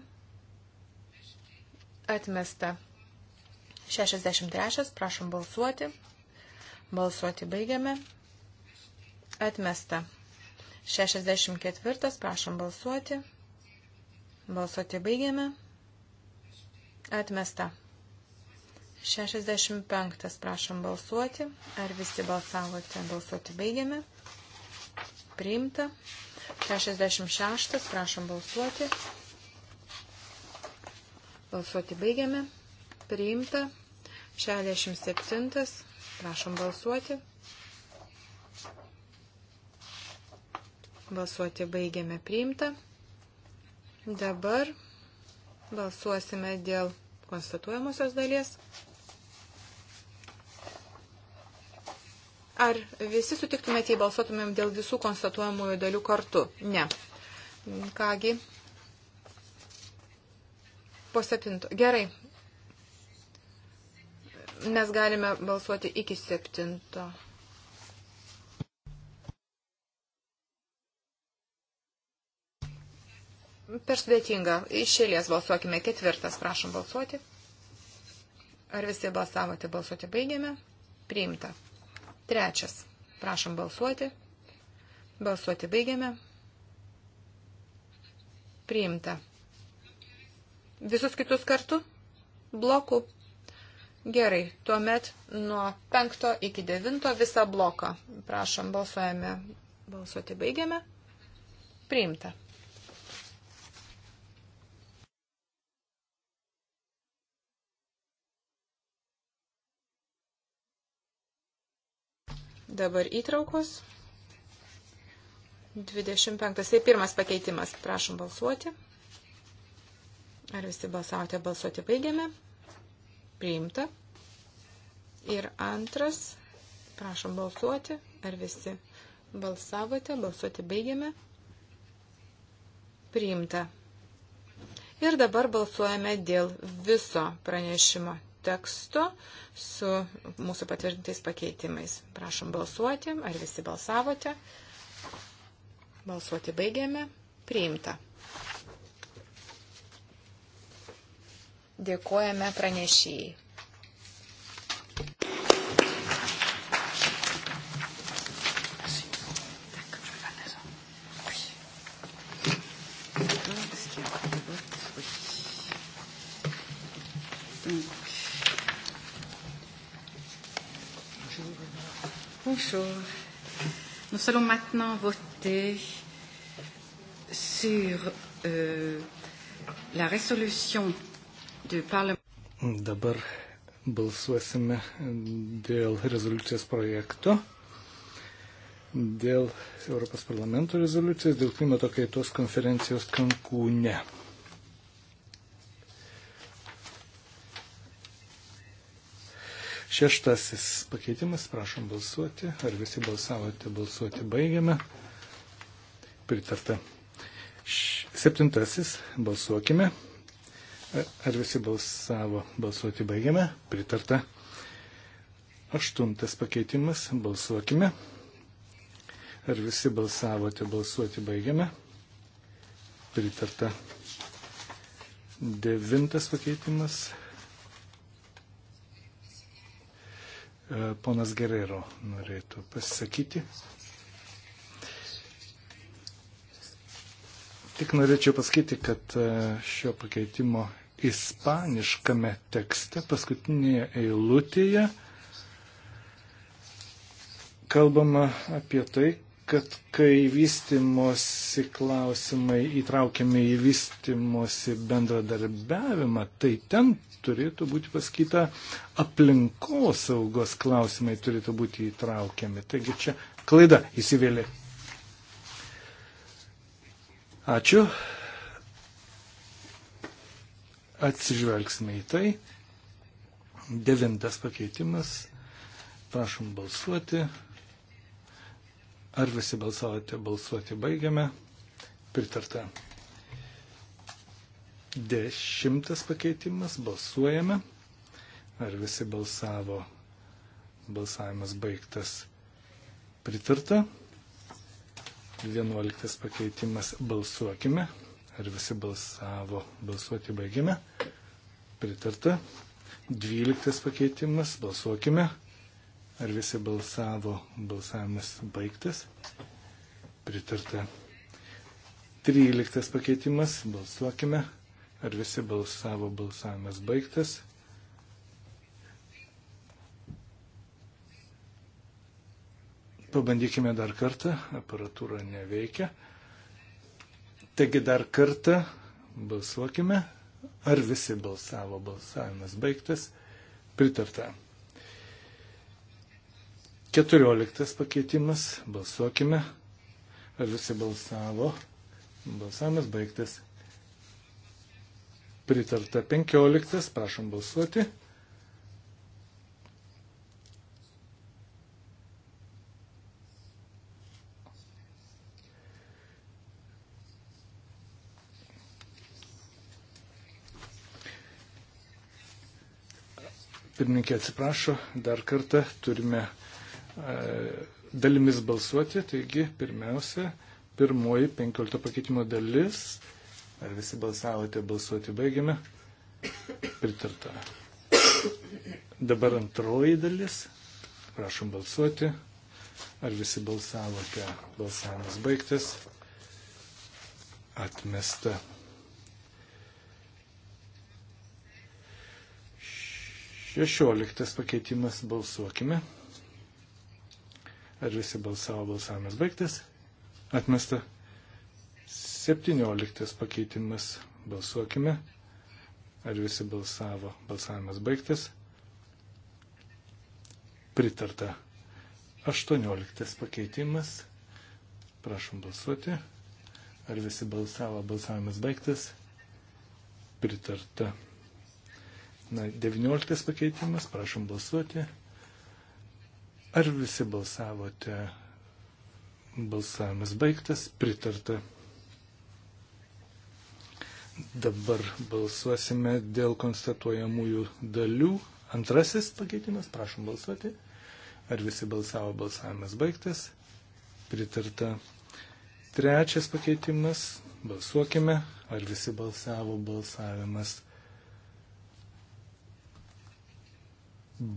Atmesta. 63 prašom balsuoti. Balsuoti baigėme. Atmesta. 64. Prašom balsuoti. Balsuoti baigiame. Atmesta. 65. Prašom balsuoti. Ar visi balsavote? Balsuoti baigiame. Priimta. 66. Prašom balsuoti. Balsuoti baigiame. Priimta. 67. Prašom balsuoti. Balsuoti baigiame priimta. Dabar balsuosime dėl konstatuojamosios dalies. Ar visi sutiktumėte, jei balsuotumėm dėl visų konstatuojamųjų dalių kartu? Ne. Kągi. Po septinto. Gerai. Mes galime balsuoti iki septinto. Per sudėtinga. Iš eilės balsuokime. Ketvirtas, prašom balsuoti. Ar visi balsavote? Balsuoti baigėme. Priimta. Trečias. Prašom balsuoti. Balsuoti baigėme. Priimta. Visus kitus kartu? Blokų. Gerai, tuomet nuo penkto iki devinto visą bloką. Prašom, balsuojame. Balsuoti baigėme. Priimta. Dabar įtraukos. 25. Tai pirmas pakeitimas. Prašom balsuoti. Ar visi balsavote? Balsuoti baigiame. Priimta. Ir antras. Prašom balsuoti. Ar visi balsavote? Balsuoti baigiame. Priimta. Ir dabar balsuojame dėl viso pranešimo tekstu su mūsų patvirtintais pakeitimais. Prašom balsuoti, ar visi balsavote. Balsuoti baigėme. Priimta. Dėkojame pranešėjai. Bonjour. Nous allons maintenant voter sur euh, la résolution du Parlement. Dabar balsuosime dėl rezoliucijos projekto, dėl Europos parlamento rezoliucijos, dėl klimato kaitos konferencijos Kankūne. Šeštasis pakeitimas, prašom balsuoti. Ar visi balsavote, balsuoti baigiame. Pritarta. Septintasis, balsuokime. Ar visi balsavo, balsuoti baigiame. Pritarta. Aštuntas pakeitimas, balsuokime. Ar visi balsavote, balsuoti baigiame. Pritarta. Devintas pakeitimas, E, ponas Gerero norėtų pasisakyti. Tik norėčiau pasakyti, kad e, šio pakeitimo ispaniškame tekste, paskutinėje eilutėje, kalbama apie tai, kad kai vystimosi klausimai įtraukiami į vystimosi bendradarbiavimą, tai ten turėtų būti pasakyta aplinkosaugos klausimai turėtų būti įtraukiami. Taigi čia klaida įsivėlė. Ačiū. Atsižvelgsime į tai. Devintas pakeitimas. Prašom balsuoti. Ar visi balsavote? Balsuoti baigiame. Pritarta. Dešimtas pakeitimas. Balsuojame. Ar visi balsavo? Balsavimas baigtas. Pritarta. Vienuoliktas pakeitimas. Balsuokime. Ar visi balsavo? Balsuoti baigiame. Pritarta. Dvyliktas pakeitimas. Balsuokime. Ar visi balsavo? Balsavimas baigtas. Pritarta. 13 pakeitimas. Balsuokime. Ar visi balsavo? Balsavimas baigtas. Pabandykime dar kartą. Aparatūra neveikia. Taigi dar kartą balsuokime. Ar visi balsavo? Balsavimas baigtas. Pritarta. Keturioliktas pakeitimas. Balsuokime. Ar visi balsavo? Balsavimas baigtas. Pritarta 15. Prašom balsuoti. Pirmininkė atsiprašo, dar kartą turime dalimis balsuoti, taigi pirmiausia, pirmoji 15 pakeitimo dalis. Ar visi balsavote, balsuoti baigiame? Pritarta. Dabar antroji dalis. Prašom balsuoti. Ar visi balsavote? Balsavimas baigtas. Atmesta. Šešioliktas pakeitimas. Balsuokime. Ar visi balsavo balsavimas baigtas? Atmesta. 17 pakeitimas. Balsuokime. Ar visi balsavo balsavimas baigtas? Pritarta. 18 pakeitimas. Prašom balsuoti. Ar visi balsavo balsavimas baigtas? Pritarta. Na, 19 pakeitimas. Prašom balsuoti. Ar visi balsavote? Balsavimas baigtas, pritarta. Dabar balsuosime dėl konstatuojamųjų dalių. Antrasis pakeitimas, prašom balsuoti. Ar visi balsavo, balsavimas baigtas, pritarta. Trečias pakeitimas, balsuokime, ar visi balsavo, balsavimas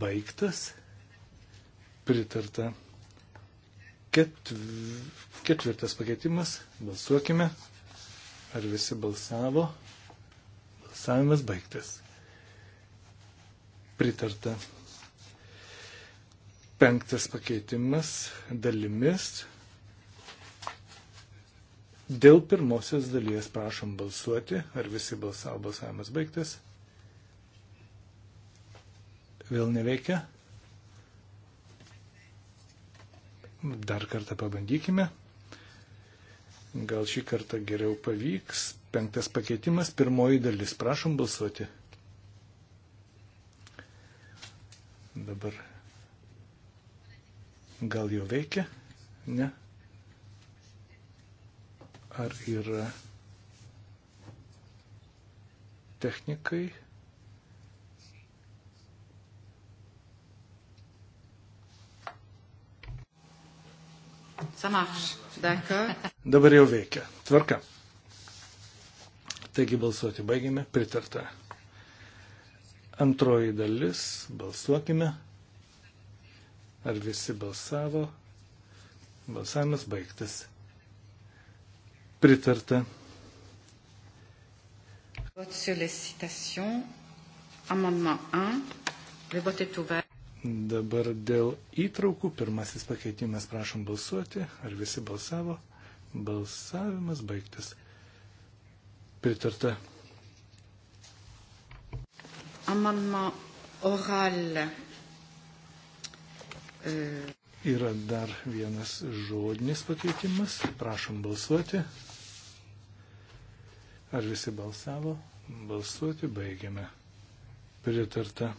baigtas pritarta. Ketvirtas pakeitimas. Balsuokime. Ar visi balsavo? Balsavimas baigtas. Pritarta. Penktas pakeitimas dalimis. Dėl pirmosios dalies prašom balsuoti. Ar visi balsavo? Balsavimas baigtas. Vėl neveikia. Dar kartą pabandykime. Gal šį kartą geriau pavyks. Penktas pakeitimas, pirmoji dalis. Prašom balsuoti. Dabar gal jau veikia? Ne? Ar yra technikai? Dabar jau veikia. Tvarka. Taigi balsuoti baigėme. Pritarta. Antroji dalis. Balsuokime. Ar visi balsavo? Balsavimas baigtas. Pritarta. Vote sur les citations. Amendement 1. Le vote est ouvert. Dabar dėl įtraukų. Pirmasis pakeitimas, prašom balsuoti. Ar visi balsavo? Balsavimas baigtas. Pritarta. Amendement oral. Euh. Yra dar vienas žodinis pakeitimas. Prašom balsuoti. Ar visi balsavo? Balsuoti baigiame. Pritarta.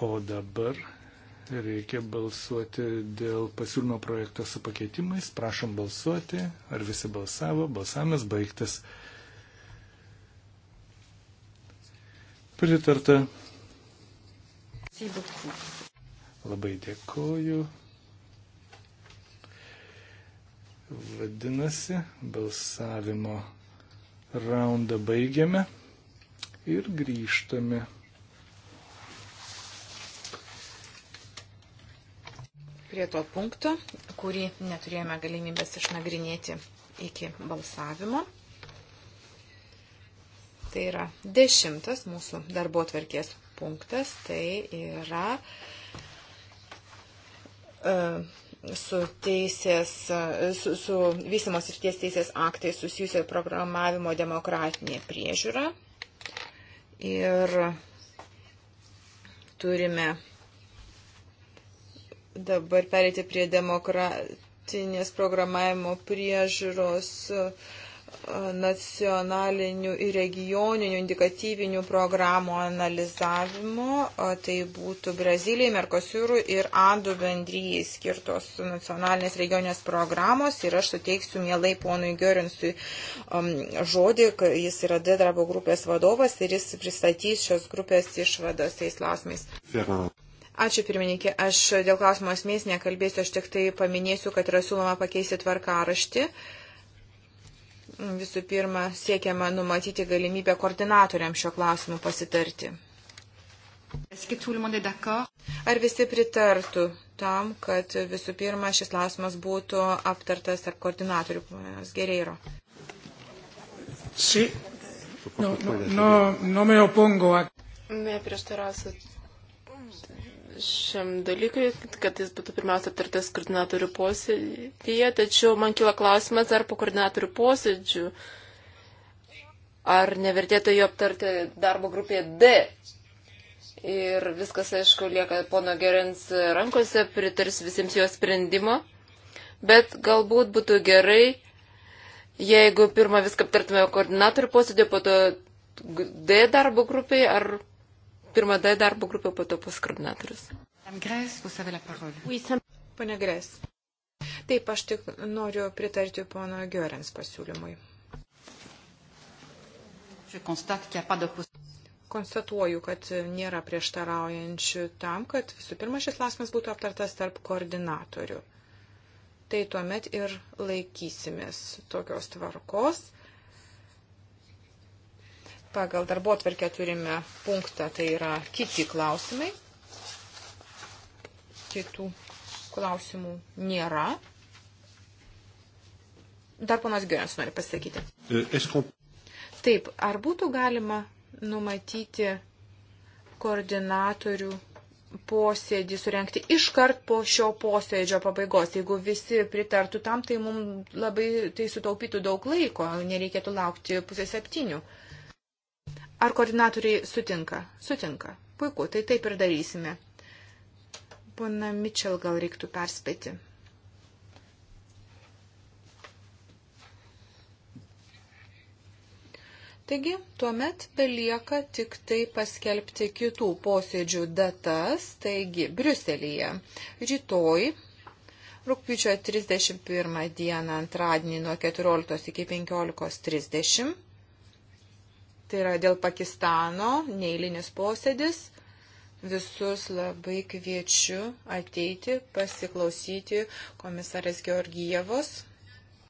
O dabar reikia balsuoti dėl pasiūlymo projekto su pakeitimais. Prašom balsuoti. Ar visi balsavo? Balsavimas baigtas. Pritarta. Labai dėkoju. Vadinasi, balsavimo raundą baigiame ir grįžtame. prie to punkto, kurį neturėjome galimybės išnagrinėti iki balsavimo. Tai yra dešimtas mūsų darbo tvarkės punktas, tai yra uh, su, teisės, e, su, su vystimos ir ties teisės aktai susijusio programavimo demokratinė priežiūra. Ir turime dabar pereiti prie demokratinės programavimo priežiūros nacionalinių ir regioninių indikatyvinių programų analizavimo. Tai būtų Brazilijai, Merkosiūrų ir Andų bendryjai skirtos nacionalinės regioninės programos. Ir aš suteiksiu mielai ponui Görinsui um, žodį, jis yra D darbo grupės vadovas ir jis pristatys šios grupės išvadas tais klausimais. Fernand. Ačiū pirmininkė. Aš dėl klausimo esmės nekalbėsiu, aš tik tai paminėsiu, kad yra siūloma pakeisti tvarkaraštį. Visų pirma, siekiama numatyti galimybę koordinatoriam šio klausimu pasitarti. Ar visi pritartų tam, kad visų pirma šis klausimas būtų aptartas tarp koordinatorių, ponas Gereiro? Sí. No, no, no, no me opongo a... Neprieštarausiu šiam dalykui, kad jis būtų pirmiausia aptartas koordinatorių posėdėje, tačiau man kila klausimas, ar po koordinatorių posėdžių, ar nevertėtų jo aptarti darbo grupėje D. Ir viskas, aišku, lieka pono Gerens rankose, pritars visiems jo sprendimo, bet galbūt būtų gerai, jeigu pirmą viską aptartume koordinatorių posėdėje, po to D darbo grupėje, ar pirmą D darbo grupę, po to pas koordinatorius. Pane Gres. Taip, aš tik noriu pritarti pono Giorens pasiūlymui. Konstatuoju, kad nėra prieštaraujančių tam, kad visų pirma šis klausimas būtų aptartas tarp koordinatorių. Tai tuomet ir laikysimės tokios tvarkos Pagal darbo atverkę turime punktą, tai yra kiti klausimai. Kitų klausimų nėra. Dar panas Gerens nori pasakyti. Taip, ar būtų galima numatyti koordinatorių posėdį surenkti iškart po šio posėdžio pabaigos. Jeigu visi pritartų tam, tai mums labai tai sutaupytų daug laiko, nereikėtų laukti pusės septynių. Ar koordinatoriai sutinka? Sutinka. Puiku, tai taip ir darysime. Pana Mitchell gal reiktų perspėti. Taigi, tuomet belieka tik tai paskelbti kitų posėdžių datas, taigi Briuselyje rytoj. Rūpiučio 31 dieną antradienį nuo 14 iki 15.30. Tai yra dėl Pakistano, neįlinis posėdis. Visus labai kviečiu ateiti, pasiklausyti komisarės Georgijevos.